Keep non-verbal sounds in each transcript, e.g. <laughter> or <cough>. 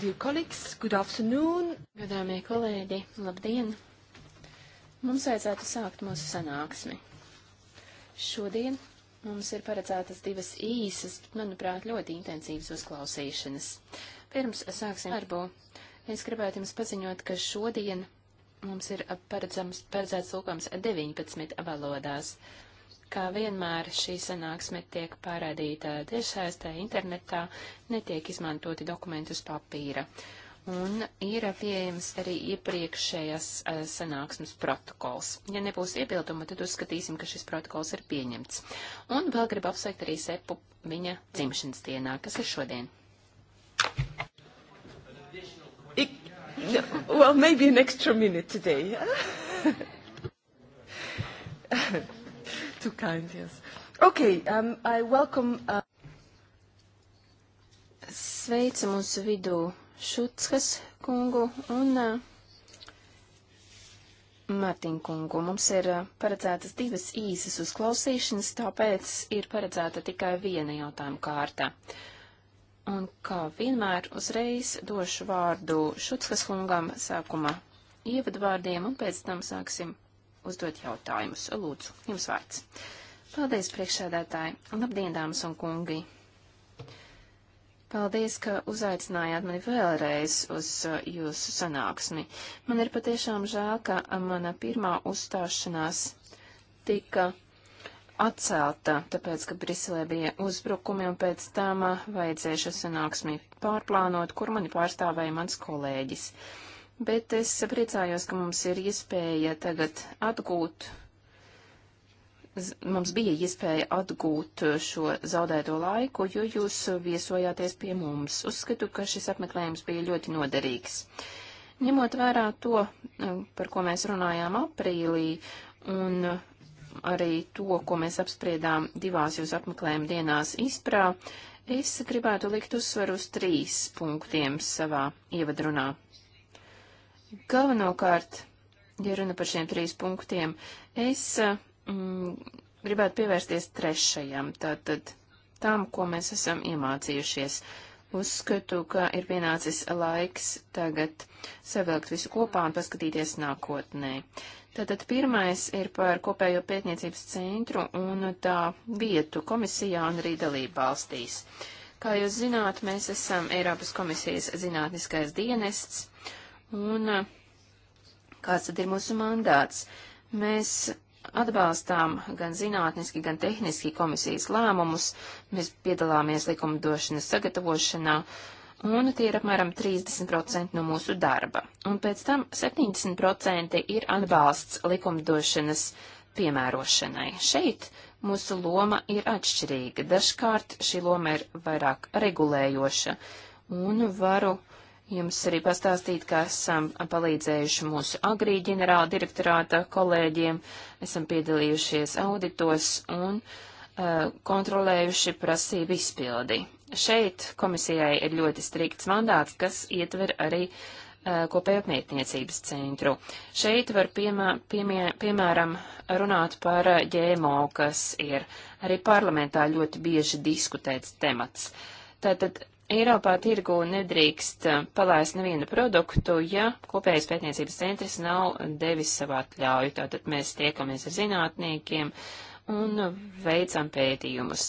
Dear colleagues, good afternoon. Godāmie kolēģi, labdien. Mums vajadzētu sākt mūsu sanāksmi. Šodien mums ir paredzētas divas īsas, bet, manuprāt, ļoti intensīvas uzklausīšanas. Pirms sāksim darbu, es gribētu jums paziņot, ka šodien mums ir paredzams, paredzēts lūkams 19 valodās. Uh, Kā vienmēr šī sanāksme tiek pārādīta tiešsaistē internetā, netiek izmantoti dokumenti uz papīra. Un ir pieejams arī iepriekšējās eh, sanāksmes protokols. Ja nebūs iebilduma, tad uzskatīsim, ka šis protokols ir pieņemts. Un vēl gribu apsveikt arī Sepu viņa dzimšanas dienā, kas ir šodien. Ik, no, well, maybe an extra minute today. Huh? <laughs> <laughs> Too kind, yes. Okay, um, I welcome... Uh... Sveicu mūsu vidū Šutskas kungu un uh, Mārtiņu kungu. Mums ir uh, paredzētas divas īsas uzklausīšanas, tāpēc ir paredzēta tikai viena jautājuma kārta. Un kā vienmēr uzreiz došu vārdu Šutskas kungam sākuma ievadvārdiem un pēc tam sāksim uzdot jautājumus. Lūdzu, jums vārds. Paldies, priekšsēdētāji. Labdien, dāmas un kungi. Paldies, ka uzaicinājāt mani vēlreiz uz uh, jūsu sanāksmi. Man ir patiešām žēl, ka uh, mana pirmā uzstāšanās tika atcelta, tāpēc, ka Briselē bija uzbrukumi un pēc tam uh, vajadzēja šo sanāksmi pārplānot, kur mani pārstāvēja mans kolēģis bet es priecājos, ka mums ir iespēja tagad atgūt, mums bija iespēja atgūt šo zaudēto laiku, jo jūs viesojāties pie mums. Uzskatu, ka šis apmeklējums bija ļoti noderīgs. Ņemot vērā to, eh, par ko mēs runājām aprīlī, un arī to, ko mēs apspriedām divās jūsu apmeklējuma dienās izprā, es gribētu likt uzsvaru uz trīs punktiem savā ievadrunā. Galvenokārt, ja runa par šiem trīs punktiem, es eh, mm, gribētu pievērsties trešajam, tātad tam, ko mēs esam iemācījušies. Uzskatu, ka ir pienācis laiks tagad savilkt visu kopā un paskatīties nākotnē. Tātad pirmais ir par kopējo pētniecības centru un tā vietu komisijā un arī dalību valstīs. Kā jūs zināt, mēs esam Eiropas komisijas zinātniskais dienests, un eh, kāds tad ir mūsu mandāts. Mēs atbalstām gan zinātniski, gan tehniski komisijas lēmumus, mēs piedalāmies likumdošanas sagatavošanā, un tie ir apmēram 30% no mūsu darba. Un pēc tam 70% ir atbalsts likumdošanas piemērošanai. Šeit mūsu loma ir atšķirīga. Dažkārt šī loma ir vairāk regulējoša, un varu jums arī pastāstīt, ka esam palīdzējuši mūsu agrī ģenerāla direktorāta kolēģiem, esam piedalījušies auditos un uh, kontrolējuši prasību izpildi. Šeit komisijai ir ļoti strikts mandāts, kas ietver arī uh, kopējo apmētniecības centru. Šeit var piemā, piemē, piemēram runāt par ģēmo, kas ir arī parlamentā ļoti bieži diskutēts temats. Tātad Eiropā tirgu nedrīkst uh, palaist nevienu produktu, ja kopējais pētniecības centrs nav devis savu atļauju. Tātad mēs tiekamies ar zinātniekiem un veicam pētījumus.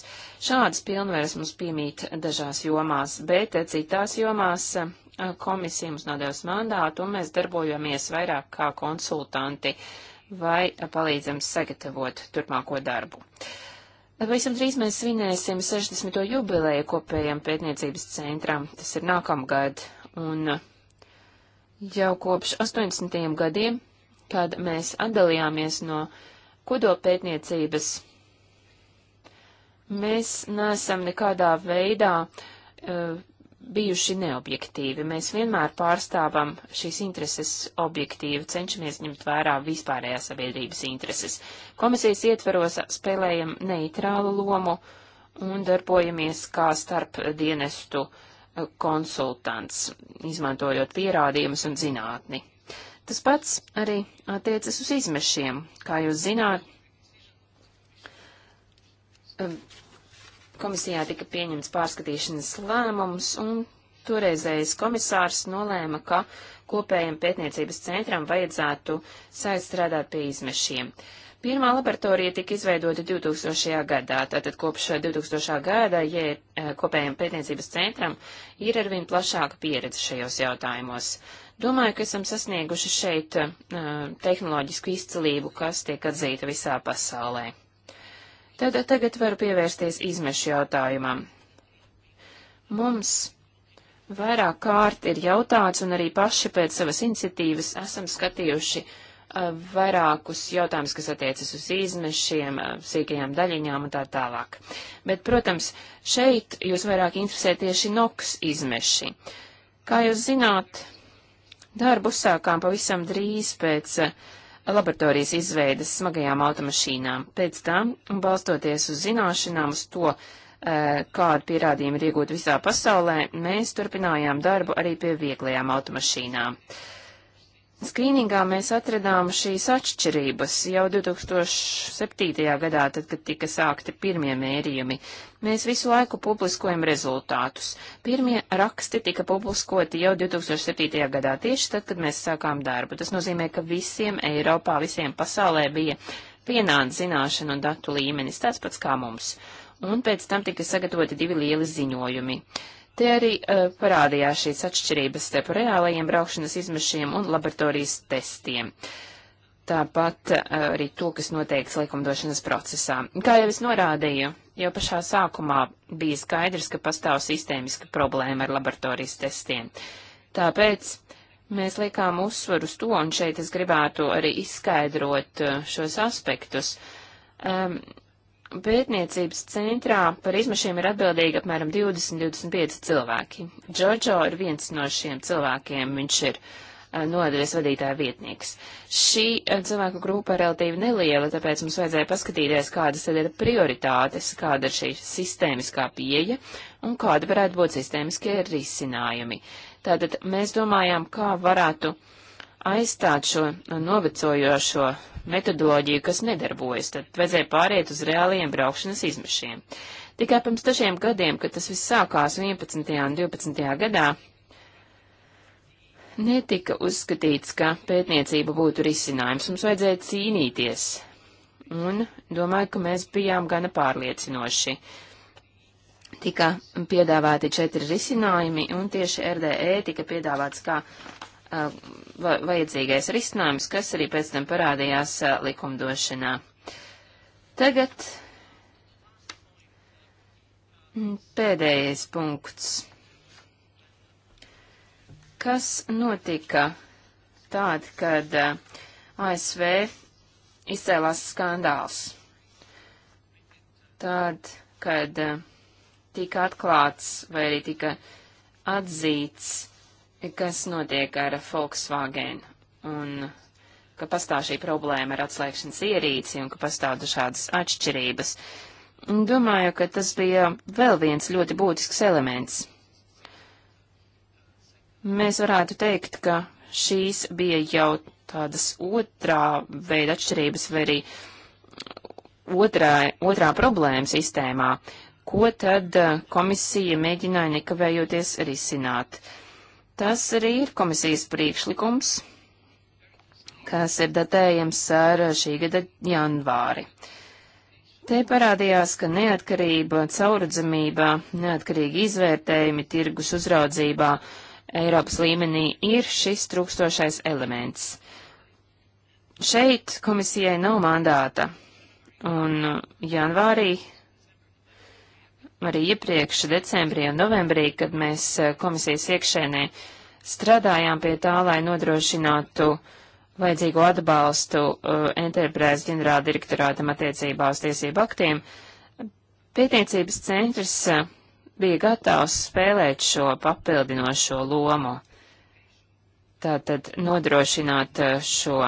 Šādas pilnvaras mums piemīt dažās jomās, bet citās jomās uh, komisija mums nav devis mandātu, un mēs darbojamies vairāk kā konsultanti vai palīdzam sagatavot turpmāko darbu. Uh, Pavisam drīz mēs svinēsim 60. jubileju kopējam pētniecības centram, tas ir nākamgad, un uh, jau kopš 80. gadiem, kad mēs atdalījāmies no kodopētniecības, mēs neesam nekādā veidā uh, bijuši neobjektīvi. Mēs vienmēr pārstāvam šīs intereses objektīvi, cenšamies ņemt vērā vispārējās sabiedrības intereses. Komisijas ietveros spēlējam neitrālu lomu un darbojamies kā starp dienestu konsultants, izmantojot pierādījumus un zinātni. Tas pats arī attiecas uz izmešiem. Kā jūs zināt, Komisijā tika pieņemts pārskatīšanas lēmums, un toreizējais komisārs nolēma, ka kopējiem pētniecības centram vajadzētu saistrādāt pie izmešiem. Pirmā laboratorija tika izveidota 2000. gadā, tātad kopš 2000. gada, ja eh, kopējiem pētniecības centram ir arvien plašāka pieredze šajos jautājumos. Domāju, ka esam sasnieguši šeit uh, tehnoloģisku izcilību, kas tiek atzīta visā pasaulē. Tad tagad varu pievērsties izmešu jautājumam. Mums vairāk kārt ir jautāts, un arī paši pēc savas iniciatīvas esam skatījuši uh, vairākus jautājumus, kas attiecas uz izmešiem, uh, sīkajām daļiņām un tā tālāk. Bet, protams, šeit jūs vairāk interesē tieši NOX izmeši. Kā jūs zināt, darbu sākām pavisam drīz pēc uh, laboratorijas izveidas smagajām automašīnām. Pēc tam, balstoties uz zināšanām, uz to, eh, kādu pierādījumu ir iegūti visā pasaulē, mēs turpinājām darbu arī pie vieglajām automašīnām. Uh, skrīningā mēs atradām šīs atšķirības jau 2007. gadā, tad, kad tika sākti pirmie mērījumi. Mēs visu laiku publiskojam rezultātus. Pirmie raksti tika publiskoti jau 2007. gadā, tieši tad, kad mēs sākām darbu. Tas nozīmē, ka visiem Eiropā, visiem pasaulē bija pienāca zināšanu un datu līmenis, tāds pats kā mums. Un pēc tam tika sagatavoti divi lieli ziņojumi. Uh, Te arī uh, parādījās šīs atšķirības starp reālajiem braukšanas izmešiem un laboratorijas testiem. Tāpat uh, arī to, kas noteikts likumdošanas procesā. Kā jau es norādīju, jau pašā sākumā bija skaidrs, ka pastāv sistēmiska problēma ar laboratorijas testiem. Tāpēc mēs liekām uzsvaru uz to, un šeit es gribētu arī izskaidrot eh, šos aspektus. Um, Pētniecības centrā par izmešiem ir atbildīgi apmēram 20-25 cilvēki. Džordžo ir viens no šiem cilvēkiem, viņš ir uh, nodaļas vadītāja vietnieks. Šī uh, eh, cilvēku grupa ir relatīvi neliela, tāpēc mums vajadzēja paskatīties, kādas tad ir prioritātes, kāda ir šī sistēmiskā pieeja un kāda varētu būt sistēmiskie risinājumi. Tātad mēs domājām, kā varētu uh, aizstāt šo novecojošo metodoloģiju, kas nedarbojas, tad vajadzēja pāriet uz reāliem braukšanas izmešiem. Tikai pirms dažiem gadiem, kad tas viss sākās 11. un 12. gadā, netika uzskatīts, ka pētniecība būtu risinājums, mums vajadzēja cīnīties. Un domāju, ka mēs bijām gana pārliecinoši. Tika piedāvāti četri risinājumi, un tieši RDE tika piedāvāts kā vajadzīgais risinājums, kas arī pēc tam parādījās likumdošanā. Tagad pēdējais punkts. Kas notika tād, kad ASV izcēlās skandāls? Tad, kad tika atklāts vai arī tika atzīts, kas notiek ar Volkswagen un ka pastāv šī problēma ar atslēgšanas ierīci un ka pastāv dažādas atšķirības. Domāju, ka tas bija vēl viens ļoti būtisks elements. Mēs varētu teikt, ka šīs bija jau tādas otrā veida atšķirības vai arī otrā, otrā problēma sistēmā, ko tad eh, komisija mēģināja nekavējoties risināt. Uh, Tas arī ir komisijas priekšlikums, kas ir datējams ar šī gada janvāri. Te parādījās, ka neatkarība, caurredzamība, neatkarīgi izvērtējumi tirgus uzraudzībā Eiropas līmenī ir šis trūkstošais elements. Šeit komisijai nav mandāta, un janvārī arī iepriekš decembrī un novembrī, kad mēs eh, komisijas iekšēnē strādājām pie tā, lai nodrošinātu vajadzīgo atbalstu uh, Enterprise ģenerāla direktorātam attiecībā uz tiesību aktiem, pētniecības centrs eh, bija gatavs spēlēt šo papildinošo lomu. Tātad nodrošināt šo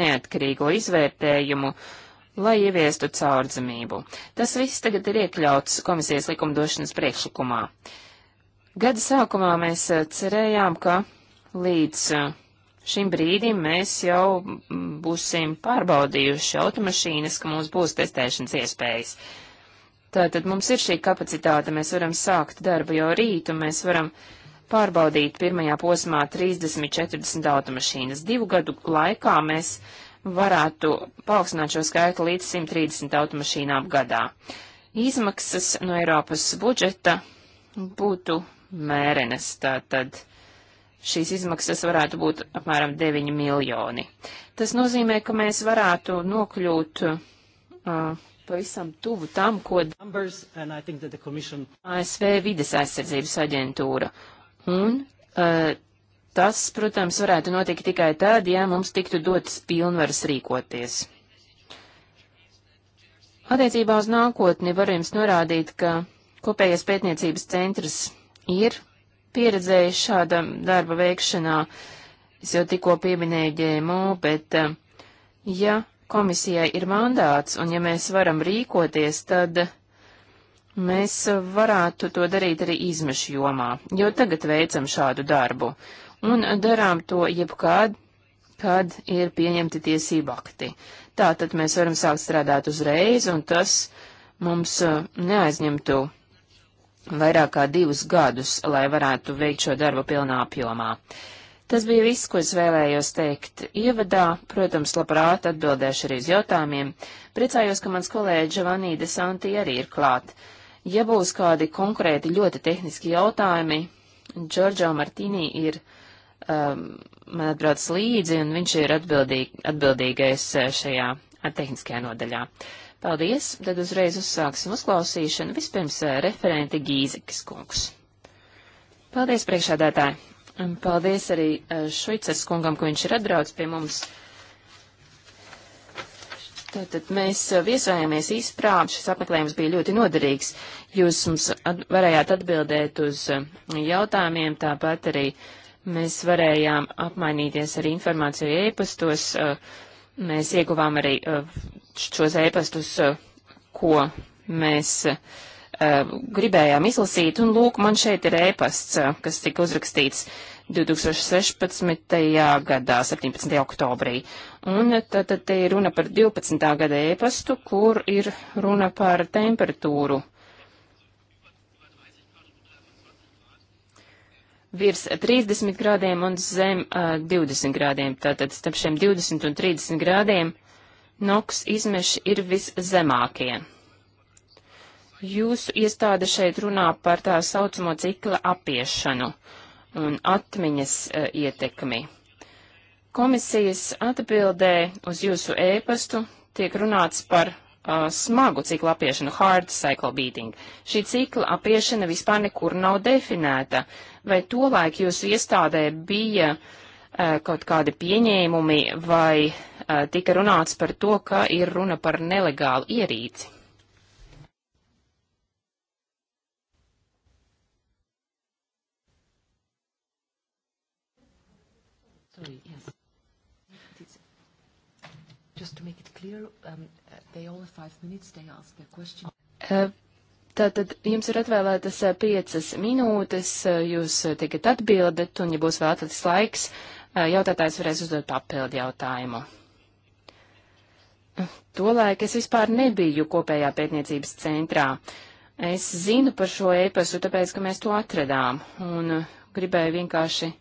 neatkarīgo izvērtējumu, uh, lai ieviestu caurdzamību. Tas viss tagad ir iekļauts komisijas likumdošanas priekšlikumā. Gada sākumā mēs eh, cerējām, ka līdz eh, šim brīdim mēs jau mm, būsim pārbaudījuši automašīnas, ka mums būs testēšanas iespējas. Tātad mums ir šī kapacitāte, mēs varam sākt darbu jau rīt, un mēs varam pārbaudīt pirmajā posmā 30-40 automašīnas. Divu gadu laikā mēs uh, varētu paaugstināt šo skaitu līdz 130 automašīnām gadā. Izmaksas no Eiropas budžeta būtu mērenes, tātad šīs izmaksas varētu būt apmēram 9 miljoni. Tas nozīmē, ka mēs varētu nokļūt uh, pavisam tuvu tam, ko Numbers, commission... ASV vides aizsardzības aģentūra un uh, Tas, protams, varētu notikt tikai tad, ja mums tiktu dotas pilnvaras rīkoties. Attiecībā uz nākotni varu jums norādīt, ka kopējais pētniecības centrs ir pieredzējis šāda darba veikšanā. Es jau tikko pieminēju ģēmu, bet eh, ja komisijai ir mandāts un ja mēs varam rīkoties, tad Mēs varētu to darīt arī izmešu jomā, jo tagad veicam šādu darbu un darām to jebkād, kad ir pieņemti tiesību akti. Tātad mēs varam sākt strādāt uzreiz, un tas mums uh, neaizņemtu vairāk kā divus gadus, lai varētu veikt šo darbu pilnā apjomā. Tas bija viss, ko es vēlējos teikt ievadā. Protams, labprāt atbildēšu arī uz jautājumiem. Priecājos, ka mans kolēģis Vanīda Santi arī ir klāt. Ja būs kādi konkrēti ļoti tehniski jautājumi, Džordžo Martīnī ir, um, man atbrauc līdzi, un viņš ir atbildīg, atbildīgais eh, šajā tehniskajā nodaļā. Paldies, tad uzreiz uzsāksim uzklausīšanu. Vispirms eh, referenti Gīzekas kungs. Paldies, priekšādātāji. Paldies arī eh, Šuicas kungam, ka viņš ir atbrauc pie mums. Uh, Tātad mēs uh, viesojāmies īsprā, šis apmeklējums bija ļoti noderīgs. Jūs mums at varējāt atbildēt uz uh, jautājumiem, tāpat arī mēs varējām apmainīties ar informāciju ēpastos. Uh, mēs ieguvām arī šos ēpastus, ko mēs gribējām izlasīt, un lūk, man šeit ir ēpasts, kas tika uzrakstīts 2016. gadā, 17. oktobrī. Un tad, tad te ir runa par 12. gada ēpastu, kur ir runa par temperatūru. Virs 30 grādiem un zem uh, 20 grādiem. Tātad starp šiem 20 un 30 grādiem NOX izmeši ir viszemākie. Jūsu iestāde šeit runā par tā saucamo cikla apiešanu un atmiņas uh, ietekmi. Komisijas atbildē uz jūsu ēpastu tiek runāts par uh, smagu ciklu apiešanu, hard cycle beating. Šī cikla apiešana vispār nekur nav definēta. Vai tolaik jūsu iestādē bija uh, kaut kādi pieņēmumi vai uh, tika runāts par to, ka ir runa par nelegālu ierīci? Just to make it clear, um, they all have five minutes, they ask their question. Uh, Tātad jums ir atvēlētas uh, piecas minūtes, uh, jūs uh, tikat atbildat, un, ja būs vēl atlicis laiks, jautātājs varēs uzdot papildu jautājumu. Tolēk es vispār nebiju kopējā pētniecības centrā. Es zinu par šo e-pastu, tāpēc, ka mēs to atradām, un gribēju vienkārši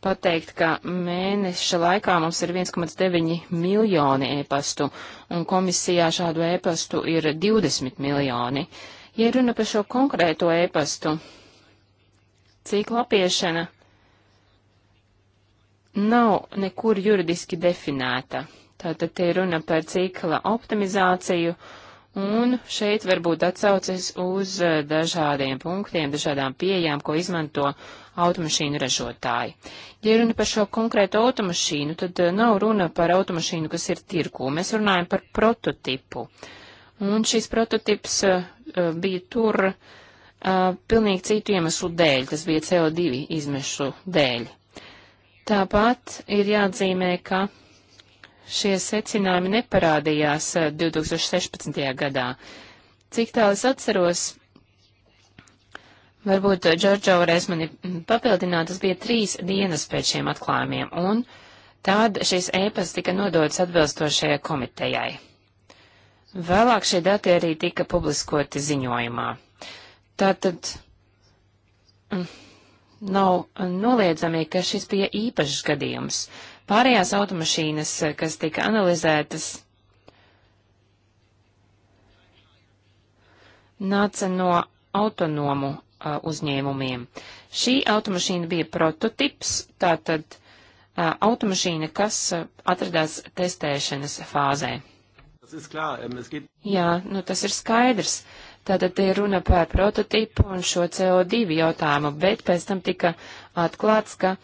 pateikt, ka mēneša laikā mums ir 1,9 miljoni ēpastu, un komisijā šādu ēpastu ir 20 miljoni. Ja runa par šo konkrēto ēpastu, cik lapiešana nav nekur juridiski definēta. Tātad te runa par cikla optimizāciju, un šeit varbūt atsaucies uz eh, dažādiem punktiem, dažādām pieejām, ko izmanto uh, automašīnu ražotāji. Ja runa par šo konkrēto automašīnu, tad eh, nav runa par automašīnu, kas ir tirku. Mēs runājam par prototipu. Un šis prototips uh, bija tur uh, pilnīgi citu iemeslu dēļ. Tas bija CO2 izmešu dēļ. Tāpat ir jāatzīmē, ka šie secinājumi neparādījās 2016. gadā. Cik tālu es atceros, Varbūt eh, Džordžo varēs mani mm, papildināt, tas bija trīs dienas pēc šiem atklājumiem, un tad šis ēpas tika nodots atbilstošajai komitejai. Vēlāk šie dati arī tika publiskoti ziņojumā. Tātad mm, nav noliedzami, ka šis bija īpašs gadījums. Pārējās automašīnas, eh, kas tika analizētas, nāca no autonomu Uh, uzņēmumiem. Šī automašīna bija prototips, tātad uh, automašīna, kas uh, atradās testēšanas fāzē. Jā, nu tas ir skaidrs. Tātad ir runa par prototipu un šo CO2 jautājumu, bet pēc tam tika atklāts, ka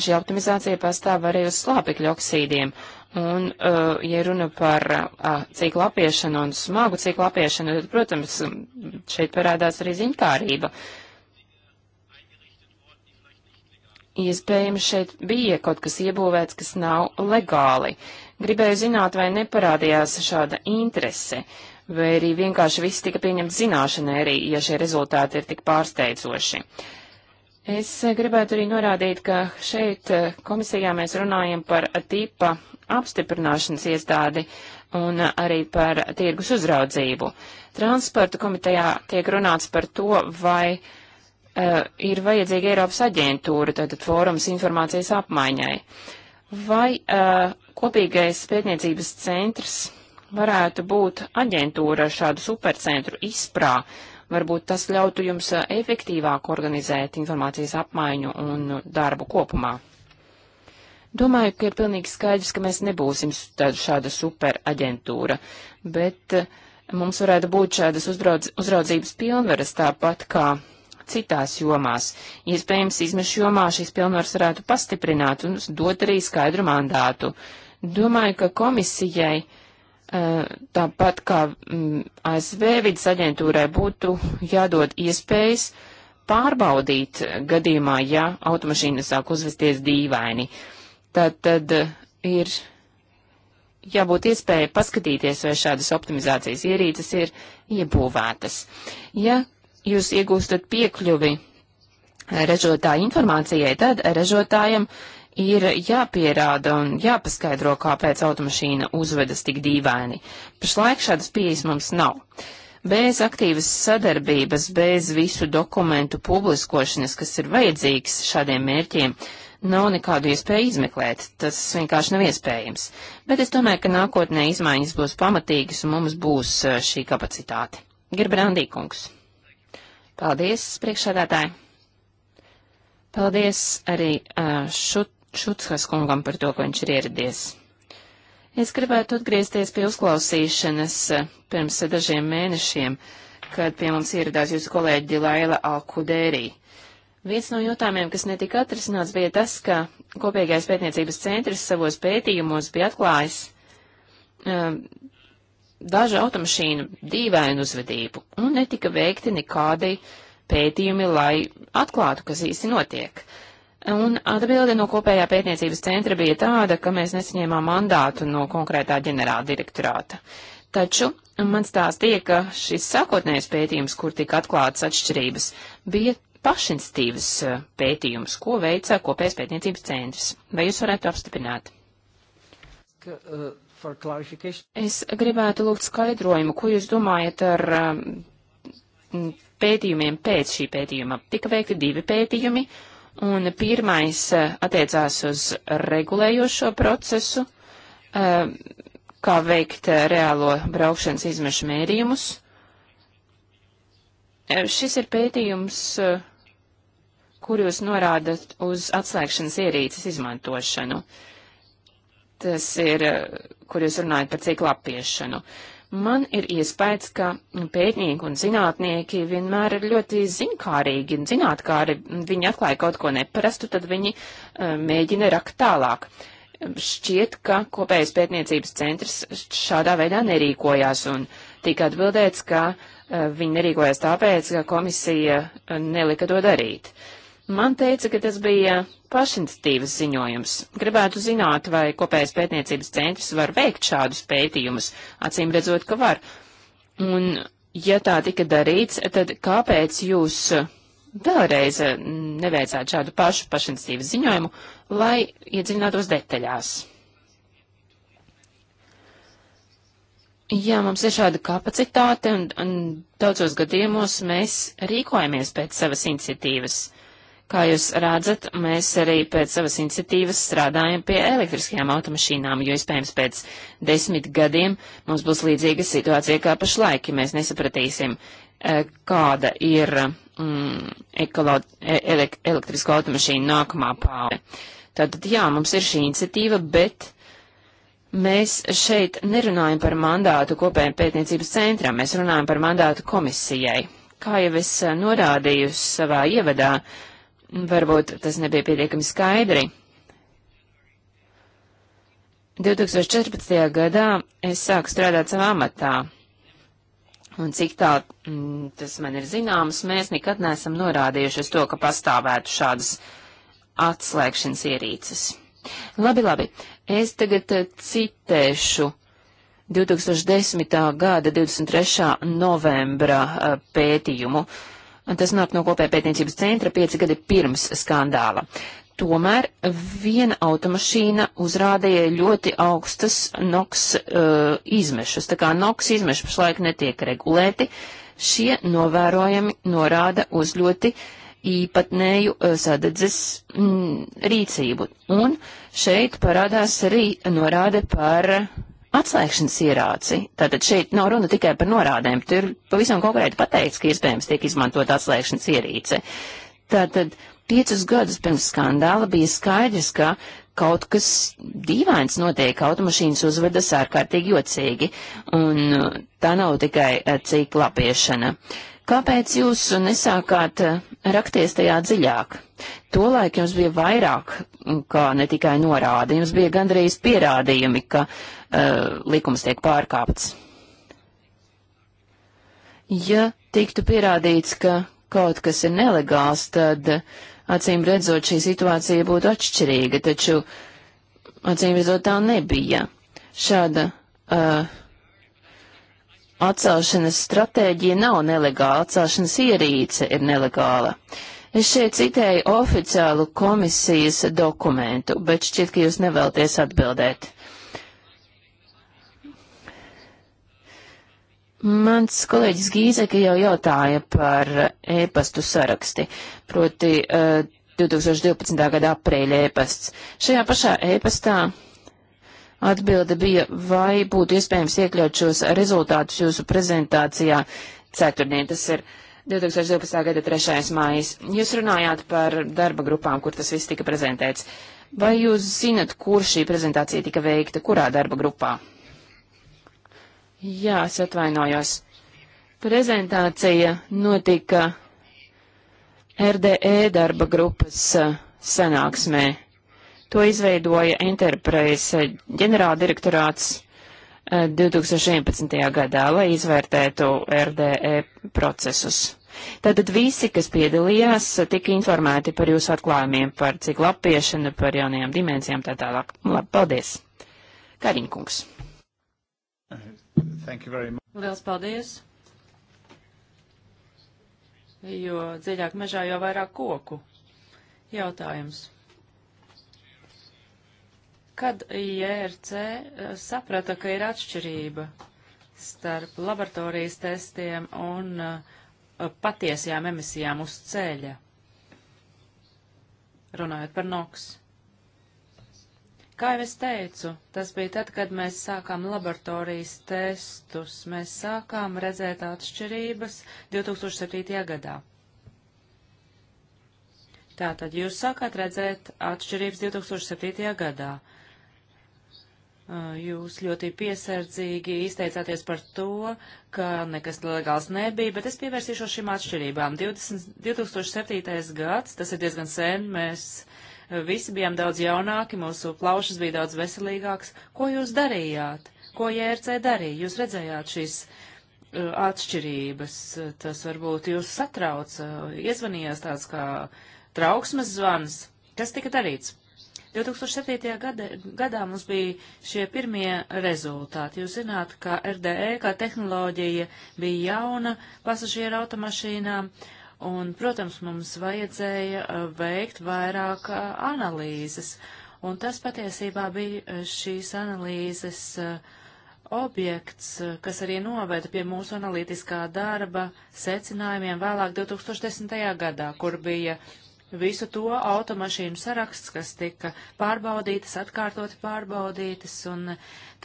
šī optimizācija pastāv arī uz slāpekļu oksīdiem, Un, uh, ja runa par uh, uh, ciklu apiešanu un smagu ciklu apiešanu, tad, protams, um, šeit parādās arī ziņkārība. Iespējams, šeit bija kaut kas iebūvēts, kas nav legāli. Gribēju zināt, vai neparādījās šāda interese, vai arī vienkārši viss tika pieņemts zināšanai, arī ja šie rezultāti ir tik pārsteidzoši. Uh, Es gribētu arī norādīt, ka šeit eh, komisijā mēs runājam par tipa apstiprināšanas iestādi un eh, arī par tirgus uzraudzību. Transporta komitejā tiek runāts par to, vai uh, ir vajadzīga Eiropas aģentūra, tātad fórums informācijas apmaiņai. Vai uh, kopīgais pētniecības centrs varētu būt aģentūra ar šādu supercentru izprā, Varbūt tas ļautu jums efektīvāk organizēt informācijas apmaiņu un darbu kopumā. Domāju, ka ir pilnīgi skaidrs, ka mēs nebūsim tāda šāda superaģentūra, bet mums varētu būt šādas uzraudz, uzraudzības pilnveres tāpat kā citās jomās. Iespējams, izmešu jomā šīs pilnvaras varētu pastiprināt un dot arī skaidru mandātu. Domāju, ka komisijai uh, Eh, tāpat kā mm, ASV vidas aģentūrai būtu jādod iespējas pārbaudīt gadījumā, ja automašīna sāk uzvesties dīvaini. Tad, tad eh, ir jābūt iespēja paskatīties, vai šādas optimizācijas ierīces ir iebūvētas. Ja jūs iegūstat piekļuvi eh, ražotāja informācijai, tad ražotājam uh, ir jāpierāda un jāpaskaidro, kāpēc automašīna uzvedas tik dīvaini. Pašlaik šādas pieejas mums nav. Bez aktīvas sadarbības, bez visu dokumentu publiskošanas, kas ir vajadzīgs šādiem mērķiem, nav nekādu iespēju izmeklēt. Tas vienkārši nav iespējams. Bet es domāju, ka nākotnē izmaiņas būs pamatīgas un mums būs eh, šī kapacitāte. Gerbrandī kungs. Paldies, priekšādātāji. Paldies arī uh, šut Šutskas kungam par to, ka viņš ir ieradies. Es gribētu atgriezties pie uzklausīšanas eh, pirms dažiem mēnešiem, kad pie mums ieradās jūsu kolēģi Laila Alkudērī. Viens no jautājumiem, kas netika atrisināts, bija tas, ka kopīgais pētniecības centrs savos pētījumos bija atklājis um, dažu automašīnu dīvainu uzvedību, un netika veikti nekādi pētījumi, lai atklātu, kas īsti notiek. Uh, Un atbilde no kopējā pētniecības centra bija tāda, ka mēs nesaņēmām mandātu no konkrētā ģenerāla direktorāta. Taču man stāstīja, ka šis sākotnējais pētījums, kur tika atklātas atšķirības, bija pašinstīvas eh, pētījums, ko veica kopējais pētniecības centrs. Vai jūs varētu apstiprināt? Ka, uh... Es gribētu lūgt skaidrojumu, ko jūs domājat ar um, pētījumiem pēc šī pētījuma. Tika veikti divi pētījumi, Un pirmais eh, attiecās uz regulējošo procesu, eh, kā veikt eh, reālo braukšanas izmešu mērījumus. Šis ir pētījums, kur jūs norādat uz atslēgšanas ierīces izmantošanu. Tas ir, kur jūs runājat par ciklu apiešanu. Uh, Man ir iespējas, ka pētnieki un zinātnieki vienmēr ir ļoti zinkārīgi un zinātkāri. Viņi atklāja kaut ko neparastu, tad viņi uh, mēģina rakt tālāk. Šķiet, ka kopējais pētniecības centrs šādā veidā nerīkojās un tika atbildēts, ka uh, viņi nerīkojas tāpēc, ka komisija eh, nelika to darīt. Uh, Man teica, ka tas bija pašinicitīvas ziņojums. Gribētu zināt, vai kopējais pētniecības centrs var veikt šādus pētījumus. Acīm redzot, ka var. Un, ja tā tika darīts, tad kāpēc jūs vēlreiz neveicāt šādu pašu pašinicitīvas ziņojumu, lai iedziļinātos detaļās? Jā, mums ir šāda kapacitāte, un, un daudzos gadījumos mēs rīkojamies pēc savas iniciatīvas. Kā jūs rādzat, mēs arī pēc savas iniciatīvas strādājam pie elektriskajām automašīnām, jo, iespējams, pēc desmit gadiem mums būs līdzīga situācija kā pašlaik, ja mēs nesapratīsim, e, kāda ir mm, ekolo, e, ele, elektrisko automašīnu nākamā pāle. Tātad, jā, mums ir šī iniciatīva, bet mēs šeit nerunājam par mandātu kopējiem pētniecības centram, mēs runājam par mandātu komisijai. Kā jau es e, norādīju savā ievadā, uh, Varbūt tas nebija pietiekami skaidri. 2014. gadā es sāku strādāt savā amatā. Un cik tā m, mm, tas man ir zināms, mēs nekad neesam norādījuši uz to, ka pastāvētu šādas atslēgšanas ierīces. Labi, labi, es tagad eh, citēšu 2010. gada 23. novembra eh, pētījumu. Uh, un tas nāk no kopējā pētniecības centra pieci gadi pirms skandāla. Tomēr viena automašīna uzrādīja ļoti augstas NOx uh, izmešas. Tā kā NOx izmeši pašlaik netiek regulēti, šie novērojami norāda uz ļoti īpatnēju uh, sadedzes mm, rīcību. Un šeit parādās arī norāde par atslēgšanas ierāci. Tātad šeit nav runa tikai par norādēm, tur pavisam konkrēti pateikts, ka iespējams tiek izmantot atslēgšanas ierīce. Tātad piecus gadus pirms skandāla bija skaidrs, ka kaut kas dīvains notiek, automašīnas uzvedas ārkārtīgi jocīgi, un tā nav tikai eh, cikla apiešana. Uh, Kāpēc jūs nesākāt eh, rakties tajā dziļāk? Tolaik jums bija vairāk, mm, kā ne tikai norādi, jums bija gandrīz pierādījumi, ka uh, likums tiek pārkāpts. Ja tiktu pierādīts, ka kaut kas ir nelegāls, tad acīm redzot šī situācija būtu atšķirīga, taču acīm redzot tā nebija. Šāda uh, Atcelšanas stratēģija nav nelegāla, atcelšanas ierīce ir nelegāla. Es šeit citēju oficiālu komisijas dokumentu, bet šķiet, ka jūs nevēlties atbildēt. Mans kolēģis Gīzeka jau jautāja par ēpastu saraksti, proti uh, eh, 2012. gada aprīļa ēpasts. Šajā pašā ēpastā Atbilde bija, vai būtu iespējams iekļaut šos rezultātus jūsu prezentācijā ceturtdien. Tas ir 2012. gada 3. mājas. Jūs runājāt par darba grupām, kur tas viss tika prezentēts. Vai jūs zinat, kur šī prezentācija tika veikta, kurā darba grupā? Jā, es atvainojos. Prezentācija notika RDE darba grupas uh, sanāksmē. To izveidoja Enterprise ģenerāldirektorāts 2011. Eh, gadā, lai izvērtētu RDE procesus. Tātad visi, kas piedalījās, tika informēti par jūsu atklājumiem, par cik lapiešanu, par jaunajām dimensijām, tā tālāk. Nu, labi, paldies. Kariņkungs. Liels paldies. Jo dziļāk mežā, jo vairāk koku. Jautājums. Kad IRC eh, saprata, ka ir atšķirība starp laboratorijas testiem un eh, patiesajām emisijām uz ceļa, runājot par NOX. Kā jau es teicu, tas bija tad, kad mēs sākām laboratorijas testus. Mēs sākām redzēt atšķirības 2007. gadā. Tātad jūs sākāt redzēt atšķirības 2007. gadā. Eh, jūs ļoti piesardzīgi izteicāties par to, ka nekas legāls nebija, bet es pievērsīšos šīm atšķirībām. 20, 2007. gads, tas ir diezgan sen, mēs visi bijām daudz jaunāki, mūsu plaušas bija daudz veselīgāks. Ko jūs darījāt? Ko JRC darīja? Jūs redzējāt šīs eh, atšķirības, tas varbūt jūs satrauca, iezvanījās tāds kā trauksmes zvans. Kas tika darīts? 2007. Gada, gadā mums bija šie pirmie rezultāti. Jūs zināt, ka RDE kā tehnoloģija bija jauna pasažieru automašīnām, un, protams, mums vajadzēja uh, veikt vairāk uh, analīzes. Un tas patiesībā bija uh, šīs analīzes objekts, kas arī noveda pie mūsu analītiskā darba secinājumiem vēlāk 2010. gadā, kur bija visu to automašīnu saraksts, kas tika pārbaudītas, atkārtoti pārbaudītas, un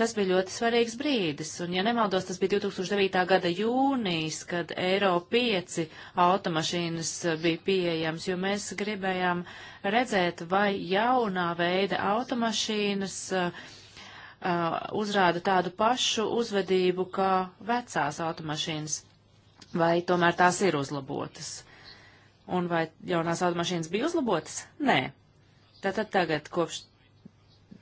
tas bija ļoti svarīgs brīdis. Un, ja nemaldos, tas bija 2009. gada jūnijas, kad Eiro 5 automašīnas bija pieejams, jo mēs gribējām redzēt, vai jaunā veida automašīnas uh, uh, uzrāda tādu pašu uzvedību kā vecās automašīnas, vai tomēr tās ir uzlabotas. Un vai jaunās automašīnas bija uzlabotas? Nē. Tātad tagad, kopš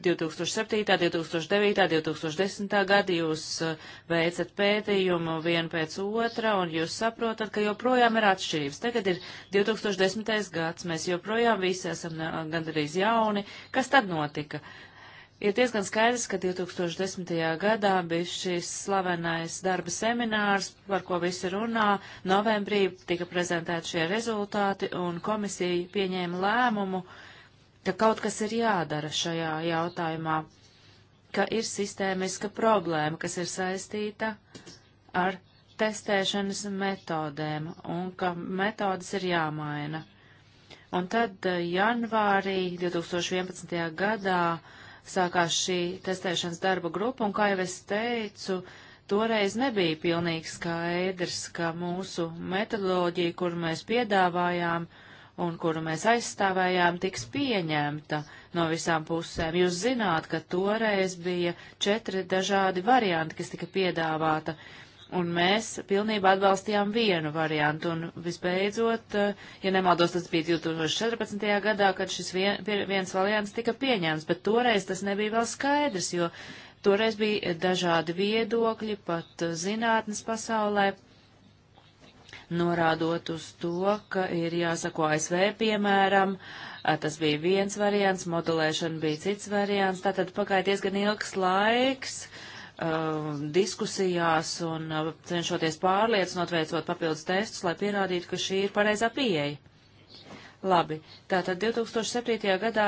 2007., 2009., 2010. gadi jūs eh, veicat pētījumu vienu pēc otra, un jūs saprotat, ka joprojām ir atšķirības. Tagad ir 2010. gads, mēs joprojām visi esam eh, gandrīz jauni. Kas tad notika? Ir diezgan skaidrs, ka 2010. gadā bija šis slavenais darba seminārs, par ko visi runā. Novembrī tika prezentēti šie rezultāti, un komisija pieņēma lēmumu, ka kaut kas ir jādara šajā jautājumā, ka ir sistēmiska problēma, kas ir saistīta ar testēšanas metodēm, un ka metodas ir jāmaina. Un tad eh, janvārī 2011. gadā sākās šī testēšanas darba grupa, un kā jau es teicu, toreiz nebija pilnīgi skaidrs, ka mūsu metodoloģija, kuru mēs piedāvājām un kuru mēs aizstāvējām, tiks pieņemta no visām pusēm. Jūs zināt, ka toreiz bija četri dažādi varianti, kas tika piedāvāta. Uh, un mēs pilnībā atbalstījām vienu variantu. Un visbeidzot, eh, ja nemaldos, tas bija 2014. gadā, kad šis vien, viens variants tika pieņemts, bet toreiz tas nebija vēl skaidrs, jo toreiz bija dažādi viedokļi pat zinātnes pasaulē norādot uz to, ka ir jāsako ASV piemēram, eh, tas bija viens variants, modulēšana bija cits variants, tātad pagāja diezgan ilgs laiks, uh, Um, diskusijās un uh, cenšoties pārliecinot, veicot papildus testus, lai pierādītu, ka šī ir pareizā pieeja. Labi, tātad 2007. gadā,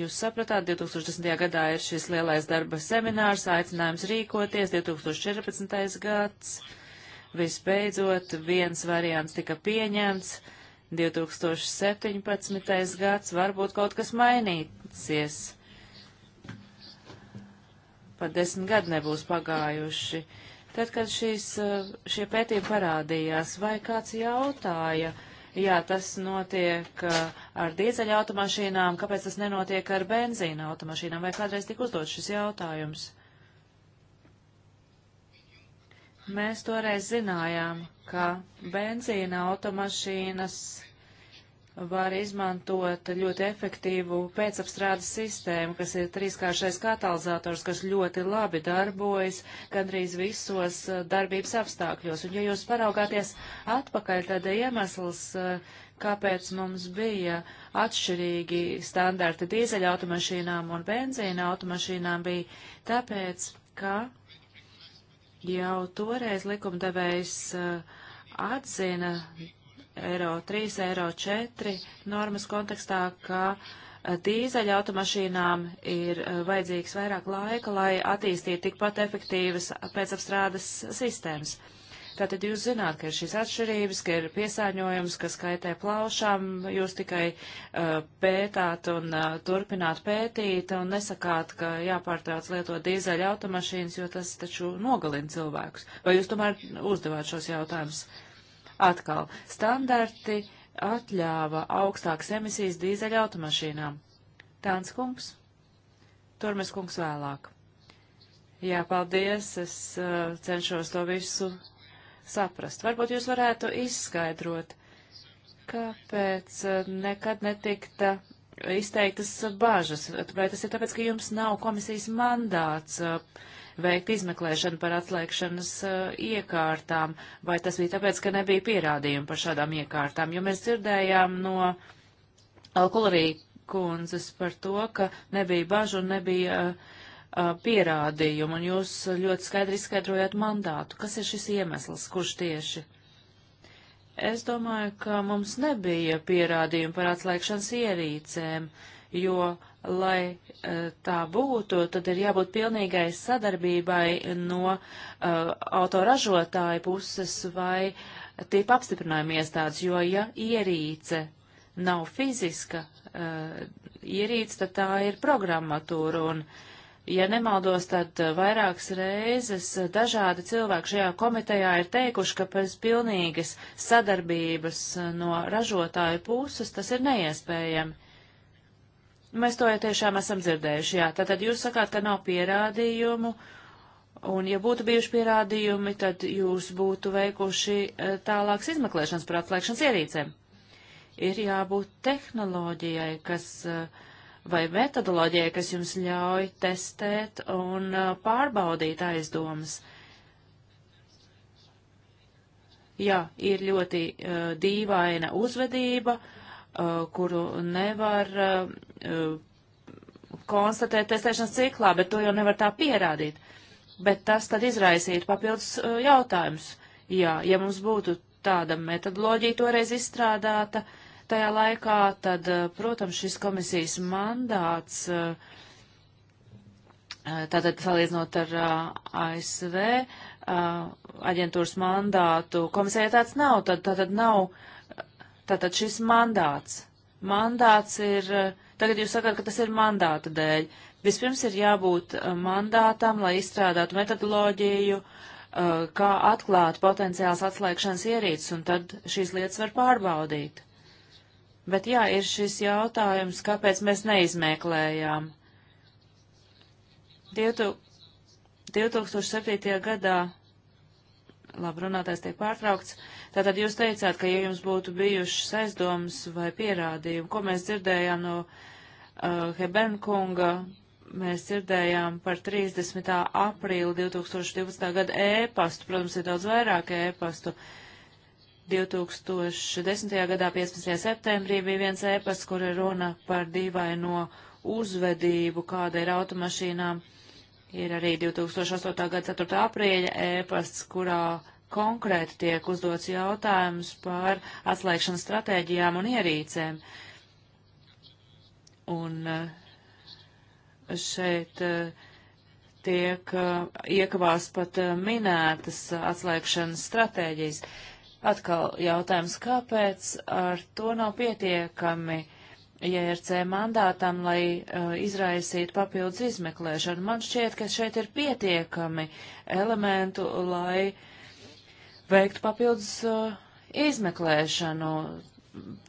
jūs sapratāt, 2010. gadā ir šis lielais darba seminārs, aicinājums rīkoties, 2014. gads, visbeidzot, viens variants tika pieņemts, 2017. gads, varbūt kaut kas mainīsies pat desmit gadi nebūs pagājuši. Tad, kad šīs, eh, šie pētījumi parādījās, vai kāds jautāja, jā, tas notiek eh, ar dīzeļa automašīnām, kāpēc tas nenotiek ar benzīna automašīnām, vai kādreiz tika uzdot šis jautājums? Mēs toreiz zinājām, ka benzīna automašīnas var izmantot ļoti efektīvu pēcapstrādes sistēmu, kas ir trīskāršais katalizators, kas ļoti labi darbojas gandrīz visos uh, darbības apstākļos. Un ja jūs paraugāties atpakaļ, tad iemesls, uh, kāpēc mums bija atšķirīgi standarti dīzeļa automašīnām un benzīna automašīnām, bija tāpēc, ka jau toreiz likumdevējs uh, atzina eiro 3, eiro 4 normas kontekstā, ka eh, dīzeļa automašīnām ir eh, vajadzīgs vairāk laika, lai attīstītu tikpat efektīvas pēcapstrādes sistēmas. Tātad jūs zināt, ka ir šīs atšķirības, ka ir piesāņojums, kas kaitē plaušām, jūs tikai uh, pētāt un uh, turpināt pētīt un nesakāt, ka jāpārtrauc lietot dīzeļa automašīnas, jo tas taču nogalina cilvēkus. Vai jūs tomēr uzdevāt šos jautājumus? Uh, Atkal, standarti atļāva augstākas emisijas dīzeļa automašīnām. Tāns kungs, Turmes kungs vēlāk. Jā, paldies, es uh, cenšos to visu saprast. Varbūt jūs varētu izskaidrot, kāpēc uh, nekad netikta izteiktas bažas. Vai tas ir tāpēc, ka jums nav komisijas mandāts uh, veikt izmeklēšanu par atslēgšanas uh, iekārtām, vai tas bija tāpēc, ka nebija pierādījumi par šādām iekārtām, jo mēs dzirdējām no Alkularī eh, kundzes par to, ka nebija bažu un nebija uh, pierādījumu, un jūs ļoti skaidri izskaidrojāt mandātu. Kas ir šis iemesls, kurš tieši? Es domāju, ka mums nebija pierādījumu par atslēgšanas ierīcēm. Uh, jo, lai e, tā būtu, tad ir jābūt pilnīgai sadarbībai no uh, autoražotāja puses vai tipa apstiprinājuma iestādes, jo, ja ierīce nav fiziska uh, ierīce, tad tā ir programmatūra un Ja nemaldos, tad vairākas reizes dažādi cilvēki šajā komitejā ir teikuši, ka pēc pilnīgas sadarbības no ražotāju puses tas ir neiespējami. Mēs to jau tiešām esam dzirdējuši, jā. Tātad jūs sakāt, ka nav pierādījumu, un ja būtu bijuši pierādījumi, tad jūs būtu veikuši eh, tālāks izmeklēšanas par atslēgšanas ierīcēm. Ir jābūt tehnoloģijai, kas, eh, vai metodoloģijai, kas jums ļauj testēt un eh, pārbaudīt aizdomas. Jā, ir ļoti uh, dīvaina uzvedība. Uh, Uh, kuru nevar uh, konstatēt testēšanas ciklā, bet to jau nevar tā pierādīt. Bet tas tad izraisītu papildus uh, jautājumus. Jā, ja mums būtu tāda metodoloģija toreiz izstrādāta tajā laikā, tad, protams, šis komisijas mandāts, tātad salīdzinot ar ASV aģentūras mandātu, komisijai tāds nav, tad, tātad nav uh, Tātad šis mandāts. Mandāts ir, eh, tagad jūs sakāt, ka tas ir mandāta dēļ. Vispirms ir jābūt eh, mandātam, lai izstrādātu metodoloģiju, eh, kā atklāt potenciāls atslēgšanas ierīces, un tad šīs lietas var pārbaudīt. Bet jā, ir šis jautājums, kāpēc mēs neizmeklējām. 2007. gadā, labi, runātais tiek pārtraukts, Tātad jūs teicāt, ka ja jums būtu bijušas aizdomas vai pierādījumi, ko mēs dzirdējām no uh, Hebenkunga, mēs dzirdējām par 30. aprīli 2012. gada ēpastu, protams, ir daudz vairāk ēpastu. 2010. gadā 15. septembrī bija viens ēpasts, kur ir runa par dīvaino uzvedību, kāda ir automašīnām. Ir arī 2008. gada 4. aprīļa ēpasts, kurā konkrēti tiek uzdots jautājums par atslēgšanas stratēģijām un ierīcēm. Un eh, šeit eh, tiek eh, iekavās pat minētas atslēgšanas stratēģijas. Atkal jautājums, kāpēc ar to nav pietiekami IRC mandātam, lai uh, izraisītu papildus izmeklēšanu? Man šķiet, ka šeit ir pietiekami elementu, lai uh, veiktu papildus uh, izmeklēšanu.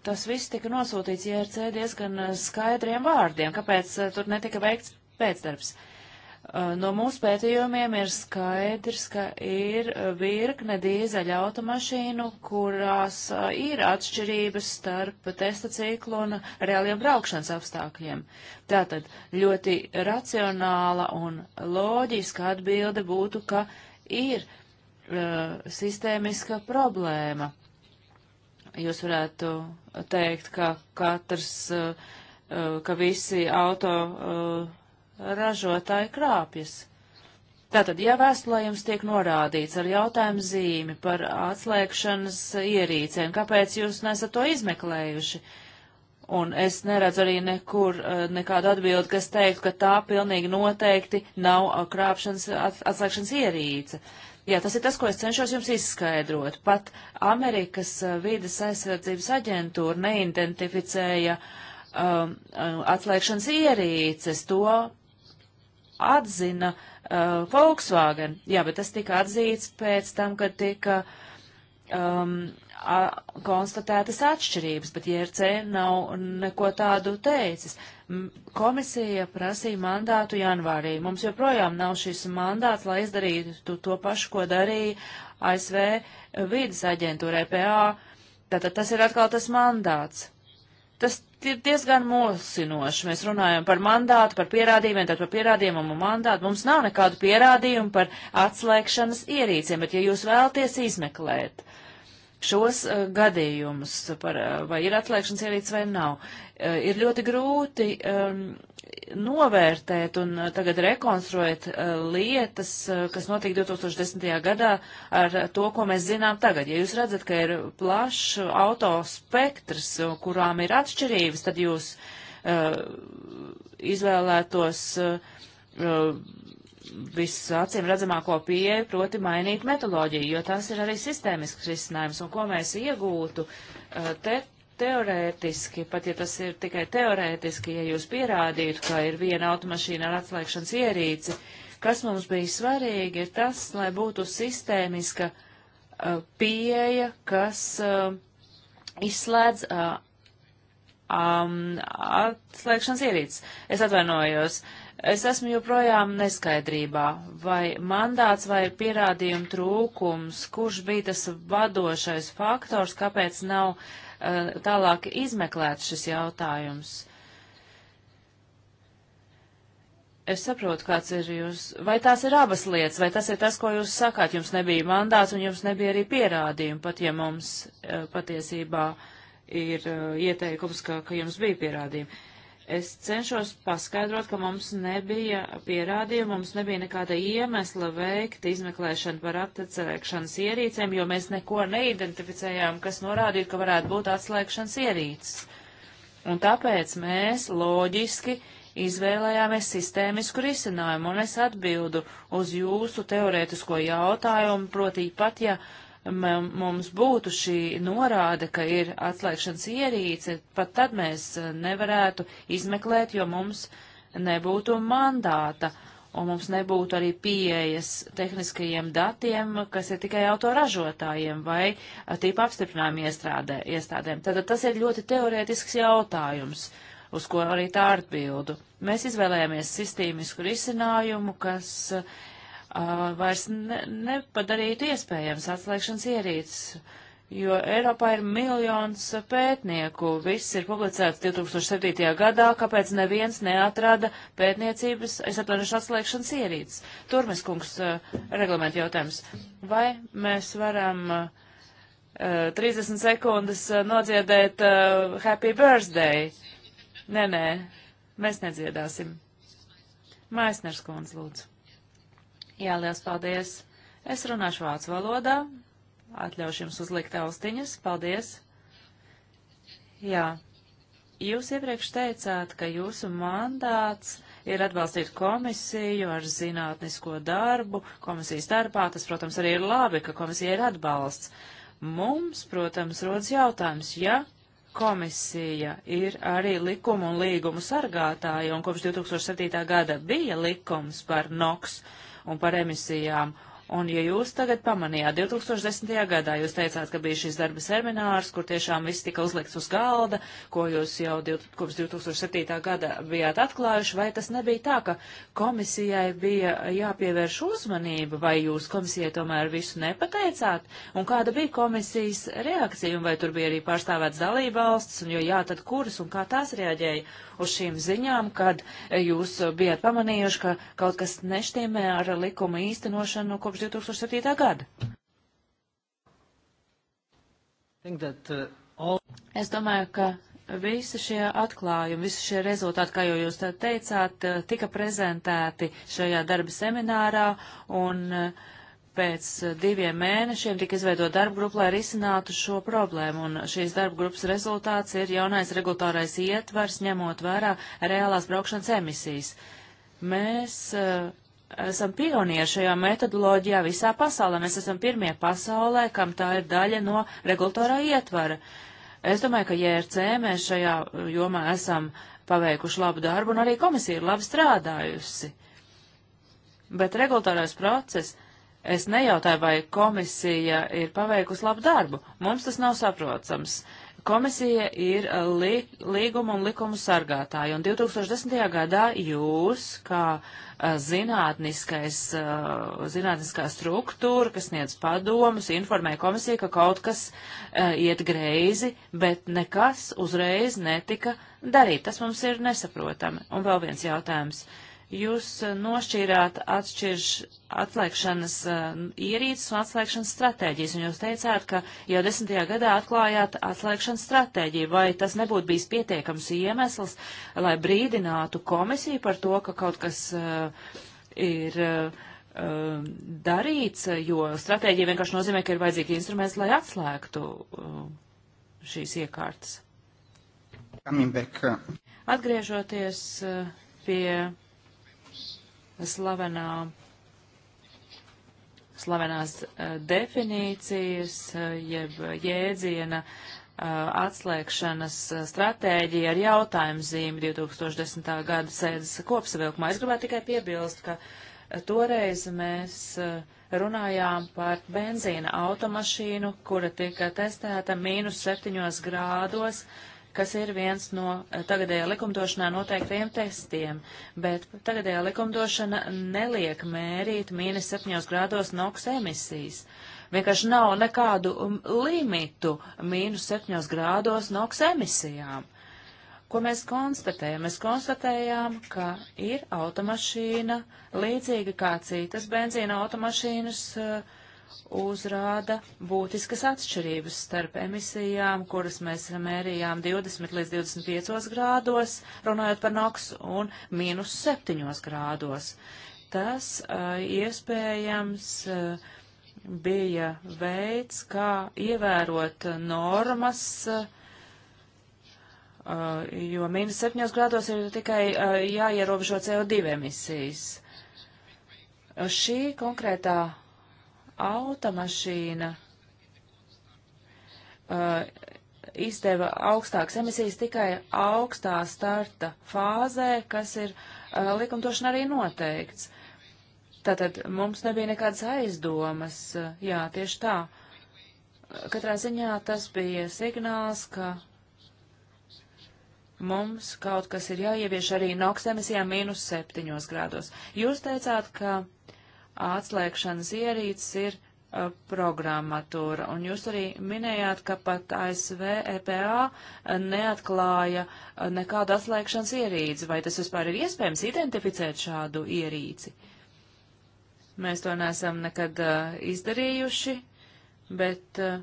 Tas viss tika nosūtīts IRC diezgan uh, skaidriem vārdiem, kāpēc uh, tur netika veikts pēcdarbs. Uh, no mūsu pētījumiem ir skaidrs, ka ir uh, virkne dīzeļa automašīnu, kurās uh, ir atšķirības starp testa ciklu un reāliem braukšanas apstākļiem. Tātad ļoti racionāla un loģiska atbilde būtu, ka ir uh, Uh, sistēmiska problēma. Jūs varētu teikt, ka katrs, uh, uh, ka visi auto ražotāji krāpjas. Tātad, ja vēstulējums tiek norādīts ar jautājumu zīmi par atslēgšanas ierīcēm, kāpēc jūs nesat to izmeklējuši? Un es neredzu arī nekur nekādu atbildi, kas teiktu, ka tā pilnīgi noteikti nav krāpšanas atslēgšanas ierīce. Uh, Jā, tas ir tas, ko es cenšos jums izskaidrot. Pat Amerikas eh, vīdes aizsardzības aģentūra neidentificēja um, eh, atslēgšanas ierīces. To atzina uh, Volkswagen. Jā, bet tas tika atzīts pēc tam, kad tika um, konstatētas atšķirības, bet IRC nav neko tādu teicis. Komisija prasīja mandātu janvārī. Mums joprojām nav šis mandāts, lai izdarītu to pašu, ko darīja ASV vīdes aģentūra EPA. Tātad tas ir atkal tas mandāts. Tas ir diezgan mosinoši. Mēs runājam par mandātu, par pierādījumiem, tad par pierādījumam un mandātu. Mums nav nekādu pierādījumu par atslēgšanas ierīciem, bet ja jūs vēlaties izmeklēt, šos uh, gadījumus, par, uh, vai ir atliekšanas ierīts vai nav. Uh, ir ļoti grūti um, novērtēt un tagad rekonstruēt lietas, kas notika 2010. gadā ar to, ko mēs zinām tagad. Ja jūs redzat, ka ir plašs auto spektrs, kurām ir atšķirības, tad jūs izvēlētos visacīm redzamāko pieeju, proti mainīt metoloģiju, jo tas ir arī sistēmisks risinājums, un ko mēs iegūtu uh, te teorētiski, pat ja tas ir tikai teorētiski, ja jūs pierādītu, ka ir viena automašīna ar atslēgšanas ierīci, kas mums bija svarīgi, ir tas, lai būtu sistēmiska uh, pieeja, kas uh, izslēdz um, atslēgšanas ierīces. Es atvainojos. Uh, Es esmu joprojām neskaidrībā, vai mandāts vai pierādījuma trūkums, kurš bija tas vadošais faktors, kāpēc nav uh, tālāk izmeklēts šis jautājums. Es saprotu, kāds ir jūs, vai tās ir abas lietas, vai tas ir tas, ko jūs sakāt, jums nebija mandāts un jums nebija arī pierādījumi, pat ja mums uh, patiesībā ir uh, ieteikums, ka, ka jums bija pierādījumi. Es cenšos paskaidrot, ka mums nebija pierādījumu, mums nebija nekāda iemesla veikt izmeklēšanu par atcerēkšanas ierīcēm, jo mēs neko neidentificējām, kas norādītu, ka varētu būt atslēgšanas ierīces. Un tāpēc mēs loģiski izvēlējāmies sistēmisku risinājumu, un es atbildu uz jūsu teorētisko jautājumu, proti pat, ja mums būtu šī norāde, ka ir atslēgšanas ierīce, pat tad mēs eh, nevarētu izmeklēt, jo mums nebūtu mandāta un mums nebūtu arī pieejas tehniskajiem datiem, kas ir tikai autoražotājiem vai eh, tīpa apstiprinājuma iestrādē, iestādēm. Tātad tas ir ļoti teorētisks jautājums, uz ko arī tā atbildu. Mēs izvēlējāmies sistēmisku risinājumu, kas uh, Uh, vairs ne, nepadarītu iespējams atslēgšanas ierīces, jo Eiropā ir miljons pētnieku. Viss ir publicēts 2007. gadā, kāpēc neviens neatrada pētniecības, es atvainošu, atslēgšanas ierīces. Turmes kungs, uh, reglamentu jautājums. Vai mēs varam. 30 uh, sekundes nodziedēt uh, Happy Birthday. Nē, nē, mēs nedziedāsim. Maisners kundze, lūdzu. Jā, liels paldies. Es runāšu vācu valodā. Atļaušu jums uzlikt austiņas. Paldies. Jā. Jūs iepriekš teicāt, ka jūsu mandāts ir atbalstīt komisiju ar zinātnisko darbu, komisijas darbā. Tas, protams, arī ir labi, ka komisija ir atbalsts. Mums, protams, rodas jautājums, ja komisija ir arī likuma un līgumu sargātāja, un kopš 2007. gada bija likums par NOKS. Uh, un par emisijām. Un, ja jūs tagad pamanījāt, 2010. gadā jūs teicāt, ka bija šis darba seminārs, kur tiešām viss tika uzlikts uz galda, ko jūs jau kopš 2007. gada bijāt atklājuši, vai tas nebija tā, ka komisijai bija jāpievērš uzmanība, vai jūs komisijai tomēr visu nepateicāt, un kāda bija komisijas reakcija, un vai tur bija arī pārstāvēts dalībvalsts, un jo jā, tad kuras un kā tās reaģēja uz šīm ziņām, kad jūs bijāt pamanījuši, ka kaut kas neštīmē ar likuma īstenošanu kopš kopš 2007. gada. That, uh, all... Es domāju, ka visi šie atklājumi, visi šie rezultāti, kā jau jūs teicāt, uh, tika prezentēti šajā darba seminārā un uh, pēc diviem mēnešiem tika izveidota darba grupa, lai risinātu šo problēmu, un šīs darba grupas rezultāts ir jaunais regulārais ietvars, ņemot vērā reālās braukšanas emisijas. Mēs uh, esam pionieri šajā metodoloģijā visā pasaulē. Mēs esam pirmie pasaulē, kam tā ir daļa no regulatorā ietvara. Es domāju, ka JRC mēs šajā jomā esam paveikuši labu darbu, un arī komisija ir labi strādājusi. Bet regulatorais process, es nejautāju, vai komisija ir paveikusi labu darbu. Mums tas nav saprotams. Uh, Komisija ir li, līguma un likumu sargātāja, un 2010. gadā jūs, kā zinātniskais, zinātniskā struktūra, kas sniedz padomus, informēja komisiju, ka kaut kas iet greizi, bet nekas uzreiz netika darīt. Tas mums ir nesaprotami. Un vēl viens jautājums. Uh, Jūs eh, nošķīrāt atšķirš, atslēgšanas eh, ierīces un atslēgšanas stratēģijas, un jūs teicāt, ka jau desmitajā gadā atklājāt atslēgšanas stratēģiju. Vai tas nebūtu bijis pietiekams iemesls, lai brīdinātu komisiju par to, ka kaut kas uh, ir. Uh, darīts, jo stratēģija vienkārši nozīmē, ka ir vajadzīgi instruments, lai atslēgtu šīs iekārtas. Atgriežoties pie slavenā, slavenās uh, definīcijas, uh, jeb jēdziena uh, atslēgšanas stratēģija ar jautājumu zīmi 2010. gada sēdes kopsavilkumā. Es gribētu tikai piebilst, ka toreiz mēs runājām par benzīna automašīnu, kura tika testēta mīnus septiņos grādos, uh, kas ir viens no eh, tagadējā likumdošanā noteiktajiem testiem, bet tagadējā likumdošana neliek mērīt mīnus 7 grādos NOx emisijas. Vienkārši nav nekādu um, limitu mīnus 7 grādos NOx emisijām. Ko mēs konstatējam? Mēs konstatējām, ka ir automašīna līdzīga kā citas benzīna automašīnas. Uh, uzrāda būtiskas atšķirības starp emisijām, kuras mēs mērījām 20 līdz 25 grādos, runājot par NOX, un mīnus 7 grādos. Tas uh, iespējams uh, bija veids, kā ievērot normas, uh, jo mīnus 7 grādos ir tikai uh, jāierobežo CO2 emisijas. Šī konkrētā automašīna uh, izdeva augstākas emisijas tikai augstā starta fāzē, kas ir uh, likumdošana arī noteikts. Tātad mums nebija nekādas aizdomas, uh, jā, tieši tā. Katrā ziņā tas bija signāls, ka mums kaut kas ir jāievieš arī NOX emisijām mīnus septiņos grādos. Jūs teicāt, ka atslēgšanas ierīces ir uh, programmatūra. Un jūs arī minējāt, ka pat ASV EPA uh, neatklāja uh, nekādu atslēgšanas ierīci. Vai tas vispār ir iespējams identificēt šādu ierīci? Mēs to neesam nekad uh, izdarījuši, bet uh,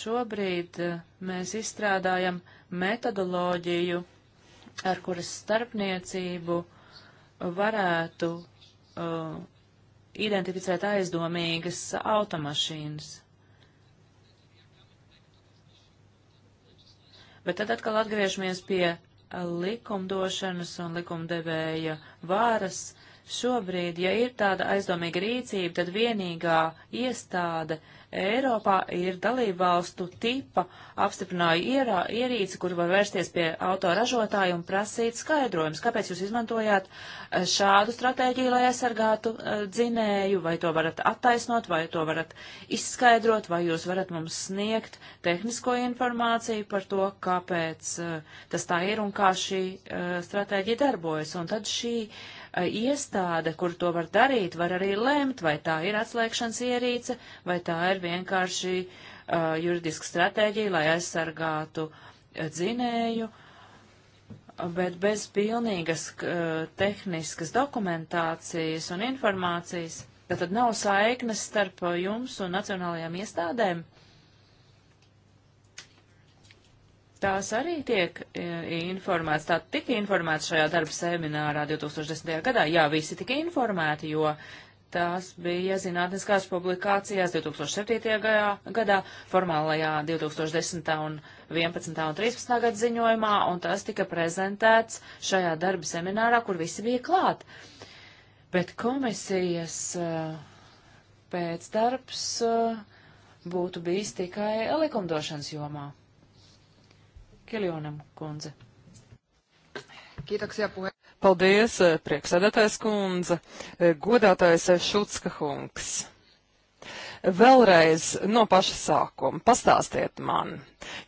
šobrīd uh, mēs izstrādājam metodoloģiju, ar kuras starpniecību varētu uh, identificēt aizdomīgas automašīnas. Bet tad atkal atgriežamies pie likumdošanas un likumdevēja vāras. Šobrīd, ja ir tāda aizdomīga rīcība, tad vienīgā iestāde, Eiropā ir dalībvalstu tipa apstiprināju ierā, ierīci, kur var vērsties pie autoražotāju un prasīt skaidrojums, kāpēc jūs izmantojāt eh, šādu stratēģiju, lai aizsargātu uh, dzinēju, vai to varat attaisnot, vai to varat izskaidrot, vai jūs varat mums sniegt tehnisko informāciju par to, kāpēc uh, tas tā ir un kā šī uh, stratēģija darbojas. Un tad šī uh, iestāde, kur to var darīt, var arī lemt, vai tā ir atslēgšanas ierīce, vai tā ir vienkārši uh, juridiska stratēģija, lai aizsargātu uh, dzinēju, bet bez pilnīgas uh, tehniskas dokumentācijas un informācijas. Tātad nav saiknes starp uh, jums un nacionālajām iestādēm. tās arī tiek e, informētas, tā tika informēta šajā darba seminārā 2010. gadā. Jā, visi tika informēti, jo tās bija zinātniskās publikācijās 2007. Gadā, gadā, formālajā 2010. un 11. un 13. gada ziņojumā, un tas tika prezentēts šajā darba seminārā, kur visi bija klāt. Bet komisijas e, pēcdarbs e, būtu bijis tikai likumdošanas jomā. Kiljonam kundze. Kiitoksia puhe. Paldies, eh, prieksēdētājs kundze, eh, godātājs eh, Šutska hungs. Vēlreiz no paša sākuma pastāstiet man.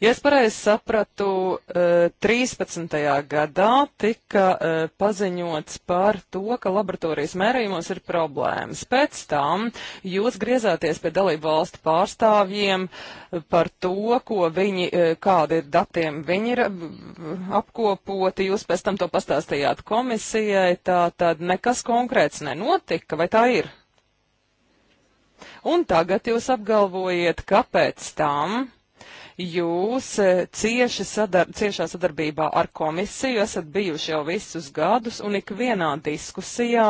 Ja es pareizi sapratu, 13. E, gadā tika e, paziņots par to, ka laboratorijas mērījumos ir problēmas. Pēc tam jūs griezāties pie dalību valstu pārstāvjiem e, par to, ko viņi, kādi ir datiem viņi ir apkopoti. Jūs pēc tam to pastāstījāt komisijai, tā tad nekas konkrēts nenotika, vai tā ir? Un tagad jūs apgalvojiet, kāpēc tam jūs eh, cieši sadar ciešā sadarbībā ar komisiju esat bijuši jau visus gadus un ikvienā diskusijā,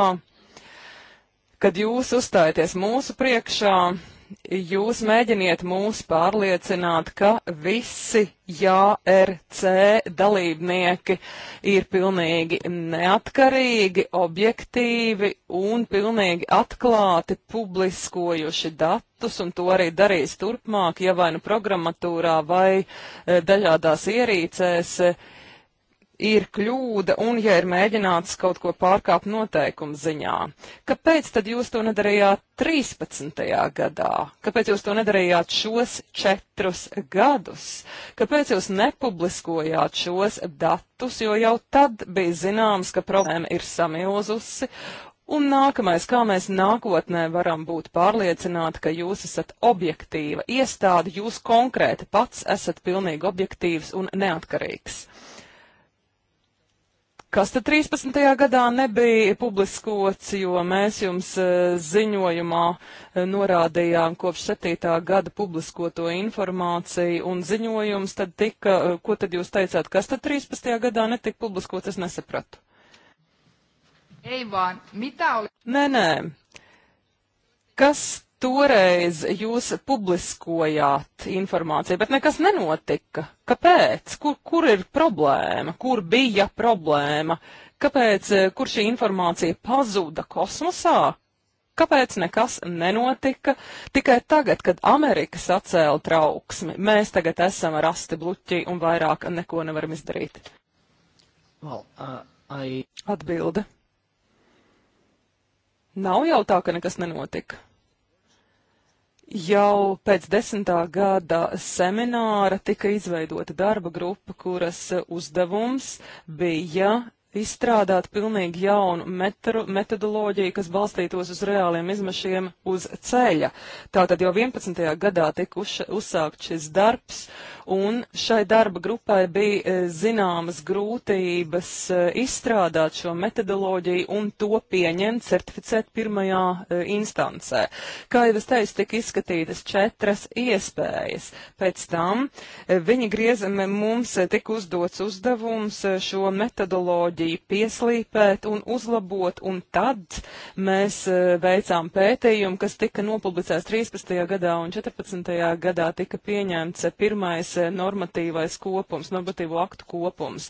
kad jūs uzstājaties mūsu priekšā, jūs mēģiniet mūs pārliecināt, ka visi JRC dalībnieki ir pilnīgi neatkarīgi, objektīvi un pilnīgi atklāti publiskojuši datus, un to arī darīs turpmāk, ja vai nu programmatūrā vai e, dažādās ierīcēs. E, ir kļūda un ja ir mēģināts kaut ko pārkāpt noteikumu ziņā. Kāpēc tad jūs to nedarījāt 13. gadā? Kāpēc jūs to nedarījāt šos četrus gadus? Kāpēc jūs nepubliskojāt šos datus, jo jau tad bija zināms, ka problēma ir samilzusi? Un nākamais, kā mēs nākotnē varam būt pārliecināti, ka jūs esat objektīva iestāde, jūs konkrēti pats esat pilnīgi objektīvs un neatkarīgs kas tad 13. gadā nebija publiskots, jo mēs jums e, ziņojumā e, norādījām kopš 7. gada publiskoto informāciju un ziņojums tad tika, e, ko tad jūs teicāt, kas tad 13. gadā netika publiskots, es nesapratu. Ei, Vān, mitā... Nē, nē. Kas toreiz jūs publiskojāt informāciju, bet nekas nenotika. Kāpēc? Kur, kur ir problēma? Kur bija problēma? Kāpēc, eh, kur šī informācija pazuda kosmosā? Kāpēc nekas nenotika? Tikai tagad, kad Amerika sacēla trauksmi, mēs tagad esam rasti bluķi un vairāk neko nevaram izdarīt. Well, uh, I... Atbilde. Nav jau tā, ka nekas nenotika. Jau pēc desmitā gada semināra tika izveidota darba grupa, kuras uzdevums bija izstrādāt pilnīgi jaunu metru, metodoloģiju, kas balstītos uz reāliem izmešiem uz ceļa. Tātad jau 11. gadā tika uz, uzsākt šis darbs, un šai darba grupai bija e, zināmas grūtības e, izstrādāt šo metodoloģiju un to pieņemt, certificēt pirmajā e, instancē. Kā jau es teicu, tika izskatītas četras iespējas. Pēc tam viņi griezami mums tika uzdots uzdevums šo metodoloģiju pieslīpēt un uzlabot, un tad mēs veicām pētījumu, kas tika nopublicēts 13. gadā un 14. gadā tika pieņemts pirmais Eh, normatīvais kopums, normatīvo aktu kopums.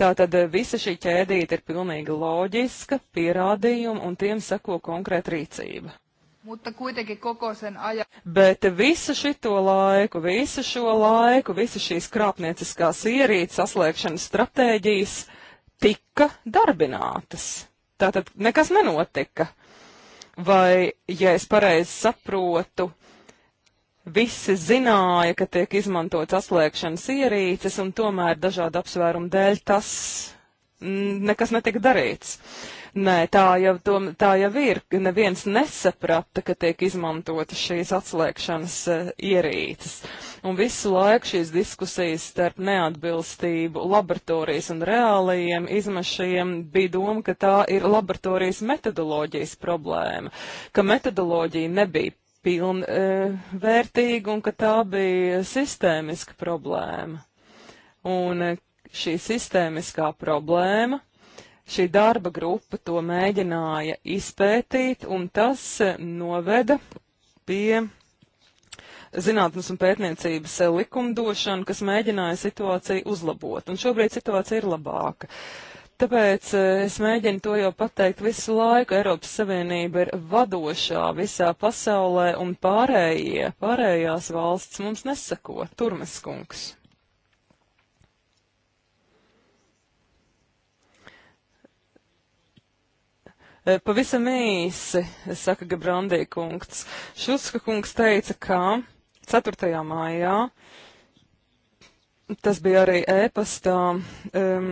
Tātad eh, visa šī ķēdīte ir pilnīgi loģiska, pierādījuma un tiem seko konkrēta rīcība. Mutta kuitenkin koko sen ajan. Bet visu šito laiku, visu šo laiku, visu šīs krāpnieciskās ierīces saslēgšanas stratēģijas tika darbinātas. Tātad nekas nenotika. Vai, ja es pareizi saprotu, Visi zināja, ka tiek izmantots atslēgšanas ierīces, un tomēr dažādu apsvērumu dēļ tas nekas netika darīts. Nē, tā jau, to, tā jau ir. Neviens nesaprata, ka tiek izmantotas šīs atslēgšanas e, ierīces. Un visu laiku šīs diskusijas starp neatbilstību laboratorijas un reālajiem izmešiem bija doma, ka tā ir laboratorijas metodoloģijas problēma, ka metodoloģija nebija pilnvērtīga e, un ka tā bija sistēmiska problēma. Un e, šī sistēmiskā problēma, šī darba grupa to mēģināja izpētīt, un tas e, noveda pie zinātnes un pētniecības likumdošanu, kas mēģināja situāciju uzlabot. Un šobrīd situācija ir labāka. Uh, Tāpēc e, es mēģinu to jau pateikt visu laiku. Eiropas Savienība ir vadošā visā pasaulē un pārējie, pārējās valsts mums nesako. Turmes kungs. E, pavisam īsi, saka Gabrandī kungs. Šuska kungs teica, ka 4. maijā uh, tas bija arī ēpastā, um,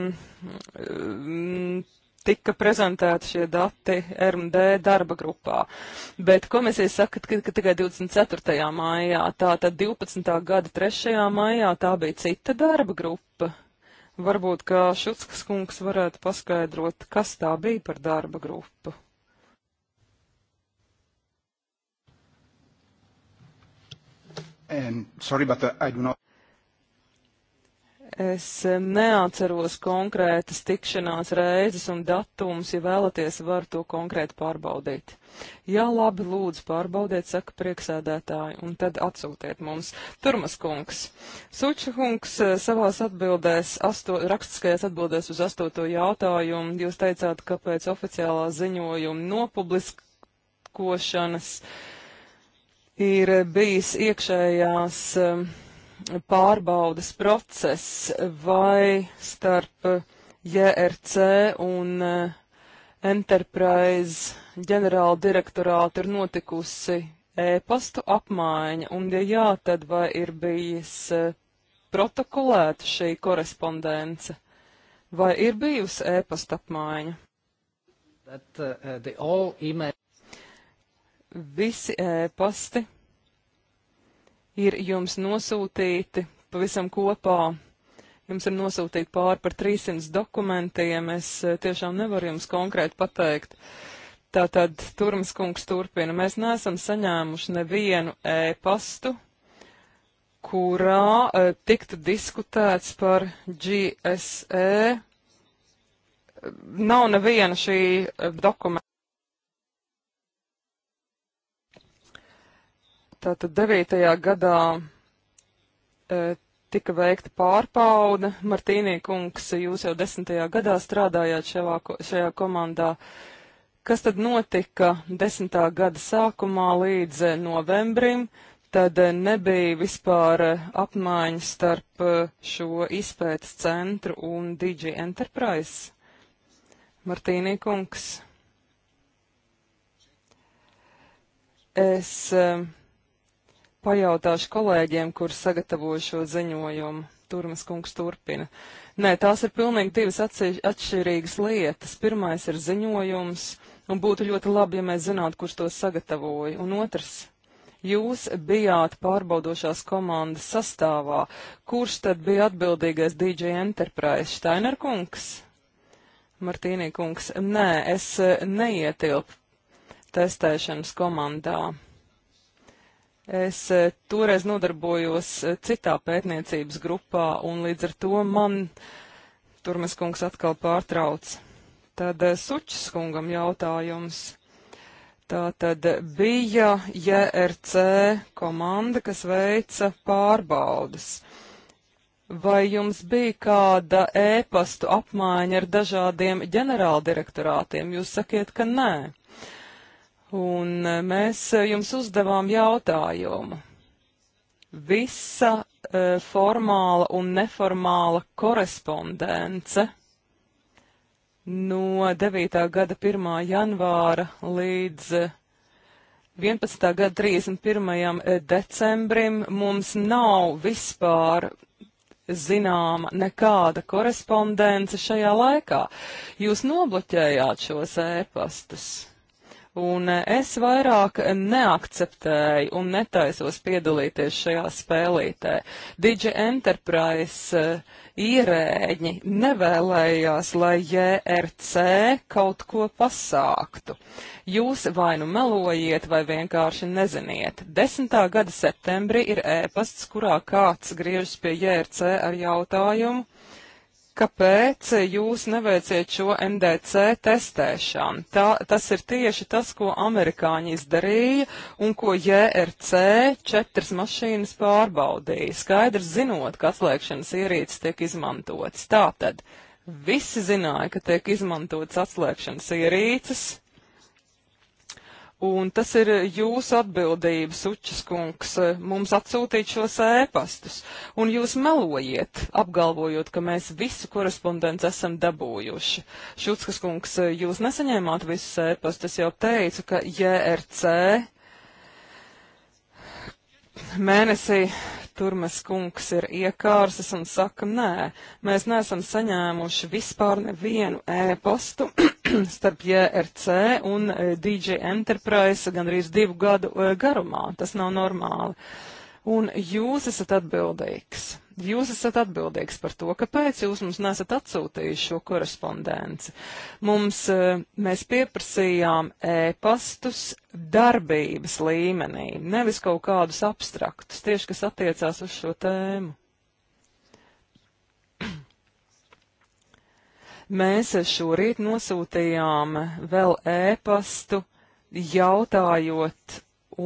um, tika prezentēti šie dati RMD darba grupā. Bet komisija saka, ka, ka tikai 24. maijā, tā tad 12. gada 3. maijā tā bija cita darba grupa. Varbūt, ka Šutskas kungs varētu paskaidrot, kas tā bija par darba grupu. And, um, sorry, but uh, I do not. Es neatceros konkrētas tikšanās reizes un datums, ja vēlaties, var to konkrēti pārbaudīt. Jā, labi, lūdzu, pārbaudiet, saka prieksēdētāji, un tad atsūtiet mums. Turmas kungs. Sučahungs eh, savās atbildēs, asto, rakstiskajās atbildēs uz astoto jautājumu, jūs teicāt, ka pēc oficiālā ziņojuma nopubliskošanas ir bijis iekšējās. Uh, pārbaudas process vai starp JRC un eh, Enterprise ģenerāla direktorāta ir notikusi e-pastu apmaiņa, un, ja jā, tad vai ir bijis eh, protokolēta šī korespondence, vai ir bijusi e-pasta apmaiņa? That, uh, uh Visi e-pasti ir jums nosūtīti pavisam kopā. Jums ir nosūtīti pāri par 300 dokumentiem. Es eh, tiešām nevaru jums konkrēti pateikt. Tātad Turmas kungs turpina. Mēs neesam saņēmuši nevienu ēpastu, kurā e, tiktu diskutēts par GSE. Nav neviena šī eh, dokumenta. Tātad 9. gadā e, tika veikta pārpauda. Martīnī kungs, jūs jau 10. gadā strādājāt šajā, šajā komandā. Kas tad notika 10. gada sākumā līdz e, novembrim? tad e, nebija vispār e, apmaiņas starp šo izpētes centru un DG Enterprise. Martīnī kungs. Es pajautāšu kolēģiem, kur sagatavoju šo ziņojumu. Turmas kungs turpina. Nē, tās ir pilnīgi divas atšķirīgas lietas. Pirmais ir ziņojums, un būtu ļoti labi, ja mēs zinātu, kurš to sagatavoja. Un otrs, jūs bijāt pārbaudošās komandas sastāvā. Kurš tad bija atbildīgais DJ Enterprise? Steiner kungs? Martīnī kungs? Nē, es eh, neietilpu testēšanas komandā. Es e, toreiz nodarbojos e, citā pētniecības grupā, un līdz ar to man Turmes kungs atkal pārtrauc. Tad e, Sučs kungam jautājums. Tā tad bija JRC komanda, kas veica pārbaudas. Vai jums bija kāda ēpastu apmaiņa ar dažādiem ģenerāldirektorātiem? Jūs sakiet, ka nē un e, mēs e, jums uzdevām jautājumu. Visa e, formāla un neformāla korespondence no 9. gada 1. janvāra līdz 11. gada 31. E, decembrim mums nav vispār zināma nekāda korespondence šajā laikā. Jūs nobloķējāt šos ēpastus. E un eh, es vairāk neakceptēju un netaisos piedalīties šajā spēlītē. DJ Enterprise eh, ierēģi nevēlējās, lai JRC kaut ko pasāktu. Jūs vai nu melojiet, vai vienkārši neziniet. 10. gada septembrī ir ēpasts, kurā kāds griežas pie JRC ar jautājumu, kāpēc jūs neveiciet šo MDC testēšanu. Tā, tas ir tieši tas, ko amerikāņi izdarīja un ko JRC četras mašīnas pārbaudīja, skaidrs zinot, ka atslēgšanas ierīces tiek izmantotas. Tātad visi zināja, ka tiek izmantotas atslēgšanas ierīces, Un tas ir jūsu atbildība, Sučas kungs, mums atsūtīt šos ēpastus. Un jūs melojiet, apgalvojot, ka mēs visu korespondenci esam dabūjuši. Šuckas kungs, jūs nesaņēmāt visus ēpastus, es jau teicu, ka JRC mēnesī Turmes kungs ir iekārsis un saka, nē, mēs neesam saņēmuši vispār nevienu ēpastu. E <clears throat> <clears throat> starp JRC un e, DJ Enterprise gandrīz divu gadu e, garumā. Tas nav normāli. Un jūs esat atbildīgs. Jūs esat atbildīgs par to, kāpēc jūs mums nesat atsūtījuši šo korespondenci. Mums, e, mēs pieprasījām ēpastus darbības līmenī, nevis kaut kādus abstraktus, tieši kas attiecās uz šo tēmu. Mēs šorīt nosūtījām vēl ēpastu, jautājot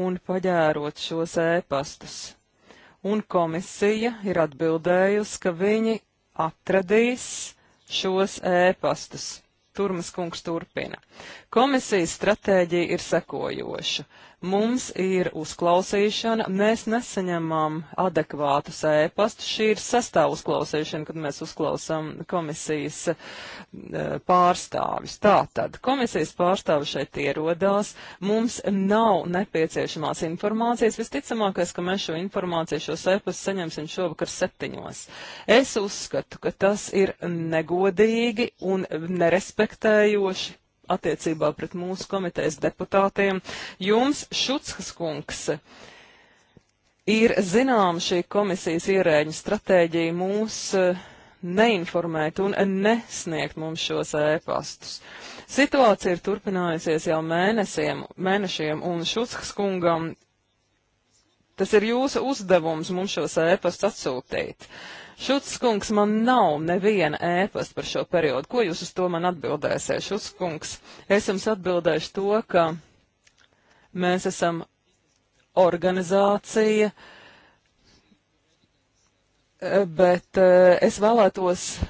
un paģērot šos ēpastus. Un komisija ir atbildējusi, ka viņi atradīs šos ēpastus. Turmas kungs turpina. Komisijas stratēģija ir sekojoša. Mums ir uzklausīšana, mēs nesaņemam adekvātus ēpastus. Šī ir sestā uzklausīšana, kad mēs uzklausām komisijas e, pārstāvis. Tātad, komisijas pārstāvis šeit ierodās, mums nav nepieciešamās informācijas. Visticamākais, ka mēs šo informāciju, šos ēpastus saņemsim šovakar septiņos. Es uzskatu, ka tas ir negodīgi un nerespektējoši attiecībā pret mūsu komitejas deputātiem. Jums, Šuckas kungs, ir zinām šī komisijas ierēģa stratēģija mūs eh, neinformēt un nesniegt mums šos ēpastus. Situācija ir turpinājusies jau mēnesiem, mēnešiem, un Šuckas kungam tas ir jūsu uzdevums mums šos ēpastus atsūtīt. Uh, Šuts kungs, man nav neviena ēpasta par šo periodu. Ko jūs uz to man atbildēsiet? Šuts kungs, es jums atbildēšu to, ka mēs esam organizācija, eh, bet eh, es vēlētos eh,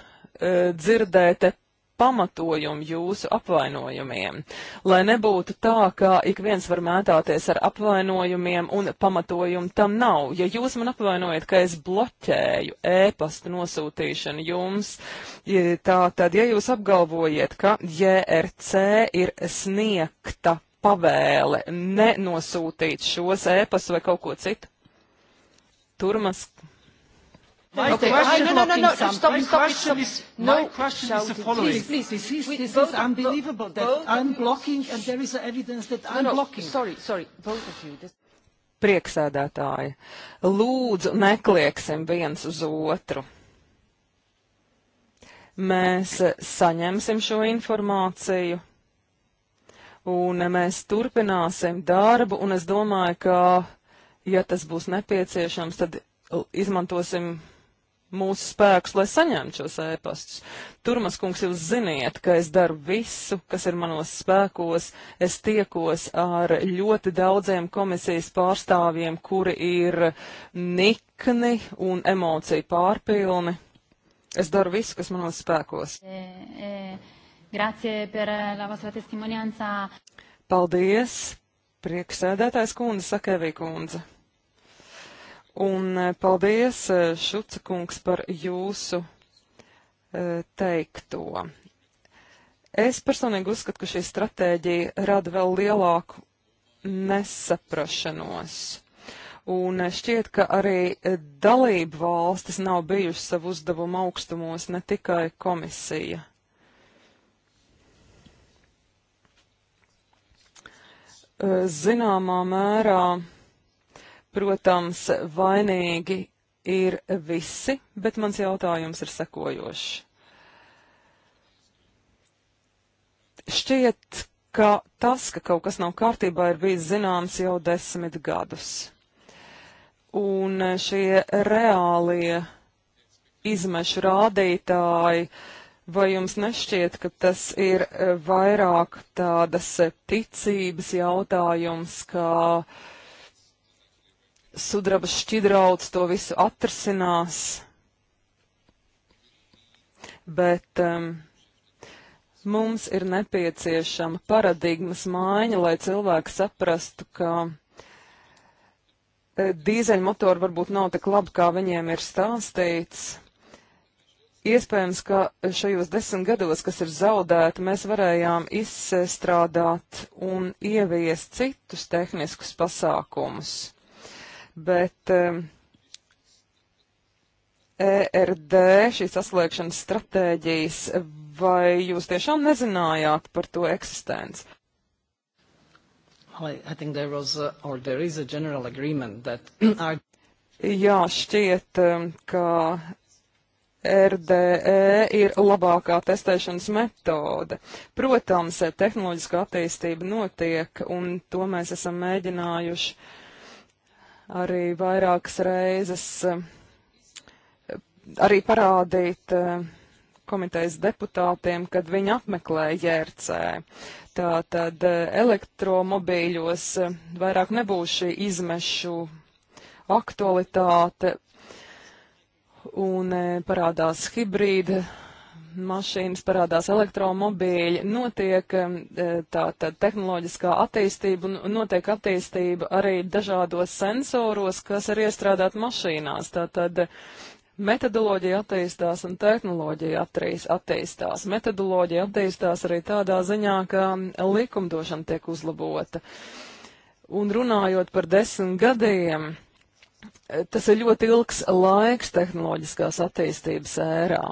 dzirdēt pamatojumu jūsu apvainojumiem, lai nebūtu tā, ka ik viens var mētāties ar apvainojumiem un pamatojumu tam nav. Ja jūs man apvainojat, ka es bloķēju ēpastu e nosūtīšanu jums, tā tad, ja jūs apgalvojat, ka JRC ir sniegta pavēle nenosūtīt šos ēpastus e vai kaut ko citu, turmas My okay. question, I, no, no, no, no. Stop, my stop, question stop. is, no, my question shouted. is the following. Please, please, this is, we, this both, is unbelievable that both unblocking, and there is evidence that no, unblocking. No, sorry, sorry, both of you. This... Prieksēdētāji, lūdzu neklieksim viens uz otru. Mēs saņemsim šo informāciju un mēs turpināsim darbu, un es domāju, ka, ja tas būs nepieciešams, tad izmantosim mūsu spēkus, lai saņemtu šos ēpastus. Turmas kungs, jūs ziniet, ka es daru visu, kas ir manos spēkos. Es tiekos ar ļoti daudziem komisijas pārstāvjiem, kuri ir nikni un emociju pārpilni. Es daru visu, kas manos spēkos. Eh, eh, Paldies! Prieksēdētājs kundze, Sakēvī kundze. Un eh, paldies, eh, Šuca kungs, par jūsu eh, teikto. Es personīgi uzskatu, ka šī stratēģija rada vēl lielāku nesaprašanos. Un šķiet, ka arī dalību valstis nav bijušas savu uzdevumu augstumos, ne tikai komisija. Zināmā mērā Protams, vainīgi ir visi, bet mans jautājums ir sekojošs. Šķiet, ka tas, ka kaut kas nav kārtībā, ir bijis zināms jau desmit gadus. Un šie reālie izmešu rādītāji, vai jums nešķiet, ka tas ir vairāk tādas ticības jautājums, kā uh, sudrabas šķidrauts to visu atrasinās. Bet um, mums ir nepieciešama paradigmas maiņa, lai cilvēki saprastu, ka eh, dīzeļmotori varbūt nav tik labi, kā viņiem ir stāstīts. Iespējams, ka šajos desmit gados, kas ir zaudēti, mēs varējām izstrādāt un ieviest citus tehniskus pasākumus bet um, ERD, šī saslēgšanas stratēģijas, vai jūs tiešām nezinājāt par to eksistenci? I think there was, a, uh, or there is a general agreement that <clears throat> our... Jā, šķiet, um, ka RDE ir labākā testēšanas metode. Protams, tehnoloģiska attīstība notiek, un to mēs esam mēģinājuši uh, arī vairākas reizes eh, arī parādīt eh, komitejas deputātiem, kad viņi apmeklē ģērcē. Tātad eh, elektromobīļos vairāk nebūs šī izmešu aktualitāte un parādās hibrīda mašīnas, parādās elektromobīļi, notiek e, tā tad tehnoloģiskā attīstība un notiek attīstība arī dažādos sensoros, kas ir iestrādāt mašīnās. Tātad metodoloģija attīstās un tehnoloģija attīstās. Metodoloģija attīstās arī tādā ziņā, ka likumdošana tiek uzlabota. Un runājot par desmit gadiem, e, tas ir ļoti ilgs laiks tehnoloģiskās attīstības ērā.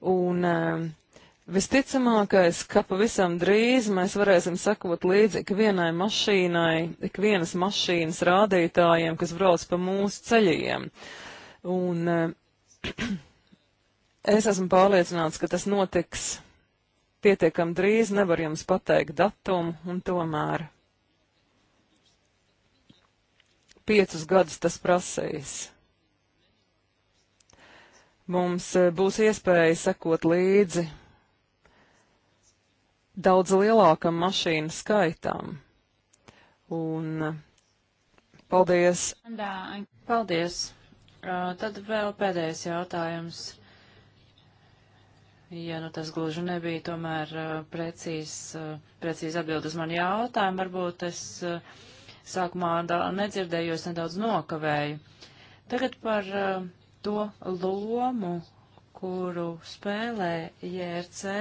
Un ehm, visticamākais, ka pavisam drīz mēs varēsim sakot līdzi ikvienai mašīnai, ikvienas mašīnas rādītājiem, kas brauc pa mūsu ceļiem. Un ehm, <clears throat> es esmu pārliecināts, ka tas notiks pietiekam drīz, nevar jums pateikt datumu, un tomēr piecus gadus tas prasīs mums e, būs iespēja sekot līdzi daudz lielākam mašīnu skaitam. Un e, paldies! Paldies! Tad vēl pēdējais jautājums. Ja nu tas gluži nebija tomēr precīzi precīz atbild uz manu jautājumu, varbūt es sākumā nedzirdēju, es nedaudz nokavēju. Tagad par uh, to lomu, kuru spēlē JRC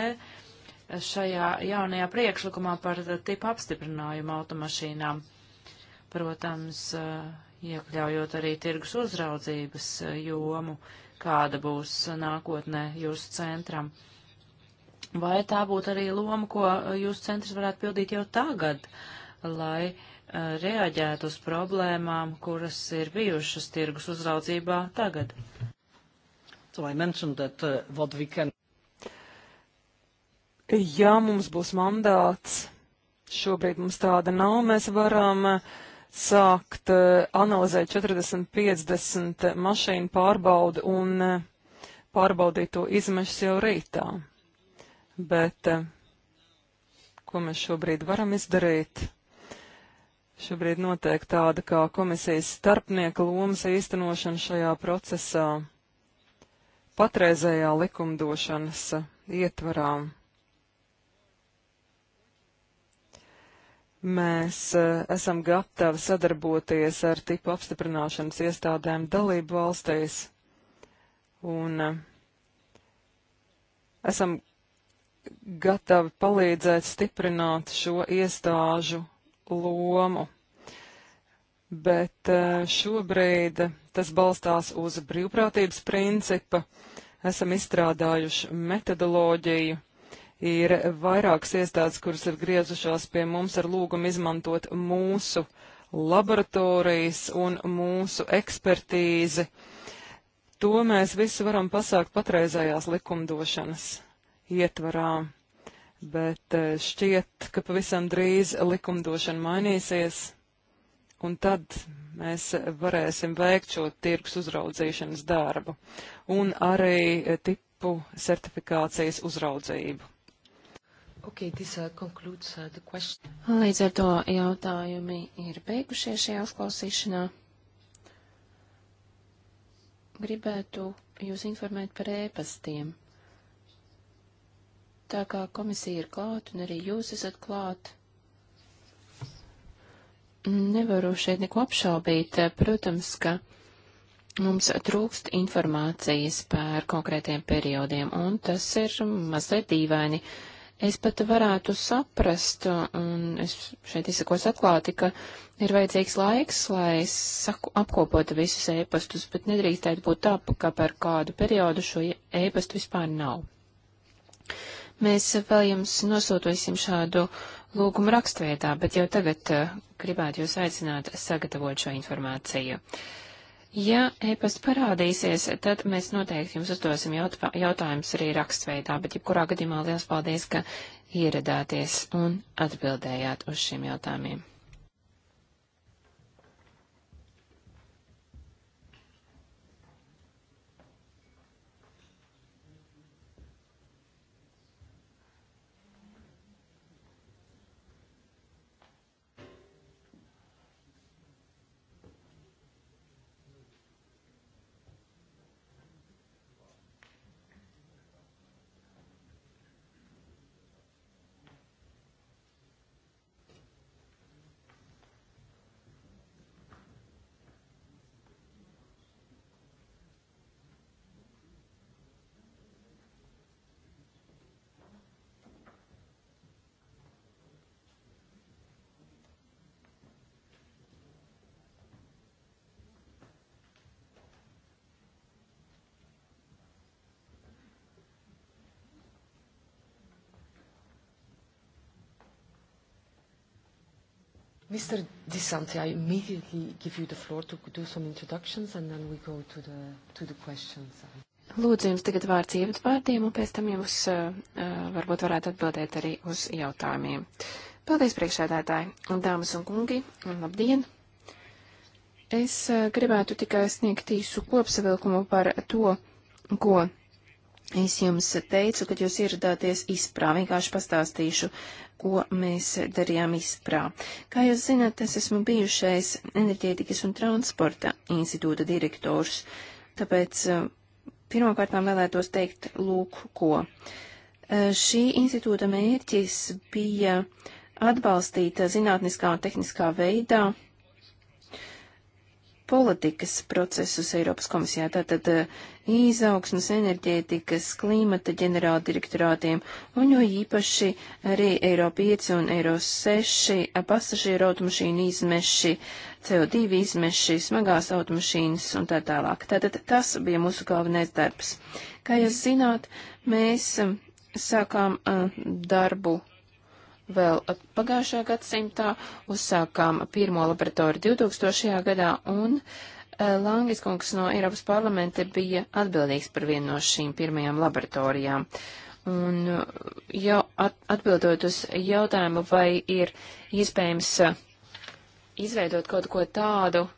e šajā jaunajā priekšlikumā par tipu apstiprinājumu automašīnām. Protams, eh, iekļaujot arī tirgus uzraudzības eh, jomu, kāda būs nākotnē jūsu centram. Vai tā būtu arī loma, ko eh, jūsu centrs varētu pildīt jau tagad, lai uh, reaģētu uz problēmām, kuras ir bijušas tirgus uzraudzībā tagad. So I mentioned that uh, what we can ja mums būs mandāts, šobrīd mums tāda nav, mēs varam uh, sākt uh, analizēt 40-50 mašīnu pārbaudu un uh, pārbaudīt to izmešas jau rītā. Bet ko mēs šobrīd varam izdarīt? Šobrīd notiek tāda kā komisijas starpnieka lomas īstenošana šajā procesā patreizējā likumdošanas ietvarā. Mēs e, esam gatavi sadarboties ar tipu apstiprināšanas iestādēm dalību valstīs un e, esam gatavi palīdzēt stiprināt šo iestāžu lomu. Bet eh, šobrīd tas balstās uz brīvprātības principa. Esam izstrādājuši metodoloģiju. Ir vairākas iestādes, kuras ir griezušās pie mums ar lūgumu izmantot mūsu laboratorijas un mūsu ekspertīzi. To mēs visu varam pasākt patreizējās likumdošanas ietvarā bet eh, šķiet, ka pavisam drīz likumdošana mainīsies, un tad mēs varēsim veikt šo tirgus uzraudzīšanas darbu un arī eh, tipu certifikācijas uzraudzību. Okay, this, uh, concludes, uh, the question. Līdz ar to jautājumi ir beigušies šajā uzklausīšanā. Gribētu jūs informēt par ēpastiem. E Tā kā komisija ir klāt un arī jūs esat klāt, nevaru šeit neko apšaubīt. Protams, ka mums trūkst informācijas par konkrētiem periodiem, un tas ir mazliet dīvaini. Es pat varētu saprast, un es šeit izsakos atklāti, ka ir vajadzīgs laiks, lai saku, apkopotu visus ēpastus, bet nedrīkstētu būt tā, ka par kādu periodu šo ēpastu vispār nav. Mēs vēl jums nosūtosim šādu lūgumu rakstveidā, bet jau tagad eh, gribētu jūs aicināt sagatavot šo informāciju. Ja e-pasta parādīsies, tad mēs noteikti jums uzdosim jautā, jautājumus arī rakstveidā, bet jebkurā gadījumā liels paldies, ka ieradāties un atbildējāt uz šiem jautājumiem. Mr. DeSanti, I immediately give you the floor to do some introductions and then we go to the, to the questions. Lūdzu, jums tagad vārds ievadvārdiem, un pēc tam jums uh, uh, varbūt varētu atbildēt arī uz jautājumiem. Paldies, priekšsēdētāji, dāmas un kungi, un labdien! Es uh, gribētu tikai sniegt īsu kopsavilkumu par to, ko Es jums teicu, kad jūs ieradāties izprā, vienkārši pastāstīšu, ko mēs darījām izprā. Kā jūs zināt, es esmu bijušais enerģētikas un transporta institūta direktors, tāpēc eh, pirmkārtām vēlētos teikt lūk, ko. Eh, šī institūta mērķis bija atbalstīt zinātniskā un tehniskā veidā politikas procesus Eiropas komisijā, tātad eh, izaugsmas, enerģētikas, klimata ģenerāla direktorātiem, un jo īpaši arī Eiro 5 un Eiro 6 eh, pasažieru automašīnu izmeši, CO2 izmeši, smagās automašīnas un tā tālāk. Tātad tas bija mūsu galvenais darbs. Kā jūs zināt, mēs eh, sākām uh, darbu Vēl pagājušajā gadsimtā uzsākām pirmo laboratoriju 2000. gadā, un eh, Langis kungs no Eiropas parlamenta bija atbildīgs par vienu no šīm pirmajām laboratorijām. Un eh, jau atbildot uz jautājumu, vai ir iespējams eh, izveidot kaut ko tādu,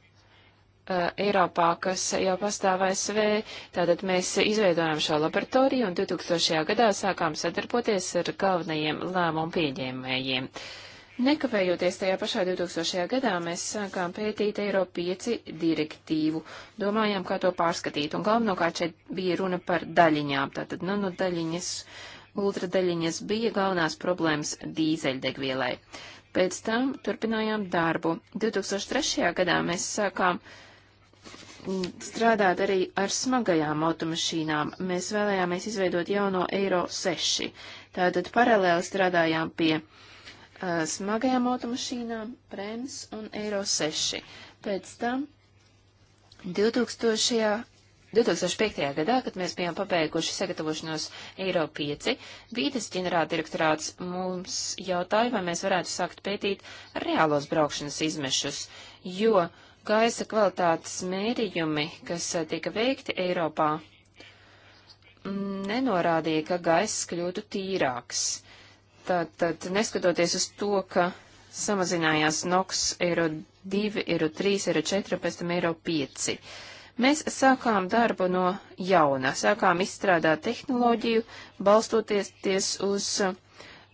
Uh, Eiropā, kas jau pastāv ASV. Tātad mēs izveidojām šo laboratoriju un 2000. gadā sākām sadarboties ar galvenajiem lēmumu pieņēmējiem. Nekavējoties tajā pašā 2000. gadā, mēs sākām pētīt Eiro 5 direktīvu, domājām, kā to pārskatīt, un galvenokārt šeit bija runa par daļiņām, tātad nanodaļiņas, ultradaļiņas bija galvenās problēmas dīzeļdegvielai. Pēc tam turpinājām darbu. 2003. gadā mēs sākām uh, strādāt arī ar smagajām automašīnām. Mēs vēlējāmies izveidot jauno Eiro 6. Tātad paralēli strādājām pie uh, smagajām automašīnām, Prems un Eiro 6. Pēc tam 2000. 2005. gadā, kad mēs bijām pabeiguši sagatavošanos Eiro 5, vīdes ģenerāldirektorāts mums jautāja, vai mēs varētu sākt pētīt reālos braukšanas izmešus, jo uh, gaisa kvalitātes mērījumi, kas eh, tika veikti Eiropā, nenorādīja, ka gaiss kļūtu tīrāks. Tātad, neskatoties uz to, ka samazinājās NOX eiro 2, eiro 3, eiro 4, pēc tam eiro 5. Mēs sākām darbu no jauna, sākām izstrādāt tehnoloģiju, balstoties uz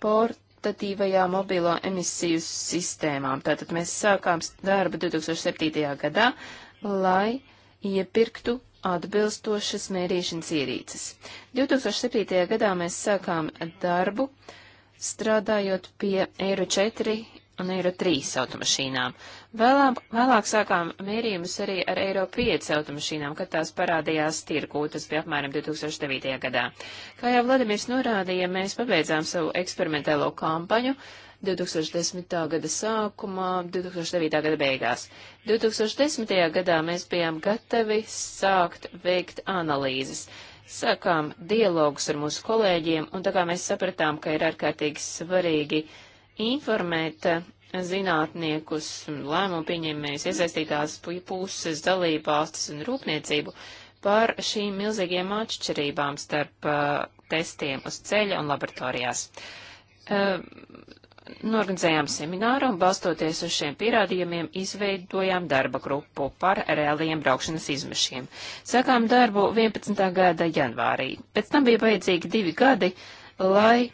port fakultatīvajām mobilo emisiju sistēmām. Tātad mēs sākām darbu 2007. gadā, lai iepirktu atbilstošas mērīšanas ierīces. 2007. gadā mēs sākām darbu, strādājot pie Eiro 4 un Eiro 3 automašīnām. Vēlāk, vēlāk sākām mērījumus arī ar Eiro 5 automašīnām, kad tās parādījās tirgū, tas bija apmēram 2009. gadā. Kā jau Vladimirs norādīja, mēs pabeidzām savu eksperimentālo kampaņu 2010. gada sākumā, 2009. gada beigās. 2010. gadā mēs bijām gatavi sākt veikt analīzes sākām dialogus ar mūsu kolēģiem, un tā kā mēs sapratām, ka ir ārkārtīgi svarīgi informēt zinātniekus, lēmumu pieņēmējus, iesaistītās puses, dalībvalstis un rūpniecību par šīm milzīgiem atšķirībām starp uh, testiem uz ceļa un laboratorijās. Uh, norganizējām semināru un balstoties uz šiem pierādījumiem izveidojām darba grupu par reāliem braukšanas izmešiem. Sākām darbu 11. gada janvārī. Pēc tam bija vajadzīgi divi gadi, lai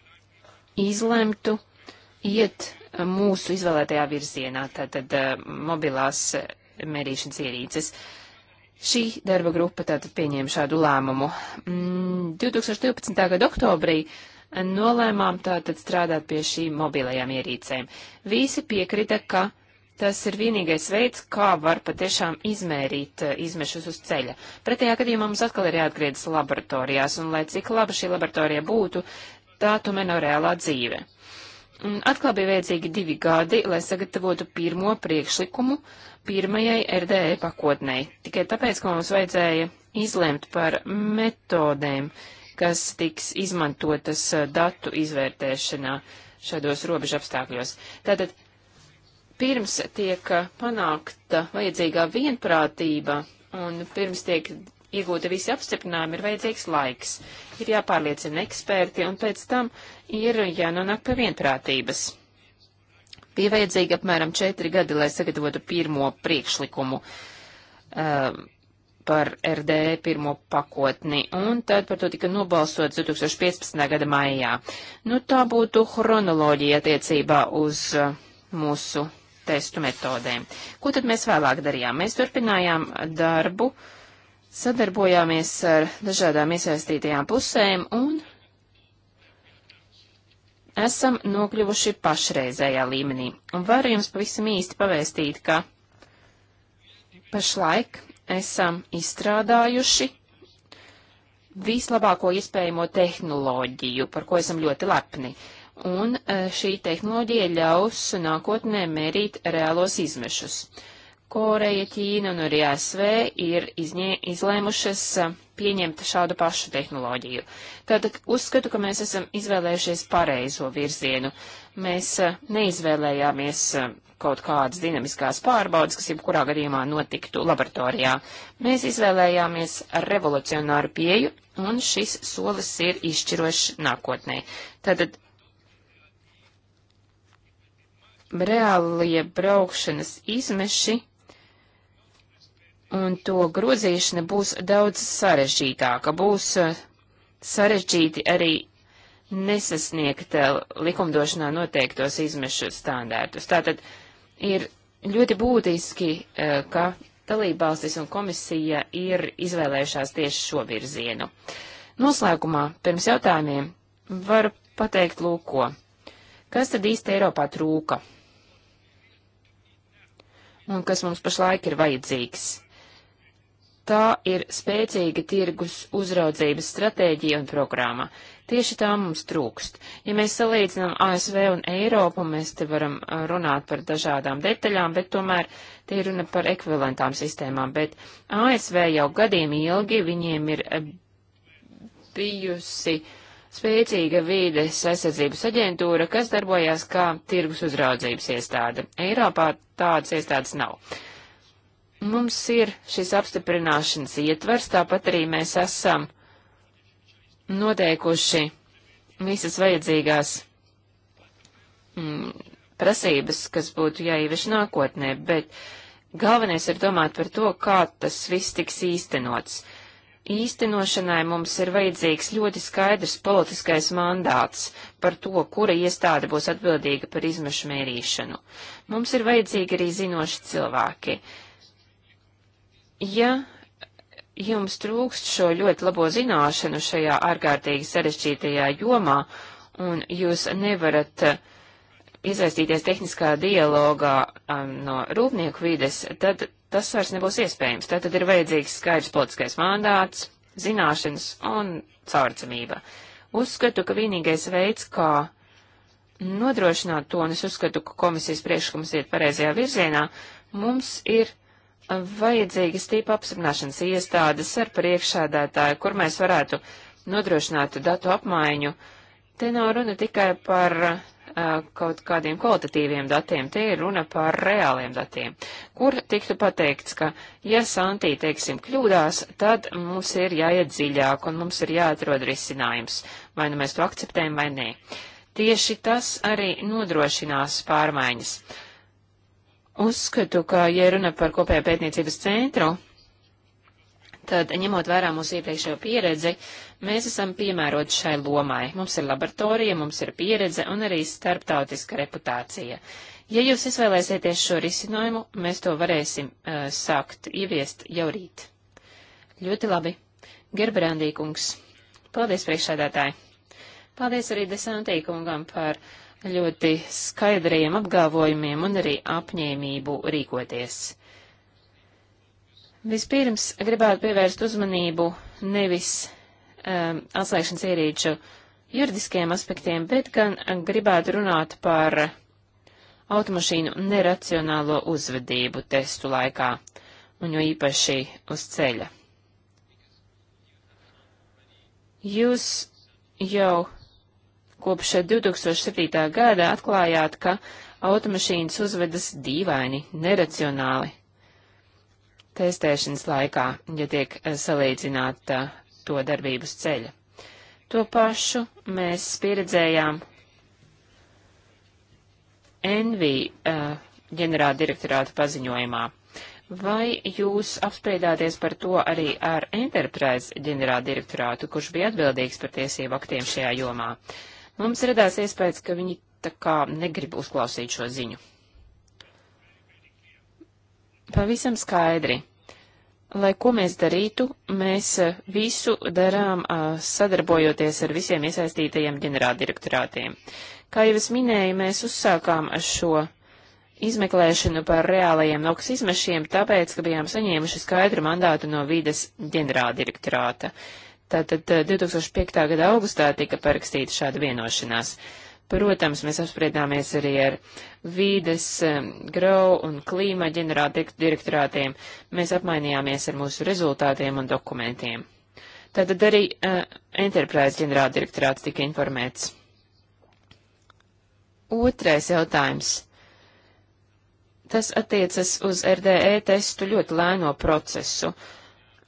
izlemtu, iet mūsu izvēlētajā virzienā, tātad eh, mobilās mērīšanas ierīces. Šī darba grupa tātad pieņēma šādu lēmumu. 2012. Mm, gada oktobrī nolēmām tātad strādāt pie šīm mobilajām ierīcēm. Visi piekrita, ka tas ir vienīgais veids, kā var patiešām izmērīt eh, izmešus uz ceļa. Pretējā gadījumā mums atkal ir jāatgriezas laboratorijās, un lai cik laba šī laboratorija būtu, tā tomēr nav no reālā dzīve. Un mm, atkal bija vajadzīgi divi gadi, lai sagatavotu pirmo priekšlikumu pirmajai RDE pakotnei. Tikai tāpēc, ka mums vajadzēja izlemt par metodēm, kas tiks izmantotas eh, datu izvērtēšanā šādos robežu apstākļos. Tātad pirms tiek eh, panākta vajadzīgā vienprātība un pirms tiek iegūti visi apstiprinājumi, ir vajadzīgs laiks. Ir jāpārliecina eksperti, un pēc tam ir jānonāk pie vienprātības. Bija vajadzīgi apmēram četri gadi, lai sagatavotu pirmo priekšlikumu um, par RD pirmo pakotni, un tad par to tika nobalsots 2015. gada maijā. Nu, tā būtu chronoloģija attiecībā uz uh, mūsu testu metodēm. Ko tad mēs vēlāk darījām? Mēs turpinājām darbu uh, sadarbojāmies ar dažādām iesaistītajām pusēm un esam nokļuvuši pašreizējā līmenī. Un varu jums pavisam īsti pavēstīt, ka pašlaik esam izstrādājuši vislabāko iespējamo tehnoloģiju, par ko esam ļoti lepni. Un eh, šī tehnoloģija ļaus nākotnē mērīt reālos izmešus. Uh, Koreja, Ķīna un arī ASV ir izņē, izlēmušas pieņemt šādu pašu tehnoloģiju. Tad uzskatu, ka mēs esam izvēlējušies pareizo virzienu. Mēs neizvēlējāmies kaut kādas dinamiskās pārbaudas, kas jebkurā gadījumā notiktu laboratorijā. Mēs izvēlējāmies revolucionāru pieju, un šis solis ir izšķirošs nākotnē. Tātad reālie braukšanas izmeši un to grozīšana būs daudz sarežģītāka. Būs eh, sarežģīti arī nesasniegt eh, likumdošanā noteiktos izmešu standārtus. Tātad ir ļoti būtiski, eh, ka dalībvalstis un komisija ir izvēlējušās tieši šo virzienu. Noslēgumā pirms jautājumiem var pateikt lūko. Kas tad īsti Eiropā trūka? Un kas mums pašlaik ir vajadzīgs? tā ir spēcīga tirgus uzraudzības stratēģija un programma. Tieši tā mums trūkst. Ja mēs salīdzinām ASV un Eiropu, mēs te varam runāt par dažādām detaļām, bet tomēr tie runa par ekvivalentām sistēmām. Bet ASV jau gadiem ilgi viņiem ir bijusi spēcīga vīdes aizsardzības aģentūra, kas darbojās kā tirgus uzraudzības iestāde. Eiropā tādas iestādes nav. Mums ir šis apstiprināšanas ietvers, tāpat arī mēs esam noteikuši visas vajadzīgās mm, prasības, kas būtu jāievieš nākotnē, bet galvenais ir domāt par to, kā tas viss tiks īstenots. Īstenošanai mums ir vajadzīgs ļoti skaidrs politiskais mandāts par to, kura iestāde būs atbildīga par izmešu mērīšanu. Mums ir vajadzīgi arī zinoši cilvēki. Ja jums trūkst šo ļoti labo zināšanu šajā ārkārtīgi sarežģītajā jomā, un jūs nevarat eh, izraistīties tehniskā dialogā um, no rūpnieku vides, tad tas vairs nebūs iespējams. Tātad ir vajadzīgs skaidrs politiskais mandāts, zināšanas un caurcamība. Uzskatu, ka vienīgais veids, kā nodrošināt to, un es uzskatu, ka komisijas priekšlikums iet pareizajā virzienā, mums ir vajadzīgas tīpa apstiprināšanas iestādes ar priekšādātāju, kur mēs varētu nodrošināt datu apmaiņu. Te nav runa tikai par uh, kaut kādiem kvalitatīviem datiem, te ir runa par reāliem datiem, kur tiktu pateikts, ka, ja Santī, teiksim, kļūdās, tad mums ir jāiet dziļāk un mums ir jāatrod risinājums, vai nu mēs to akceptējam vai nē. Tieši tas arī nodrošinās pārmaiņas. Uh, Uzskatu, ka, ja runa par kopējo pētniecības centru, tad, ņemot vērā mūsu iepriekšējo pieredzi, mēs esam piemēroti šai lomai. Mums ir laboratorija, mums ir pieredze un arī starptautiska reputācija. Ja jūs izvēlēsieties šo risinājumu, mēs to varēsim uh, sākt ieviest jau rīt. Ļoti labi. Gerbrandīkungs. Paldies priekšsēdētāji. Paldies arī Desantīkungam par ļoti skaidriem apgalvojumiem un arī apņēmību rīkoties. Vispirms gribētu pievērst uzmanību nevis um, atslēgšanas ierīču juridiskiem aspektiem, bet gan gribētu runāt par automašīnu neracionālo uzvedību testu laikā, un jo īpaši uz ceļa. Jūs jau Kopš 2007. gada atklājāt, ka automašīnas uzvedas dīvaini, neracionāli testēšanas laikā, ja tiek eh, salīdzināta to darbības ceļa. To pašu mēs pieredzējām NV uh, eh, ģenerāla direktorāta paziņojumā. Vai jūs apspriedāties par to arī ar Enterprise ģenerāla direktorātu, kurš bija atbildīgs par tiesību aktiem šajā jomā? Uh, Mums radās iespējas, ka viņi tā kā negrib uzklausīt šo ziņu. Pavisam skaidri. Lai ko mēs darītu, mēs eh, visu darām eh, sadarbojoties ar visiem iesaistītajiem ģenerāldirektorātiem. Kā jau es minēju, mēs uzsākām šo izmeklēšanu par reālajiem nokas izmešiem, tāpēc, ka bijām saņēmuši skaidru mandātu no vides ģenerāldirektorāta. direktorāta Tātad 2005. Eh, gada augustā tika parakstīta šāda vienošanās. Protams, mēs apspriedāmies arī ar vīdes, eh, grau un klīma ģenerāla direktorātiem. Mēs apmainījāmies ar mūsu rezultātiem un dokumentiem. Tātad arī uh, Enterprise ģenerāla direktorāts tika informēts. Otrais jautājums. Tas attiecas uz RDE testu ļoti lēno procesu. Uh,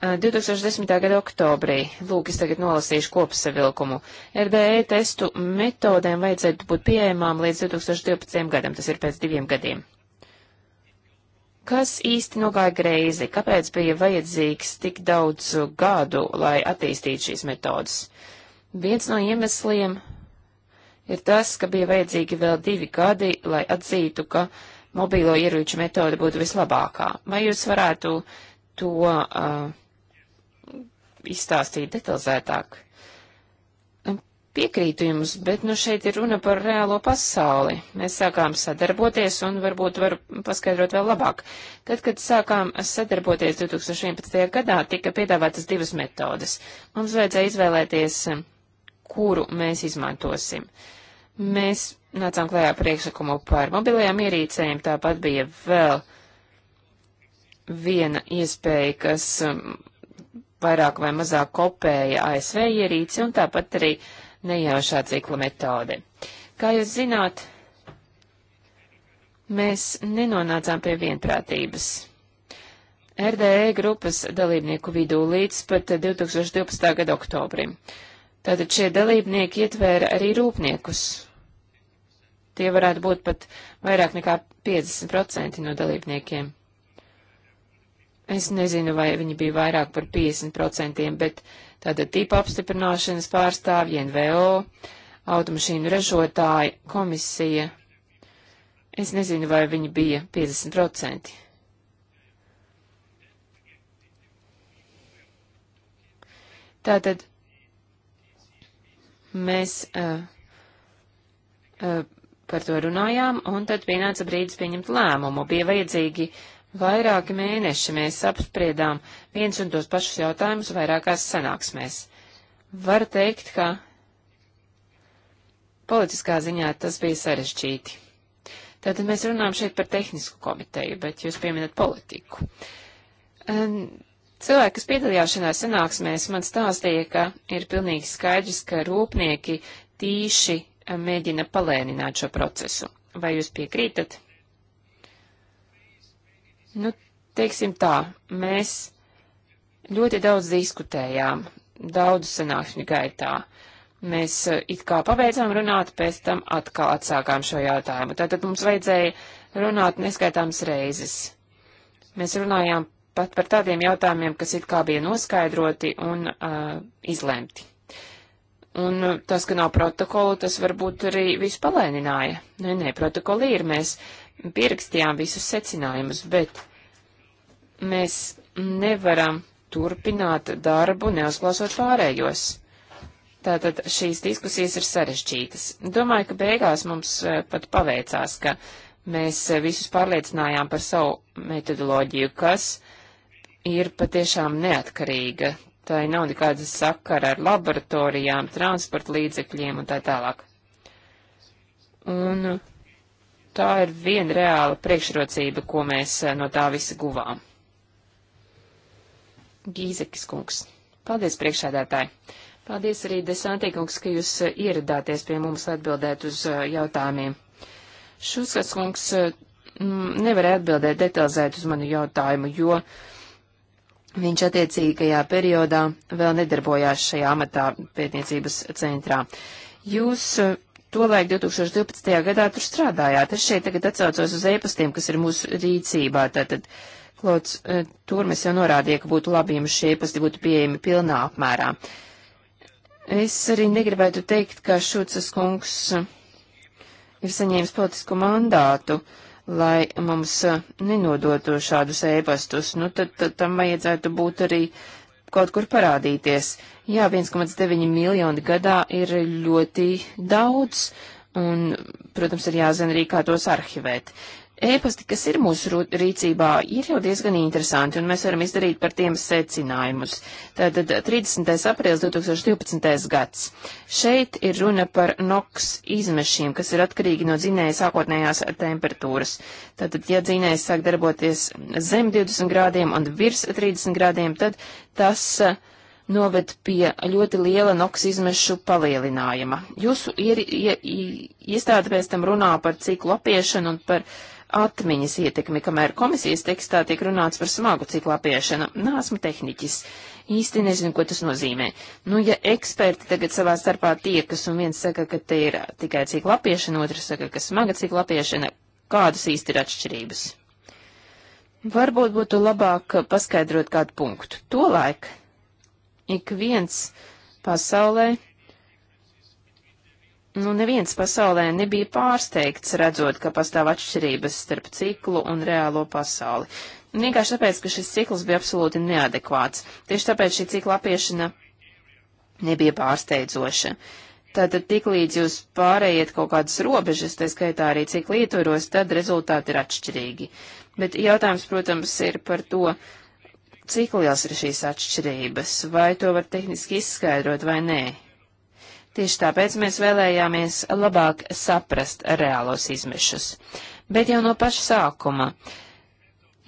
2010. Eh, gada oktobrī, lūk, es tagad nolasīšu kopsavilkumu, RDE testu metodēm vajadzētu būt pieejamām līdz 2012. gadam, tas ir pēc diviem gadiem. Kas īsti nogāja greizi? Kāpēc bija vajadzīgs tik daudz gadu, lai attīstītu šīs metodas? Viens no iemesliem ir tas, ka bija vajadzīgi vēl divi gadi, lai atzītu, ka mobīlo ieroču metode būtu vislabākā. Vai jūs varētu to uh, izstāstīt detalizētāk. Piekrītu jums, bet nu šeit ir runa par reālo pasauli. Mēs sākām sadarboties un varbūt varu paskaidrot vēl labāk. Tad, kad sākām sadarboties 2011. gadā, tika piedāvātas divas metodas. Mums vajadzēja izvēlēties, kuru mēs izmantosim. Mēs nācām klajā priekšlikumu par mobilajām ierīcēm, tāpat bija vēl viena iespēja, kas vairāk vai mazāk kopēja ASV ierīci un tāpat arī nejaušā cikla metode. Kā jūs zināt, mēs nenonācām pie vienprātības. RDE grupas dalībnieku vidū līdz pat 2012. gada oktobrim. Tātad šie dalībnieki ietvēra arī rūpniekus. Tie varētu būt pat vairāk nekā 50% no dalībniekiem. Es nezinu, vai viņi bija vairāk par 50%, bet tātad tīpa apstiprināšanas pārstāvji, NVO, automašīnu ražotāji, komisija. Es nezinu, vai viņi bija 50%. Tātad mēs uh, uh, par to runājām, un tad pienāca brīdis pieņemt lēmumu. Bija vajadzīgi uh, Vairāki mēneši mēs apspriedām viens un tos pašus jautājumus vairākās sanāksmēs. Var teikt, ka politiskā ziņā tas bija sarežģīti. Tātad mēs runājam šeit par tehnisku komiteju, bet jūs pieminat politiku. Cilvēki, kas piedalījās šajā sanāksmēs, man stāstīja, ka ir pilnīgi skaidrs, ka rūpnieki tīši mēģina palēnināt šo procesu. Vai jūs piekrītat? Nu, teiksim tā, mēs ļoti daudz diskutējām, daudz sanākšņu gaitā. Mēs eh, it kā pabeidzām runāt, pēc tam atkal atsākām šo jautājumu. Tātad mums vajadzēja runāt neskaitāmas reizes. Mēs runājām pat par tādiem jautājumiem, kas it kā bija noskaidroti un uh, izlemti. Un eh, tas, ka nav protokolu, tas varbūt arī visu palēnināja. Nē, nē, protokoli ir. Mēs uh, pierakstījām visus secinājumus, bet mēs nevaram turpināt darbu, neuzklausot pārējos. Tātad šīs diskusijas ir sarežģītas. Domāju, ka beigās mums eh, pat paveicās, ka mēs eh, visus pārliecinājām par savu metodoloģiju, kas ir patiešām neatkarīga. Tā nav nekāda sakara ar laboratorijām, transporta līdzekļiem un tā tālāk. Un Tā ir viena reāla priekšrocība, ko mēs eh, no tā visa guvām. Gīzekis kungs. Paldies, priekšādātāji. Paldies arī, Desantīkungs, ka jūs eh, ieradāties pie mums atbildēt uz eh, jautājumiem. Šuskats kungs nevarēja atbildēt detalizēt uz manu jautājumu, jo viņš attiecīgajā periodā vēl nedarbojās šajā amatā pētniecības centrā. Jūs tolaik 2012. gadā tur strādājāt. Es šeit tagad atsaucos uz e-pastiem, kas ir mūsu rīcībā. Tātad, Klods, eh, tur mēs jau norādīja, ka būtu labi, ja šie e-pasti būtu pieejami pilnā apmērā. Es arī negribētu teikt, ka Šūcas kungs eh, ir saņēmis politisku mandātu, lai mums eh, nenodotu šādus ēpastus. Nu, tad, tad tam vajadzētu būt arī uh, kaut kur parādīties. Jā, 1,9 miljoni gadā ir ļoti daudz, un, protams, ir jāzina arī, kā tos arhivēt ēpasti, kas ir mūsu rīcībā, ir jau diezgan interesanti, un mēs varam izdarīt par tiem secinājumus. Tātad 30. aprīlis 2012. gads. Šeit ir runa par NOx izmešiem, kas ir atkarīgi no dzinēja sākotnējās temperatūras. Tātad, ja dzinējs sāk darboties zem 20 grādiem un virs 30 grādiem, tad tas uh, noved pie ļoti liela noks izmešu palielinājuma. Jūsu iestāde pēc tam runā par ciklu apiešanu un par atmiņas ietekmi, kamēr komisijas tekstā tiek runāts par smagu ciklu apiešanu. Nāsmu tehniķis. Īsti nezinu, ko tas nozīmē. Nu, ja eksperti tagad savā starpā tiekas un viens saka, ka te ir tikai cikla apiešana, otrs saka, ka smaga cikla apiešana, kādas īsti ir atšķirības? Varbūt būtu labāk paskaidrot kādu punktu. Tolaik ik viens pasaulē Nu, neviens pasaulē nebija pārsteigts, redzot, ka pastāv atšķirības starp ciklu un reālo pasauli. Un vienkārši tāpēc, ka šis cikls bija absolūti neadekvāts. Tieši tāpēc šī cikla apiešana nebija pārsteidzoša. Tātad tiklīdz jūs pārējiet kaut kādas robežas, tā skaitā arī cik lietoros, tad rezultāti ir atšķirīgi. Bet jautājums, protams, ir par to, cik liels ir šīs atšķirības, vai to var tehniski izskaidrot vai nē. Tieši tāpēc mēs vēlējāmies labāk saprast reālos izmešus. Bet jau no paša sākuma,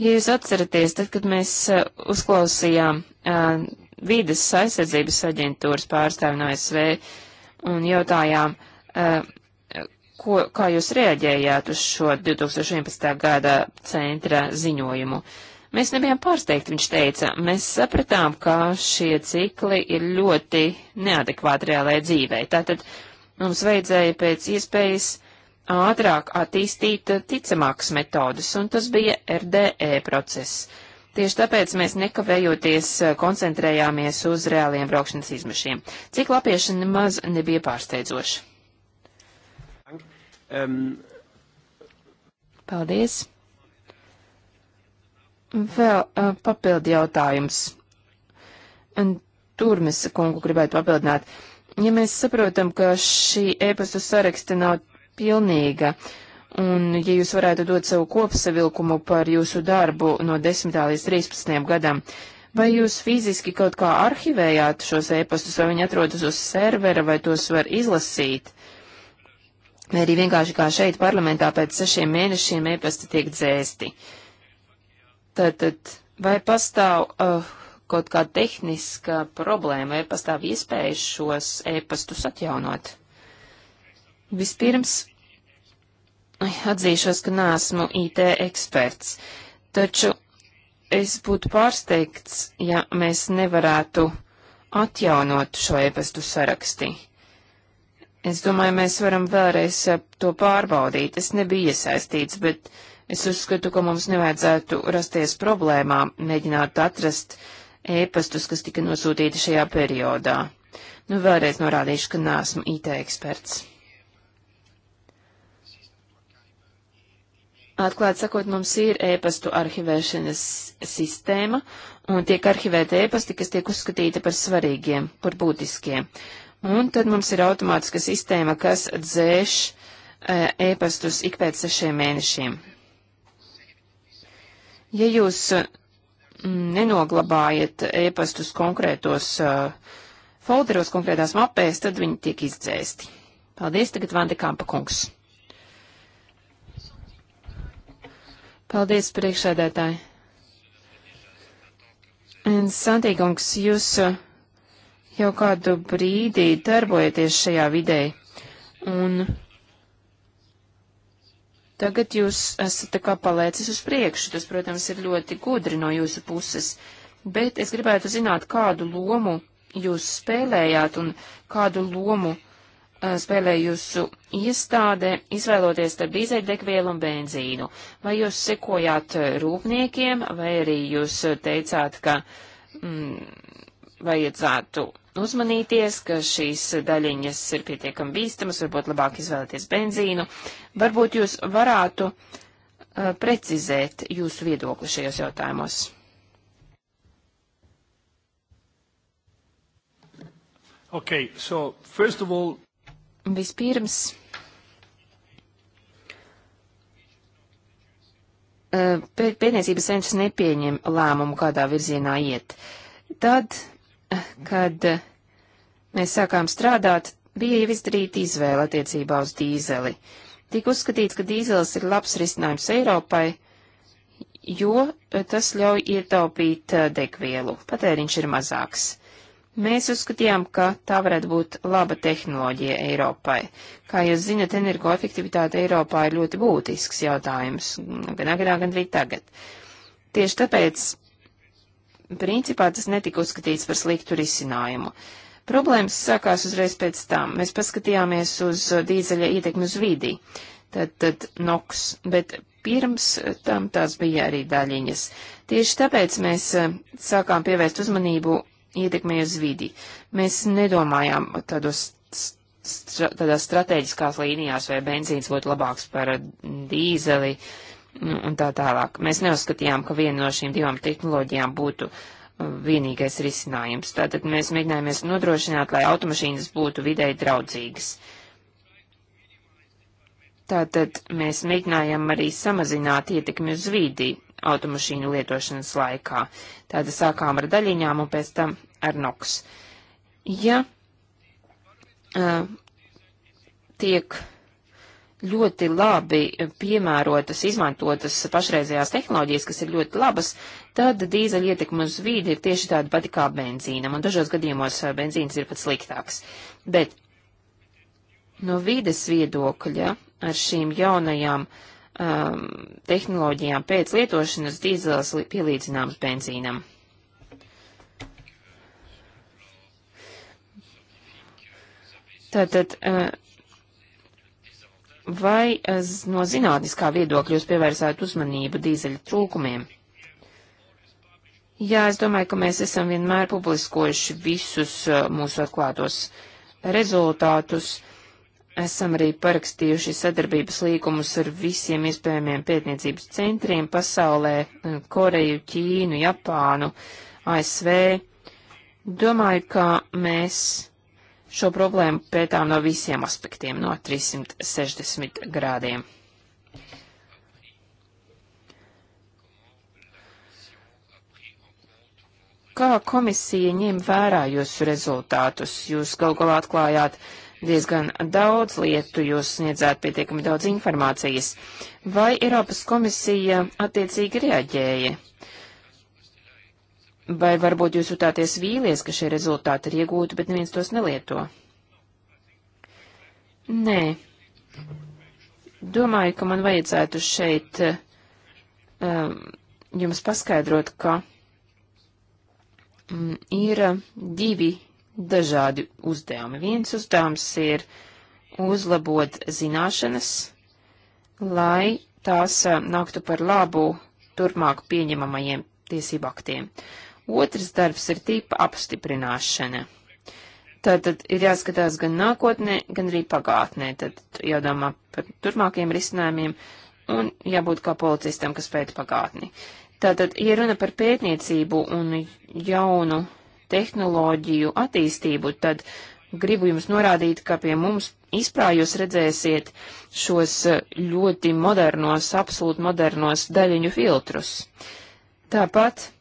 ja jūs atceraties, tad, kad mēs eh, uzklausījām uh, vīdes aizsardzības aģentūras pārstāvi no SV un jautājām, uh, ko, kā jūs reaģējāt uz šo 2011. gada centra ziņojumu. Uh, Mēs nebijām pārsteigti, viņš teica. Mēs sapratām, ka šie cikli ir ļoti neadekvāti reālajai dzīvē. Tātad mums vajadzēja pēc iespējas ātrāk attīstīt ticamākas metodas, un tas bija RDE process. Tieši tāpēc mēs nekavējoties koncentrējāmies uz reāliem braukšanas izmešiem. Cik lapiešana nemaz nebija pārsteidzoša. Um. Paldies. Vēl uh, papildi jautājums. Un Turmes kungu gribētu papildināt. Ja mēs saprotam, ka šī ēpastu saraksta nav pilnīga, un ja jūs varētu dot savu kopsavilkumu par jūsu darbu no 10. līdz 13. gadam, vai jūs fiziski kaut kā arhivējāt šos ēpastus, vai viņi atrodas uz servera, vai tos var izlasīt? Vai arī vienkārši kā šeit parlamentā pēc sešiem mēnešiem ēpasti tiek dzēsti? Uh, Tātad, vai pastāv uh, kaut kā tehniska problēma, vai pastāv iespējas šos ēpastus atjaunot? Vispirms, atzīšos, ka neesmu IT eksperts, taču es būtu pārsteigts, ja mēs nevarētu atjaunot šo ēpastu sarakstī. Es domāju, mēs varam vēlreiz eh, to pārbaudīt. Es nebiju iesaistīts, bet. Uh, Es uzskatu, ka mums nevajadzētu rasties problēmām, mēģināt atrast ēpastus, kas tika nosūtīti šajā periodā. Nu, vēlreiz norādīšu, ka neesmu IT eksperts. Atklāt sakot, mums ir ēpastu arhivēšanas sistēma, un tiek arhivēti ēpasti, kas tiek uzskatīti par svarīgiem, par būtiskiem. Un tad mums ir automātiska sistēma, kas dzēš eh, ēpastus ik pēc sešiem mēnešiem. Ja jūs eh, nenoglabājat e-pastus konkrētos eh, folderos, konkrētās mapēs, tad viņi tiek izdzēsti. Paldies, tagad Vandi Kampa kungs. Paldies, priekšsēdētāji. Santīkungs, jūs eh, jau kādu brīdi darbojaties šajā vidē, un Tagad jūs esat tā kā palēcis uz priekšu, tas, protams, ir ļoti gudri no jūsu puses, bet es gribētu zināt, kādu lomu jūs spēlējāt un kādu lomu uh, spēlēja jūsu iestāde, izvēloties starp dīzeļdegvielu un benzīnu. Vai jūs sekojāt eh, rūpniekiem, vai arī jūs eh, teicāt, ka mm, vajadzētu uzmanīties, ka šīs daļiņas ir pietiekami bīstamas, varbūt labāk izvēlēties benzīnu. Varbūt jūs varētu uh, precizēt jūsu viedokli šajos jautājumos. Okay, so first of all... Vispirms. Uh, pētniecības centrs nepieņem lēmumu, kādā virzienā iet. Tad kad mēs sākām strādāt, bija jau izdarīta izvēle attiecībā uz dīzeli. Tik uzskatīts, ka dīzels ir labs risinājums Eiropai, jo tas ļauj ietaupīt eh, degvielu, patēriņš ir mazāks. Mēs uzskatījām, ka tā varētu būt laba tehnoloģija Eiropai. Kā jūs zinat, energoefektivitāte Eiropā ir ļoti būtisks jautājums, gan agrāk, gan arī tagad. Tieši tāpēc principā tas netika uzskatīts par sliktu risinājumu. Problēmas sākās uzreiz pēc tam. Mēs paskatījāmies uz uh, dīzeļa ietekmi uz vidi, tad, tad NOX, bet pirms uh, tam tās bija arī daļiņas. Tieši tāpēc mēs uh, sākām pievērst uzmanību ietekmei uz vidi. Mēs nedomājām tādos stra tādās strateģiskās līnijās, vai benzīns būtu labāks par dīzeli, uh, nu, un tā tālāk. Mēs neuzskatījām, ka viena no šīm divām tehnoloģijām būtu uh, vienīgais risinājums. Tātad mēs mēģinājāmies nodrošināt, lai automašīnas būtu videi draudzīgas. Tātad mēs mēģinājām arī samazināt ietekmi uz vīdi automašīnu lietošanas laikā. Tāda sākām ar daļiņām un pēc tam ar NOX. Ja uh, tiek ļoti labi piemērotas, izmantotas pašreizējās tehnoloģijas, kas ir ļoti labas, tad dīzeļa ietekme uz vīdi ir tieši tāda pati kā benzīnam, un dažos gadījumos eh, benzīns ir pat sliktāks. Bet no vīdes viedokļa ar šīm jaunajām um, tehnoloģijām pēc lietošanas dīzels pielīdzināms benzīnam. Tātad. Uh, Vai eh, no zinātniskā viedokļa jūs pievērsāt uzmanību dīzeļa trūkumiem? Jā, es domāju, ka mēs esam vienmēr publiskojuši visus eh, mūsu atklātos rezultātus. Esam arī parakstījuši sadarbības līgumus ar visiem iespējamiem pētniecības centriem pasaulē eh, - Koreju, Ķīnu, Japānu, ASV. Domāju, ka mēs Šo problēmu pētām no visiem aspektiem, no 360 grādiem. Kā komisija ņem vērā jūsu rezultātus? Jūs galu galā atklājāt diezgan daudz lietu, jūs sniedzāt pietiekami daudz informācijas. Vai Eiropas komisija attiecīgi reaģēja? Vai varbūt jūs jutāties vīlies, ka šie rezultāti ir iegūti, bet neviens tos nelieto? Nē. Domāju, ka man vajadzētu šeit um, jums paskaidrot, ka um, ir divi dažādi uzdevumi. Viens uzdevums ir uzlabot zināšanas, lai tās um, nāktu par labu turpmāk pieņemamajiem tiesību aktiem. Uh, Otrs darbs ir tīpa apstiprināšana. Tātad ir jāskatās gan nākotnē, gan arī pagātnē, tad jādomā par turpmākiem risinājumiem un jābūt kā policistam, kas pēta pagātni. Tātad, ja runa par pētniecību un jaunu tehnoloģiju attīstību, tad gribu jums norādīt, ka pie mums izprā jūs redzēsiet šos eh, ļoti modernos, absolūti modernos daļiņu filtrus. Tāpat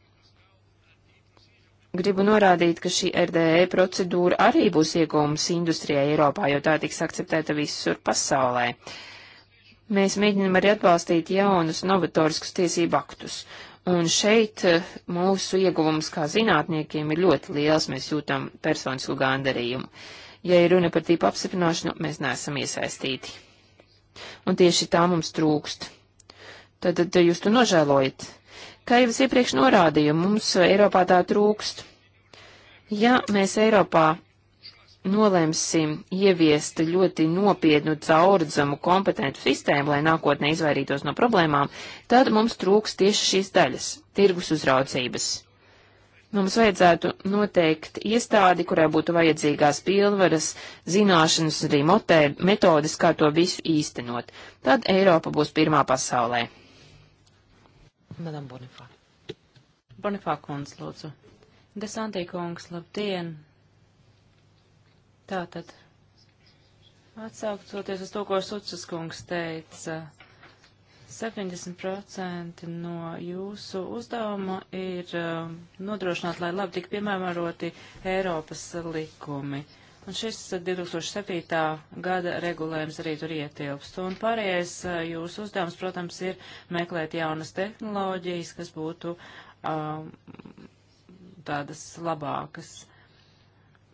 Gribu norādīt, ka šī RDE procedūra arī būs iegūmas industrijai Eiropā, jo tā tiks akceptēta visur pasaulē. Mēs mēģinam arī atbalstīt jaunus novatoriskus tiesību aktus. Un šeit eh, mūsu ieguvums kā zinātniekiem ir ļoti liels, mēs jūtam personisku gandarījumu. Ja ir runa par tīpa apstiprināšanu, mēs neesam iesaistīti. Un tieši tā mums trūkst. Tad, tad jūs to nožēlojat. Kā jau es iepriekš norādīju, mums Eiropā tā trūkst. Ja mēs Eiropā nolemsim ieviest ļoti nopietnu, caurdzamu, kompetentu sistēmu, lai nākotnē izvairītos no problēmām, tad mums trūks tieši šīs daļas - tirgus uzraudzības. Mums vajadzētu noteikt iestādi, kurai būtu vajadzīgās pilnvaras, zināšanas un arī motē, metodes, kā to visu īstenot. Tad Eiropa būs pirmā pasaulē. Madam Bonifā. Bonifā kundz, lūdzu. Desantī kungs, labdien! Tātad, atsaukcoties uz to, ko Sucas kungs teica, 70% no jūsu uzdevuma ir um, nodrošināt, lai labi tik piemēroti Eiropas likumi. Uh, Un šis 2007. Eh, gada regulējums arī tur ietilpst. Un pārējais eh, jūsu uzdevums, protams, ir meklēt jaunas tehnoloģijas, kas būtu um, tādas labākas.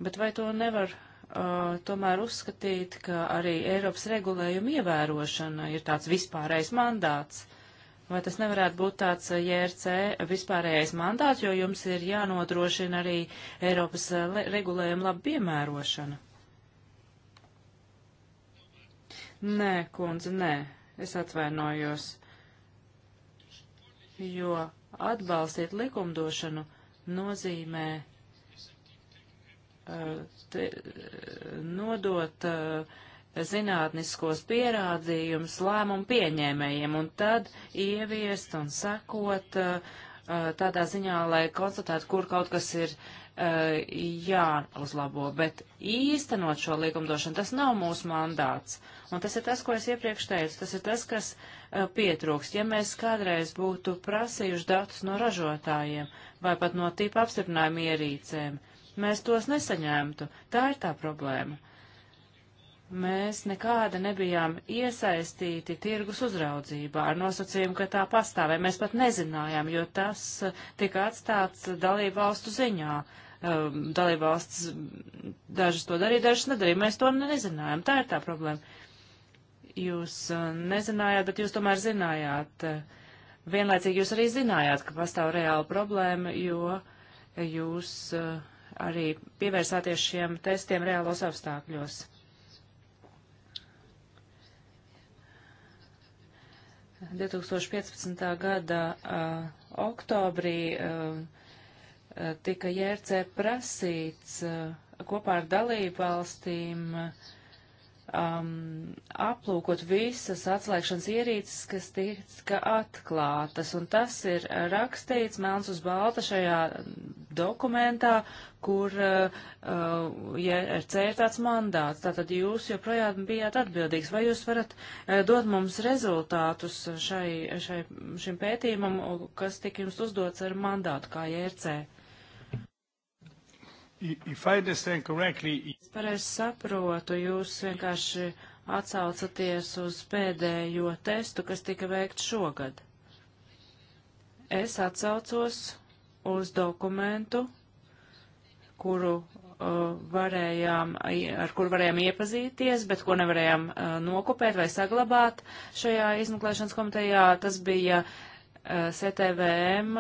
Bet vai to nevar Uh, tomēr uzskatīt, ka arī Eiropas regulējuma ievērošana ir tāds vispārējais mandāts. Vai tas nevarētu būt tāds eh, JRC vispārējais mandāts, jo jums ir jānodrošina arī Eiropas eh, regulējuma laba piemērošana? Nē, kundze, nē, es atvainojos, jo atbalstīt likumdošanu nozīmē uh, te, nodot uh, zinātniskos pierādījumus lēmumu pieņēmējiem un tad ieviest un sekot uh, uh, tādā ziņā, lai konstatētu, kur kaut kas ir uh, jāuzlabo. Bet īstenot šo likumdošanu, tas nav mūsu mandāts. Un tas ir tas, ko es iepriekš teicu, tas ir tas, kas uh, pietrūkst. Ja mēs kādreiz būtu prasījuši datus no ražotājiem vai pat no tīpa apstiprinājuma ierīcēm, mēs tos nesaņemtu. Tā ir tā problēma mēs nekāda nebijām iesaistīti tirgus uzraudzībā ar nosacījumu, ka tā pastāvē. Mēs pat nezinājām, jo tas eh, tika atstāts dalību valstu ziņā. Ehm, dalību valsts dažas to darīja, dažas nedarīja. Mēs to nezinājām. Tā ir tā problēma. Jūs eh, nezinājāt, bet jūs tomēr zinājāt. Vienlaicīgi jūs arī zinājāt, ka pastāv reāla problēma, jo jūs eh, arī pievērsāties šiem testiem reālos apstākļos. 2015. gada uh, oktobrī uh, tika JRC prasīts uh, kopā ar dalību valstīm uh, um, aplūkot visas atslēgšanas ierīces, kas tika atklātas. Un tas ir rakstīts melns uz balta šajā dokumentā, kur uh, JRC uh, ja ir tāds mandāts. Tātad jūs joprojām bijāt atbildīgs. Vai jūs varat uh, dot mums rezultātus šai, šai, šim pētījumam, kas tika jums uzdots ar mandātu kā JRC? Ja If I understand correctly, es pareizi saprotu, jūs vienkārši atsaucaties uz pēdējo testu, kas tika veikts šogad. Es atsaucos uz dokumentu, kuru uh, varējām, ar kur varējām iepazīties, bet ko nevarējām uh, nokopēt vai saglabāt šajā izmeklēšanas komitejā. Tas bija uh, Eh, CTVM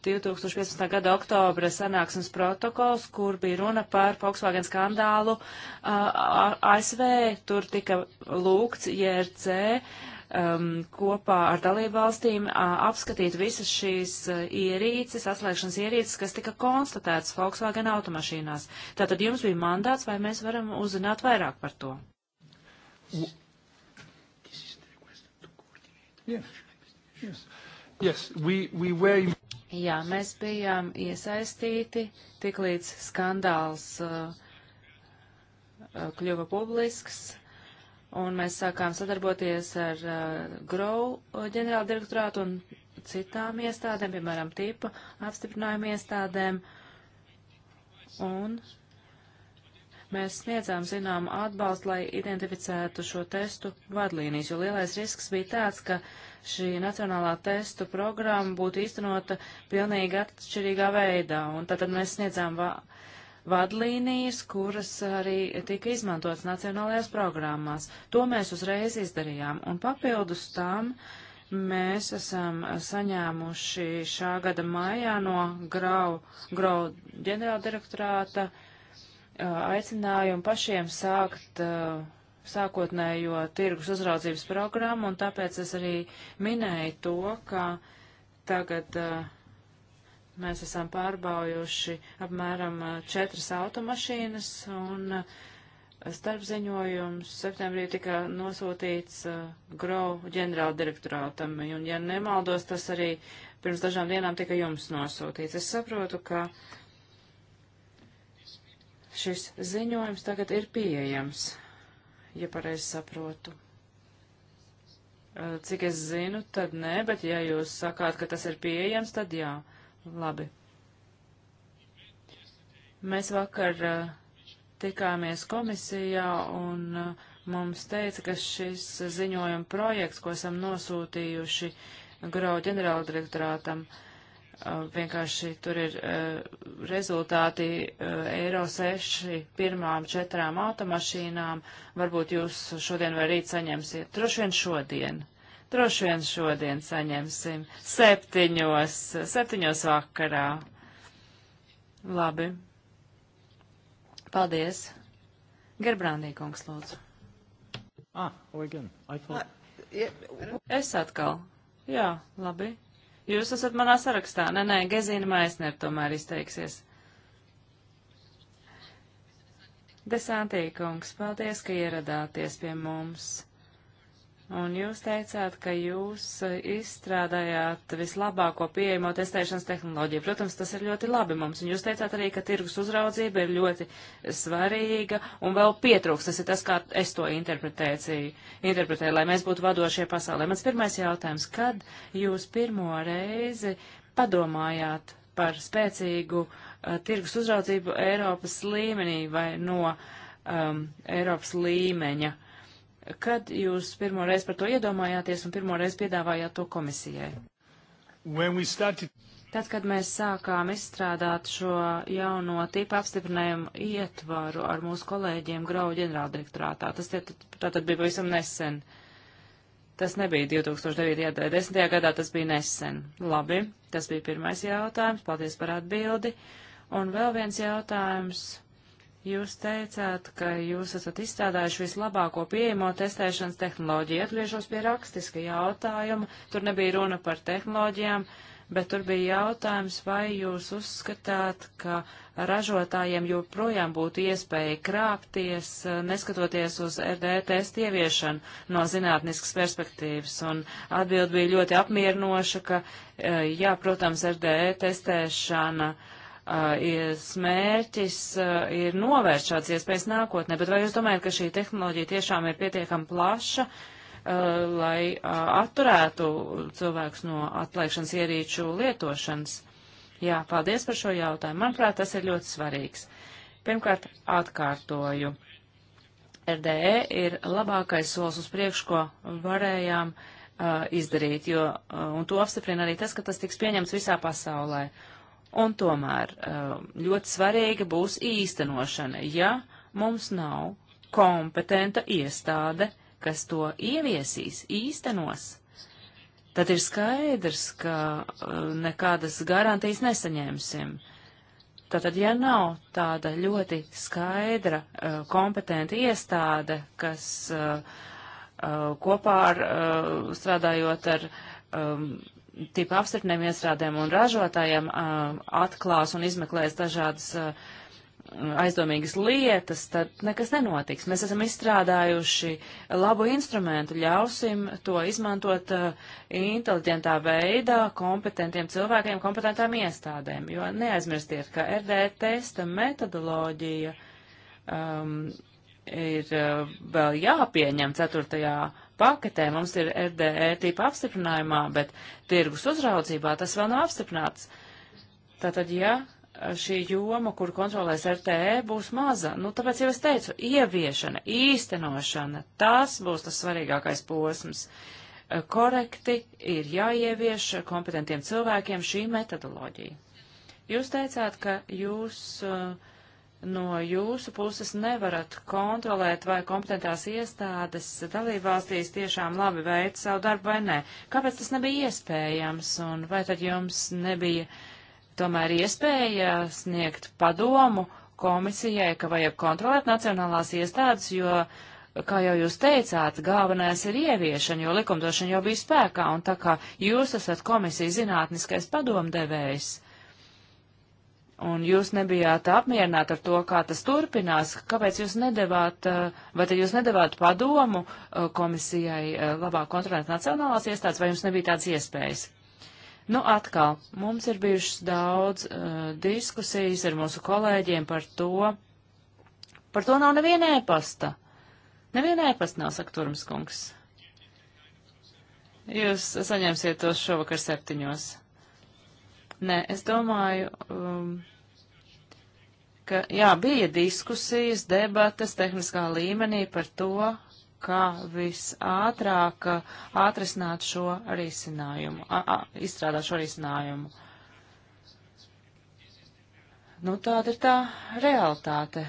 2015. Eh, gada oktobra sanāksmes protokols, kur bija runa par Volkswagen skandālu eh, ASV. Tur tika lūgts JRC um, kopā ar dalībvalstīm apskatīt visas šīs ierīces, atslēgšanas ierīces, kas tika konstatētas Volkswagen automašīnās. Tātad jums bija mandāts, vai mēs varam uzzināt vairāk par to? Yes. Yes. Yes, we, we were... Jā, mēs bijām iesaistīti, tiklīdz skandāls uh, uh, kļuva publisks, un mēs sākām sadarboties ar uh, Grow uh, ģenerāldirektorātu un citām iestādēm, piemēram, tipa apstiprinājumu iestādēm, un mēs sniedzām zināmu atbalstu, lai identificētu šo testu vadlīnijas, jo lielais risks bija tāds, ka uh, šī nacionālā testu programma būtu īstenota pilnīgi atšķirīgā veidā. Un tad mēs sniedzām va vadlīnijas, kuras arī tika izmantotas nacionālajās programmās. To mēs uzreiz izdarījām. Un papildus tam mēs esam saņēmuši šā gada maijā no Grau, Grau ģenerāldirektorāta aicinājumu pašiem sākt uh, sākotnējo tirgus uzraudzības programmu, un tāpēc es arī minēju to, ka tagad uh, mēs esam pārbaujuši apmēram uh, četras automašīnas, un uh, starpziņojums septembrī tika nosūtīts uh, Grau ģenerāldirektorātam, un, ja nemaldos, tas arī pirms dažām dienām tika jums nosūtīts. Es saprotu, ka šis ziņojums tagad ir pieejams ja pareizi saprotu. Cik es zinu, tad nē, bet ja jūs sakāt, ka tas ir pieejams, tad jā. Labi. Mēs vakar tikāmies komisijā un mums teica, ka šis ziņojuma projekts, ko esam nosūtījuši Grau ģenerāldirektorātam, uh, vienkārši tur ir rezultāti Eiro 6 pirmām četrām automašīnām. Varbūt jūs šodien vai rīt saņemsiet. Droši vien šodien. Droši vien šodien saņemsim. Septiņos, septiņos vakarā. Labi. Paldies. Gerbrandī kungs, lūdzu. Ah, oh again. I thought... Ah, es atkal. Jā, labi. Jūs esat manā sarakstā. Nē, nē, Gezīna Maisner tomēr izteiksies. Desantīkungs, paldies, ka ieradāties pie mums. Un jūs teicāt, ka jūs izstrādājāt vislabāko pieejamo testēšanas tehnoloģiju. Protams, tas ir ļoti labi mums. Un jūs teicāt arī, ka tirgus uzraudzība ir ļoti svarīga un vēl pietrūks. Tas ir tas, kā es to interpretēju, interpretēju lai mēs būtu vadošie pasaulē. Mans pirmais jautājums, kad jūs pirmo reizi padomājāt par spēcīgu uh, tirgus uzraudzību Eiropas līmenī vai no um, Eiropas līmeņa? Uh, Kad jūs pirmo reizi par to iedomājāties un pirmo reizi piedāvājāt to komisijai? Started... Tad, kad mēs sākām izstrādāt šo jauno tipu apstiprinājumu ietvaru ar mūsu kolēģiem Grau ģenerāldirektorātā, tas tie, tātad bija pavisam nesen. Tas nebija 2009. gadā, 10. gadā tas bija nesen. Labi, tas bija pirmais jautājums, paldies par atbildi. Un vēl viens jautājums Jūs teicāt, ka jūs esat izstrādājuši vislabāko pieejamo testēšanas tehnoloģiju. Atgriežos pie rakstiska jautājuma. Tur nebija runa par tehnoloģijām, bet tur bija jautājums, vai jūs uzskatāt, ka ražotājiem joprojām būtu iespēja krāpties, eh, neskatoties uz RD testu ieviešanu no zinātniskas perspektīvas. Un atbild bija ļoti apmierinoša, ka, eh, jā, protams, RD testēšana. Uh, Uh, smērķis uh, ir novērst šādas iespējas nākotnē, bet vai jūs domājat, ka šī tehnoloģija tiešām ir pietiekami plaša, uh, lai atturētu cilvēks no atlaišanas ierīču lietošanas? Jā, paldies par šo jautājumu. Manuprāt, tas ir ļoti svarīgs. Pirmkārt, atkārtoju. RDE ir labākais solis uz priekšu, ko varējām uh, izdarīt, jo, uh, un to apstiprina arī tas, ka tas tiks pieņemts visā pasaulē. Uh, Un tomēr um, ļoti svarīga būs īstenošana, ja mums nav kompetenta iestāde, kas to ieviesīs, īstenos. Tad ir skaidrs, ka uh, nekādas garantijas nesaņemsim. Tātad, ja nav tāda ļoti skaidra, uh, kompetenta iestāde, kas uh, kopā ar strādājot ar um, tipa apstipriniem iestrādēm un ražotājiem uh, atklās un izmeklēs dažādas uh, aizdomīgas lietas, tad nekas nenotiks. Mēs esam izstrādājuši labu instrumentu, ļausim to izmantot uh, inteliģentā veidā kompetentiem cilvēkiem, kompetentām iestādēm, jo neaizmirstiet, ka RD testa metodoloģija um, ir uh, vēl jāpieņem 4 paketē. Mums ir RDE tīpa apstiprinājumā, bet tirgus uzraudzībā tas vēl nav apstiprināts. Tātad, ja šī joma, kur kontrolēs RTE, būs maza, nu tāpēc jau es teicu, ieviešana, īstenošana, tas būs tas svarīgākais posms. Korekti ir jāievieš kompetentiem cilvēkiem šī metodoloģija. Jūs teicāt, ka jūs uh, no jūsu puses nevarat kontrolēt, vai kompetentās iestādes dalībvalstīs tiešām labi veic savu darbu vai nē. Kāpēc tas nebija iespējams, un vai tad jums nebija tomēr iespēja sniegt padomu komisijai, ka vajag kontrolēt nacionālās iestādes, jo, kā jau jūs teicāt, galvenais ir ieviešana, jo likumdošana jau bija spēkā, un tā kā jūs esat komisijas zinātniskais padomdevējs un jūs nebijāt apmierināti ar to, kā tas turpinās, kāpēc jūs nedavāt, eh, vai tad jūs nedavāt padomu eh, komisijai eh, labāk kontrolēt nacionālās iestādes, vai jums nebija tādas iespējas? Nu, atkal, mums ir bijušas daudz uh, diskusijas ar mūsu kolēģiem par to. Par to nav neviena ēpasta. Neviena ēpasta nav, saka Turmskungs. Jūs saņemsiet tos šovakar septiņos. Nē, es domāju, um, ka, jā, bija diskusijas, debatas tehniskā līmenī par to, kā visātrāk atrisināt šo risinājumu, a, a, izstrādāt šo risinājumu. Nu, tāda ir tā realitāte.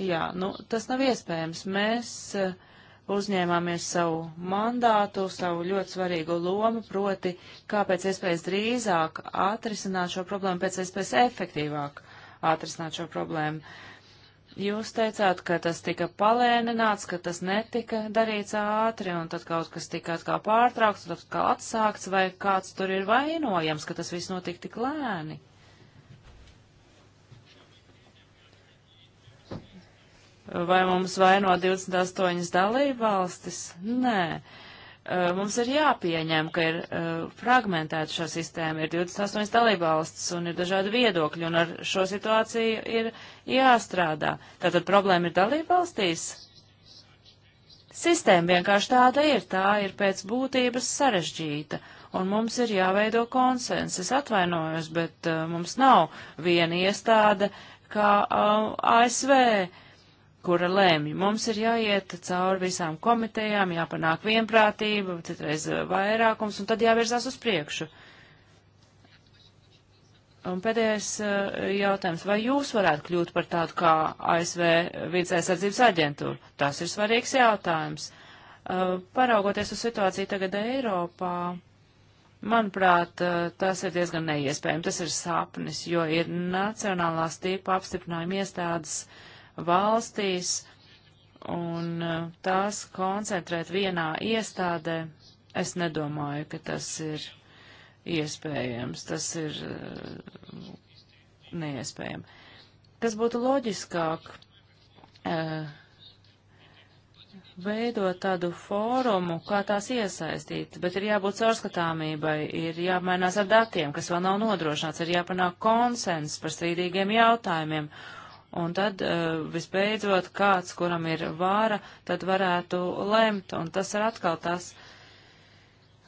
Jā, nu, tas nav iespējams. Mēs uh, uzņēmāmies savu mandātu, savu ļoti svarīgu lomu, proti, kā pēc iespējas drīzāk atrisināt šo problēmu, pēc iespējas efektīvāk atrisināt šo problēmu. Jūs teicāt, ka tas tika palēnināts, ka tas netika darīts ātri, un tad kaut kas tika atkal pārtraukts, tad atkal atsākts, vai kāds tur ir vainojams, ka tas viss notika tik lēni. Vai mums vaino 28 dalību valstis? Nē. Mums ir jāpieņem, ka ir fragmentēta šā sistēma, ir 28 dalību valstis un ir dažādi viedokļi, un ar šo situāciju ir jāstrādā. Tātad problēma ir dalību valstīs? Sistēma vienkārši tāda ir, tā ir pēc būtības sarežģīta, un mums ir jāveido konsens. Es atvainojos, bet uh, mums nav viena iestāde kā uh, ASV. Uh, kura lēmj. Mums ir jāiet cauri visām komitejām, jāpanāk vienprātība, citreiz vairākums, un tad jāvirzās uz priekšu. Un pēdējais uh, jautājums. Vai jūs varētu kļūt par tādu kā ASV vidas aizsardzības aģentūru? Tas ir svarīgs jautājums. Uh, paraugoties uz situāciju tagad Eiropā, manuprāt, uh, tas ir diezgan neiespējami. Tas ir sapnis, jo ir nacionālās tīpa apstiprinājuma iestādes. Uh, valstīs, un uh, tās koncentrēt vienā iestādē, es nedomāju, ka tas ir iespējams, tas ir uh, neiespējami. Kas būtu loģiskāk? Uh, veidot tādu fórumu, kā tās iesaistīt, bet ir jābūt caurskatāmībai, ir jāmainās ar datiem, kas vēl nav nodrošināts, ir jāpanāk konsens par strīdīgiem jautājumiem, Un tad eh, visbeidzot kāds, kuram ir vāra, tad varētu lemt, un tas ir atkal tas,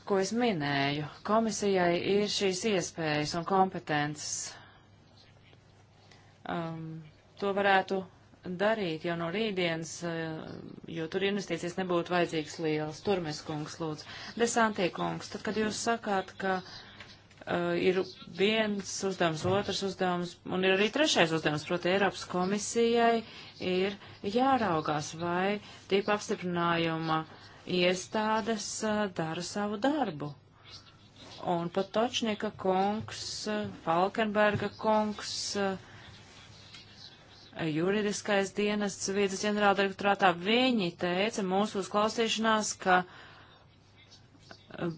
ko es minēju. Komisijai ir šīs iespējas un kompetences. Um, to varētu darīt jau no rītdienas, eh, jo tur investīcijas nebūtu vajadzīgas lielas. Turmes kungs, lūdzu. Desantī kungs, tad, kad jūs sakāt, ka uh, uh, ir viens uzdevums, otrs uzdevums, un ir arī trešais uzdevums, proti Eiropas komisijai ir jāraugās, vai tīpa apstiprinājuma iestādes uh, dara savu darbu. Un pat Točnieka kungs, uh, Falkenberga kungs, uh, juridiskais dienests vīdes ģenerāldirektorātā, viņi teica mūsu uzklausīšanās, ka uh,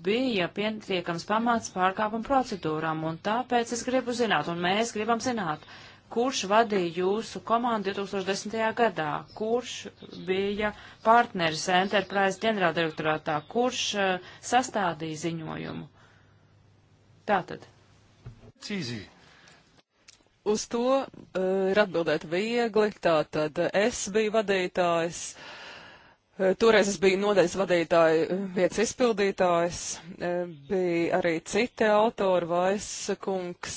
bija pietiekams pamats pārkāpuma procedūrām, un tāpēc es gribu zināt, un mēs gribam zināt, kurš vadīja jūsu komandu 2010. gadā, kurš bija partneris Enterprise ģenerāldirektorātā, kurš uh, sastādīja ziņojumu. Tātad. Cīzī. Uz to uh, ir atbildēt viegli, tātad es biju vadītājs. Uh, Eh, toreiz es biju nodaļas vadītāja eh, vietas izpildītājs, eh, bija arī citi autori, Vaisa kungs,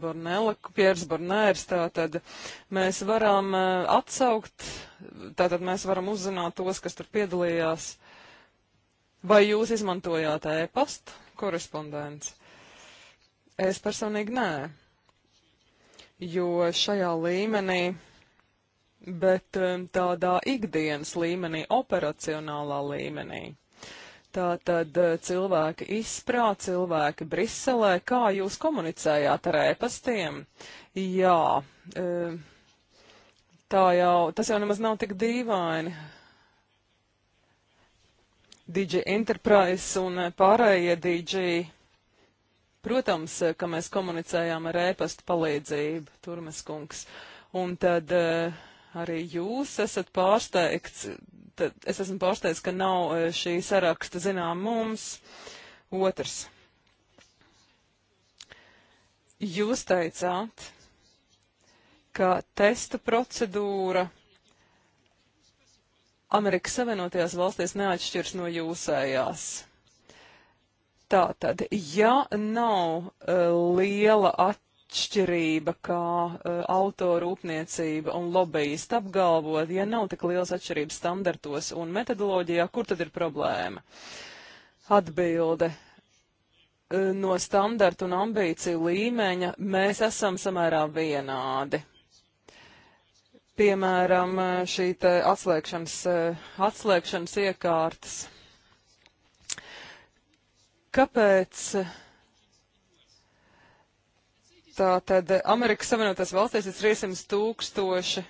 Bornela, Piers Bornērs, tātad mēs varam atsaukt, tātad mēs varam uzzināt tos, kas tur piedalījās. Vai jūs izmantojāt e-pastu korespondenci? Es personīgi nē, jo šajā līmenī bet um, tādā ikdienas līmenī, operacionālā līmenī. Tātad uh, cilvēki izprā, cilvēki Briselē, kā jūs komunicējāt ar ēpastiem? Jā, um, tā jau, tas jau nemaz nav tik dīvaini. DJ Enterprise un uh, pārējie DJ. Protams, uh, ka mēs komunicējām ar ēpastu palīdzību, Turmes kungs. Un tad uh, arī jūs esat pārsteigts, tad es esmu pārsteigts, ka nav e, šī saraksta zinām mums. Otrs. Jūs teicāt, ka testa procedūra Amerikas Savienotajās valstīs neatšķirs no jūsējās. Tātad, ja nav uh, liela at atšķirība kā uh, autorūpniecība un lobbyista apgalvot, ja nav tik liels atšķirības standartos un metodoloģijā, kur tad ir problēma? Atbilde. Uh, no standartu un ambīciju līmeņa mēs esam samērā vienādi. Piemēram, e, šī atslēgšanas, atslēgšanas iekārtas. Kāpēc? Uh, Tātad Amerikas Savienotās valstīs ir 300 tūkstoši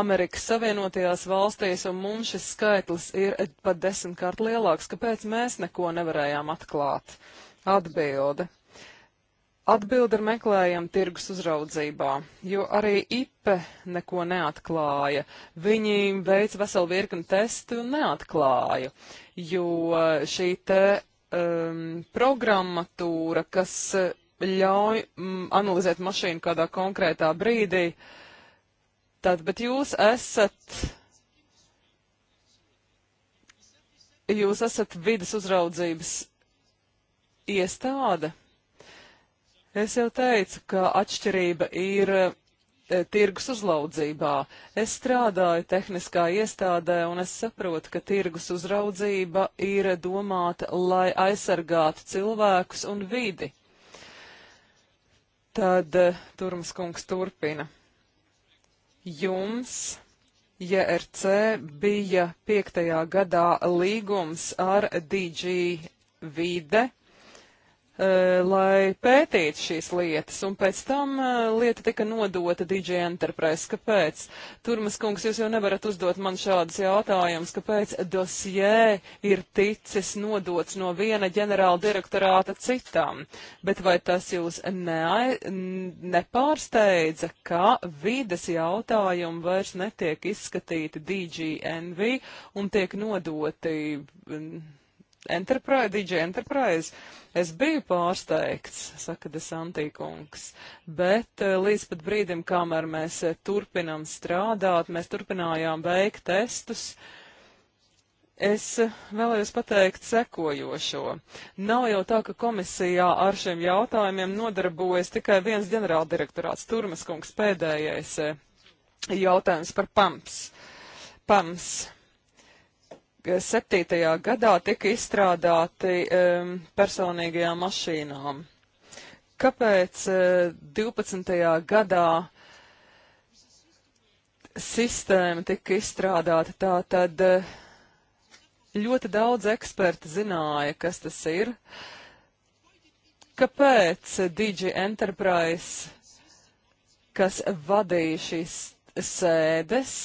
Amerikas Savienotajās valstīs, un mums šis skaitlis ir pat desmitkārt lielāks. Kāpēc mēs neko nevarējām atklāt? Atbilde. Atbilde ir meklējama tirgus uzraudzībā, jo arī IPE neko neatklāja. Viņi veica veselu virkni testu un neatklāja, jo šī te um, programmatūra, kas ļauj mm, analizēt mašīnu kādā konkrētā brīdī. Tad, bet jūs esat, jūs esat vidas uzraudzības iestāde. Es jau teicu, ka atšķirība ir e, tirgus uzraudzībā. Es strādāju tehniskā iestādē un es saprotu, ka tirgus uzraudzība ir domāta, lai aizsargātu cilvēkus un vidi. Tad eh, Turmas kungs turpina. Jums JRC bija piektajā gadā līgums ar DG vide Eh, lai pētītu šīs lietas, un pēc tam eh, lieta tika nodota DJ Enterprise. Kāpēc? Turmas kungs, jūs jau nevarat uzdot man šādus jautājumus, kāpēc dosjē ir ticis nodots no viena ģenerāla direktorāta citam, bet vai tas jūs neai, nepārsteidza, ka vides jautājumi vairs netiek izskatīti DGNV un tiek nodoti Enterprise, DJ Enterprise. Es biju pārsteigts, saka Desantīkungs, bet eh, līdz pat brīdim, kamēr mēs eh, turpinam strādāt, mēs turpinājām veikt testus. Es eh, vēlējos pateikt sekojošo. Nav jau tā, ka komisijā ar šiem jautājumiem nodarbojas tikai viens ģenerāldirektorāts Turmas kungs pēdējais jautājums par PAMS. PAMS. 2007. gadā tika izstrādāti um, personīgajām mašīnām. Kāpēc uh, eh, 12. gadā sistēma tika izstrādāta tā, tad uh, ļoti daudz eksperti zināja, kas tas ir. Kāpēc DJ Enterprise, kas vadīja šīs sēdes,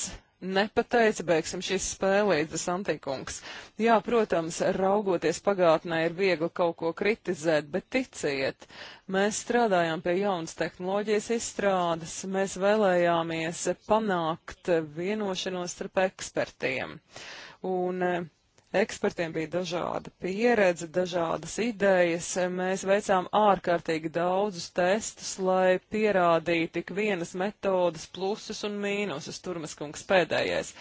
nepateica, beigsim šīs spēlītas antikungs. Jā, protams, raugoties pagātnē ir viegli kaut ko kritizēt, bet ticiet, mēs strādājām pie jaunas tehnoloģijas izstrādes, mēs vēlējāmies panākt vienošanos starp ekspertiem. Un, Ekspertiem bija dažāda pieredze, dažādas idejas. Mēs veicām ārkārtīgi daudzus testus, lai pierādītu tik vienas metodas plusus un mīnusus. Turmas kungs pēdējais.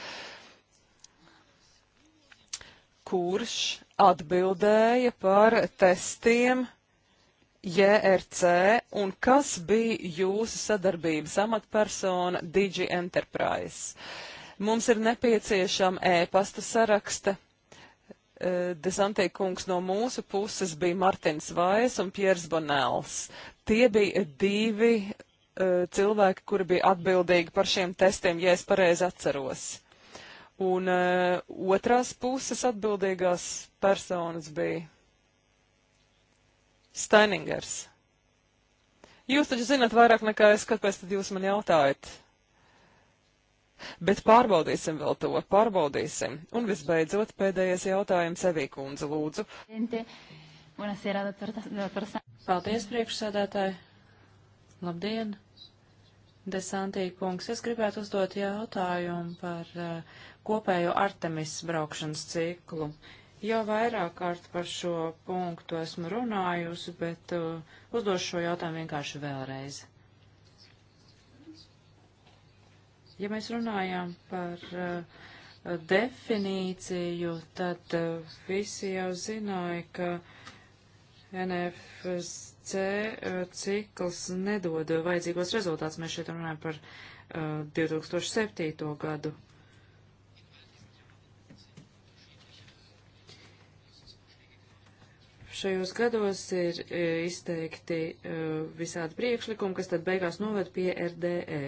Kurš atbildēja par testiem JRC un kas bija jūsu sadarbības amatpersona Digi Enterprise? Mums ir nepieciešama ēpasta saraksta Eh, Desantē kungs no mūsu puses bija Martins Vais un Piers Bonels. Tie bija divi uh, cilvēki, kuri bija atbildīgi par šiem testiem, ja es pareizi atceros. Un uh, otrās puses atbildīgās personas bija Steiningers. Jūs taču zinat vairāk nekā es, kāpēc tad jūs man jautājat? Bet pārbaudīsim vēl to, pārbaudīsim. Un visbeidzot, pēdējais jautājums Evī kundze, lūdzu. Paldies, priekšsēdētāji. Labdien! Desantī kungs, es gribētu uzdot jautājumu par uh, kopējo Artemis braukšanas ciklu. Jau vairāk kārt par šo punktu esmu runājusi, bet uh, uzdošu šo jautājumu vienkārši vēlreiz. Ja mēs runājām par uh, definīciju, tad uh, visi jau zināja, ka NFC uh, eh, cikls nedod vajadzīgos rezultātus. Mēs šeit runājam par 2007. gadu. šajos gados ir izteikti uh, visādi priekšlikumi, kas tad beigās noved pie RDE.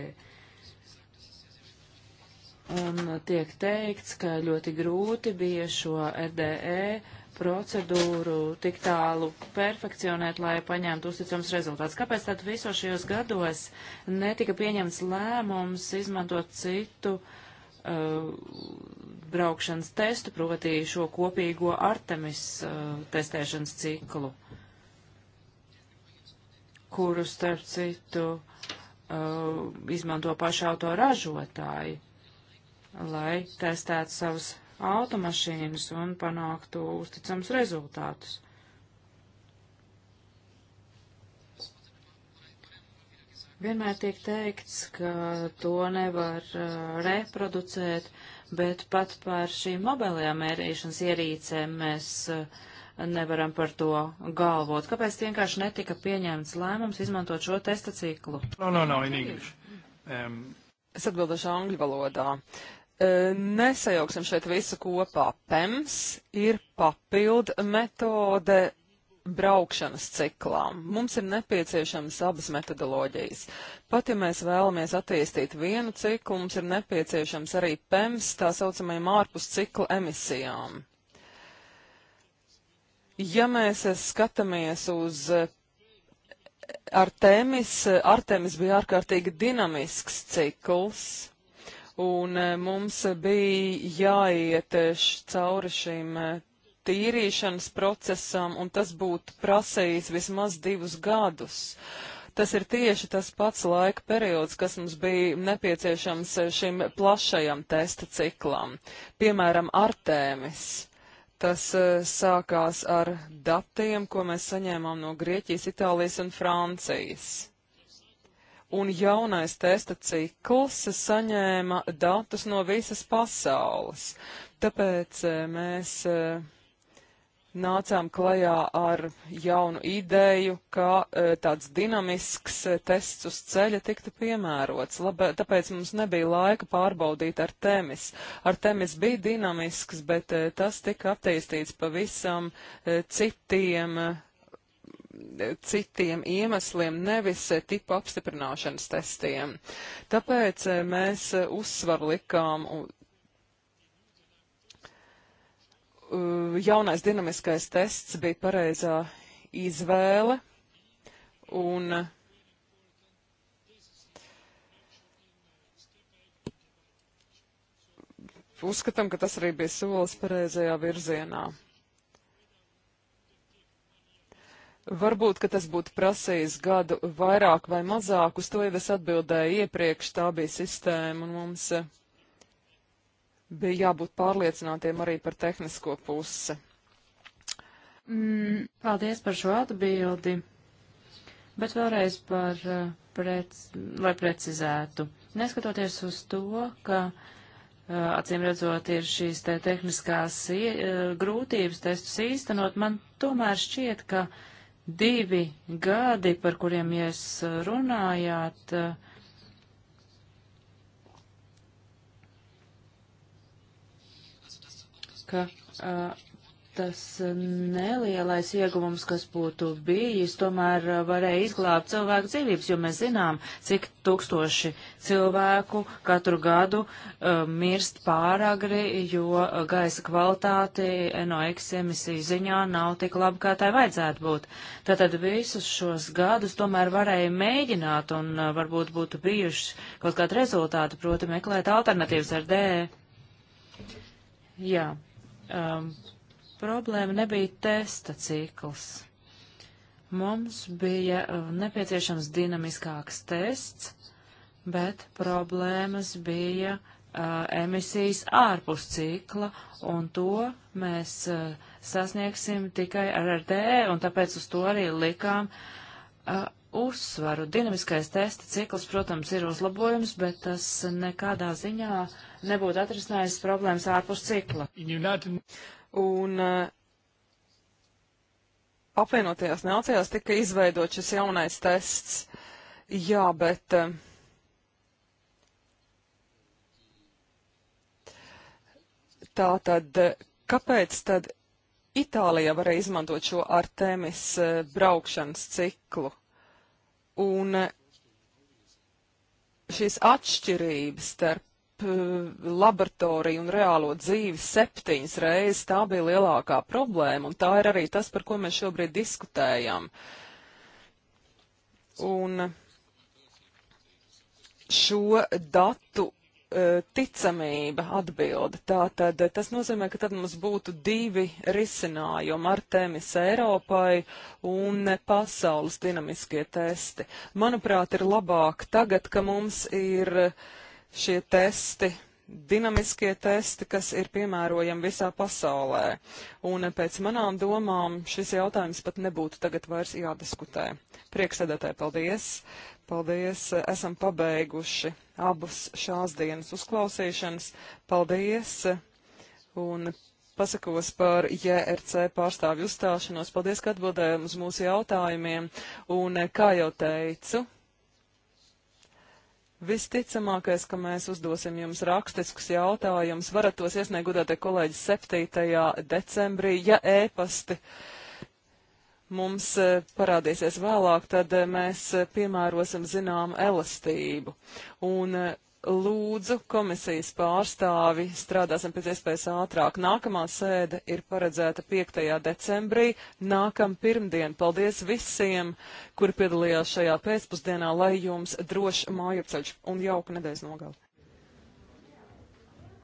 Un tiek teikts, ka ļoti grūti bija šo RDE procedūru tik tālu perfekcionēt, lai paņemtu uzticams rezultāts. Kāpēc tad visos šajos gados netika pieņemts lēmums izmantot citu uh, braukšanas testu, proti šo kopīgo Artemis uh, testēšanas ciklu, kuru starp citu uh, izmanto paši autoražotāji? lai testētu savas automašīnas un panāktu uzticams rezultātus. Vienmēr tiek teikts, ka to nevar uh, reproducēt, bet pat par šīm mobilajām mērīšanas ierīcēm mēs uh, nevaram par to galvot. Kāpēc vienkārši netika pieņemts lēmums izmantot šo testa ciklu? No, no, no, in English. Um... Es atbildēšu angļu valodā. Uh, nesajauksim šeit visu kopā. PEMS ir papildu metode braukšanas ciklām. Mums ir nepieciešamas abas metodoloģijas. Pat ja mēs vēlamies attīstīt vienu ciklu, mums ir nepieciešams arī PEMS tā saucamajam ārpus cikla emisijām. Ja mēs skatāmies uz Artemis, Artemis bija ārkārtīgi dinamisks cikls, un eh, mums bija jāiet eh, cauri šim eh, tīrīšanas procesam, un tas būtu prasījis vismaz divus gadus. Tas ir tieši tas pats laika periods, kas mums bija nepieciešams šim plašajam testa ciklam. Piemēram, Artēmis. Tas sākās ar datiem, ko mēs saņēmām no Grieķijas, Itālijas un Francijas un jaunais testa cikls saņēma datus no visas pasaules. Tāpēc eh, mēs eh, nācām klajā ar jaunu ideju, kā eh, tāds dinamisks tests uz ceļa tiktu piemērots. Labē, tāpēc mums nebija laika pārbaudīt ar temis. Ar temis bija dinamisks, bet tas tika attīstīts pavisam citiem citiem iemesliem, nevis eh, tipu apstiprināšanas testiem. Tāpēc eh, mēs eh, uzsvaru likām jaunais dinamiskais tests bija pareizā izvēle un uzskatām, ka tas arī bija solis pareizajā virzienā. Varbūt, ka tas būtu prasījis gadu vairāk vai mazāk, uz to jau es atbildēju iepriekš, tā bija sistēma, un mums eh, bija jābūt pārliecinātiem arī par tehnisko pusi. Mm, paldies par šo atbildi, bet vēlreiz par, eh, prec, lai precizētu. Neskatoties uz to, ka eh, acīm redzot, ir šīs te tehniskās grūtības testus īstenot, man tomēr šķiet, ka uh, divi gadi, par kuriem jūs uh, runājāt, uh, ka uh, tas nelielais ieguvums, kas būtu bijis, tomēr varēja izglābt cilvēku dzīvības, jo mēs zinām, cik tūkstoši cilvēku katru gadu uh, mirst pāragri, jo gaisa kvalitāte NOx emisiju ziņā nav tik laba, kā tai vajadzētu būt. Tātad visus šos gadus tomēr varēja mēģināt un uh, varbūt būtu bijuši kaut kādi rezultāti, proti meklēt alternatīvas ar D. Jā. Um, problēma nebija testa cikls. Mums bija uh, nepieciešams dinamiskāks tests, bet problēmas bija uh, emisijas ārpus cikla, un to mēs uh, sasniegsim tikai ar RDE, un tāpēc uz to arī likām uh, uzsvaru. Dinamiskais testa cikls, protams, ir uzlabojums, bet tas nekādā ziņā nebūtu atrisinājis problēmas ārpus cikla. United... Un eh, apvienotajās nācijās tika izveidot šis jaunais tests. Jā, bet. Eh, Tā tad, eh, kāpēc tad Itālijā varēja izmantot šo Artemis braukšanas ciklu? Un šīs atšķirības starp Eh, laboratoriju un reālo dzīvi septiņas reizes. Tā bija lielākā problēma, un tā ir arī tas, par ko mēs šobrīd diskutējam. Un šo datu eh, ticamība atbilda. Tātad eh, tas nozīmē, ka tad mums būtu divi risinājumi ar tēmis Eiropai un pasaules dinamiskie testi. Manuprāt, ir labāk tagad, ka mums ir uh, šie testi, dinamiskie testi, kas ir piemērojami visā pasaulē. Un pēc manām domām šis jautājums pat nebūtu tagad vairs jādiskutē. Prieksēdētāji, paldies! Paldies! Esam pabeiguši abas šās dienas uzklausīšanas. Paldies! Un pasakos par JRC pārstāvju uzstāšanos. Paldies, ka atbildējām uz mūsu jautājumiem. Un kā jau teicu, Visticamākais, ka mēs uzdosim jums rakstiskus jautājumus, varat tos iesniegt gudātie kolēģi 7. decembrī, ja ēpasti mums e, parādīsies vēlāk, tad e, mēs e, piemērosim zinām elastību. Un Lūdzu, komisijas pārstāvi, strādāsim pēc iespējas ātrāk. Nākamā sēde ir paredzēta 5. decembrī, nākam pirmdien. Paldies visiem, kuri piedalījās šajā pēcpusdienā, lai jums drošs mājupceļš un jauka nedēļas nogali.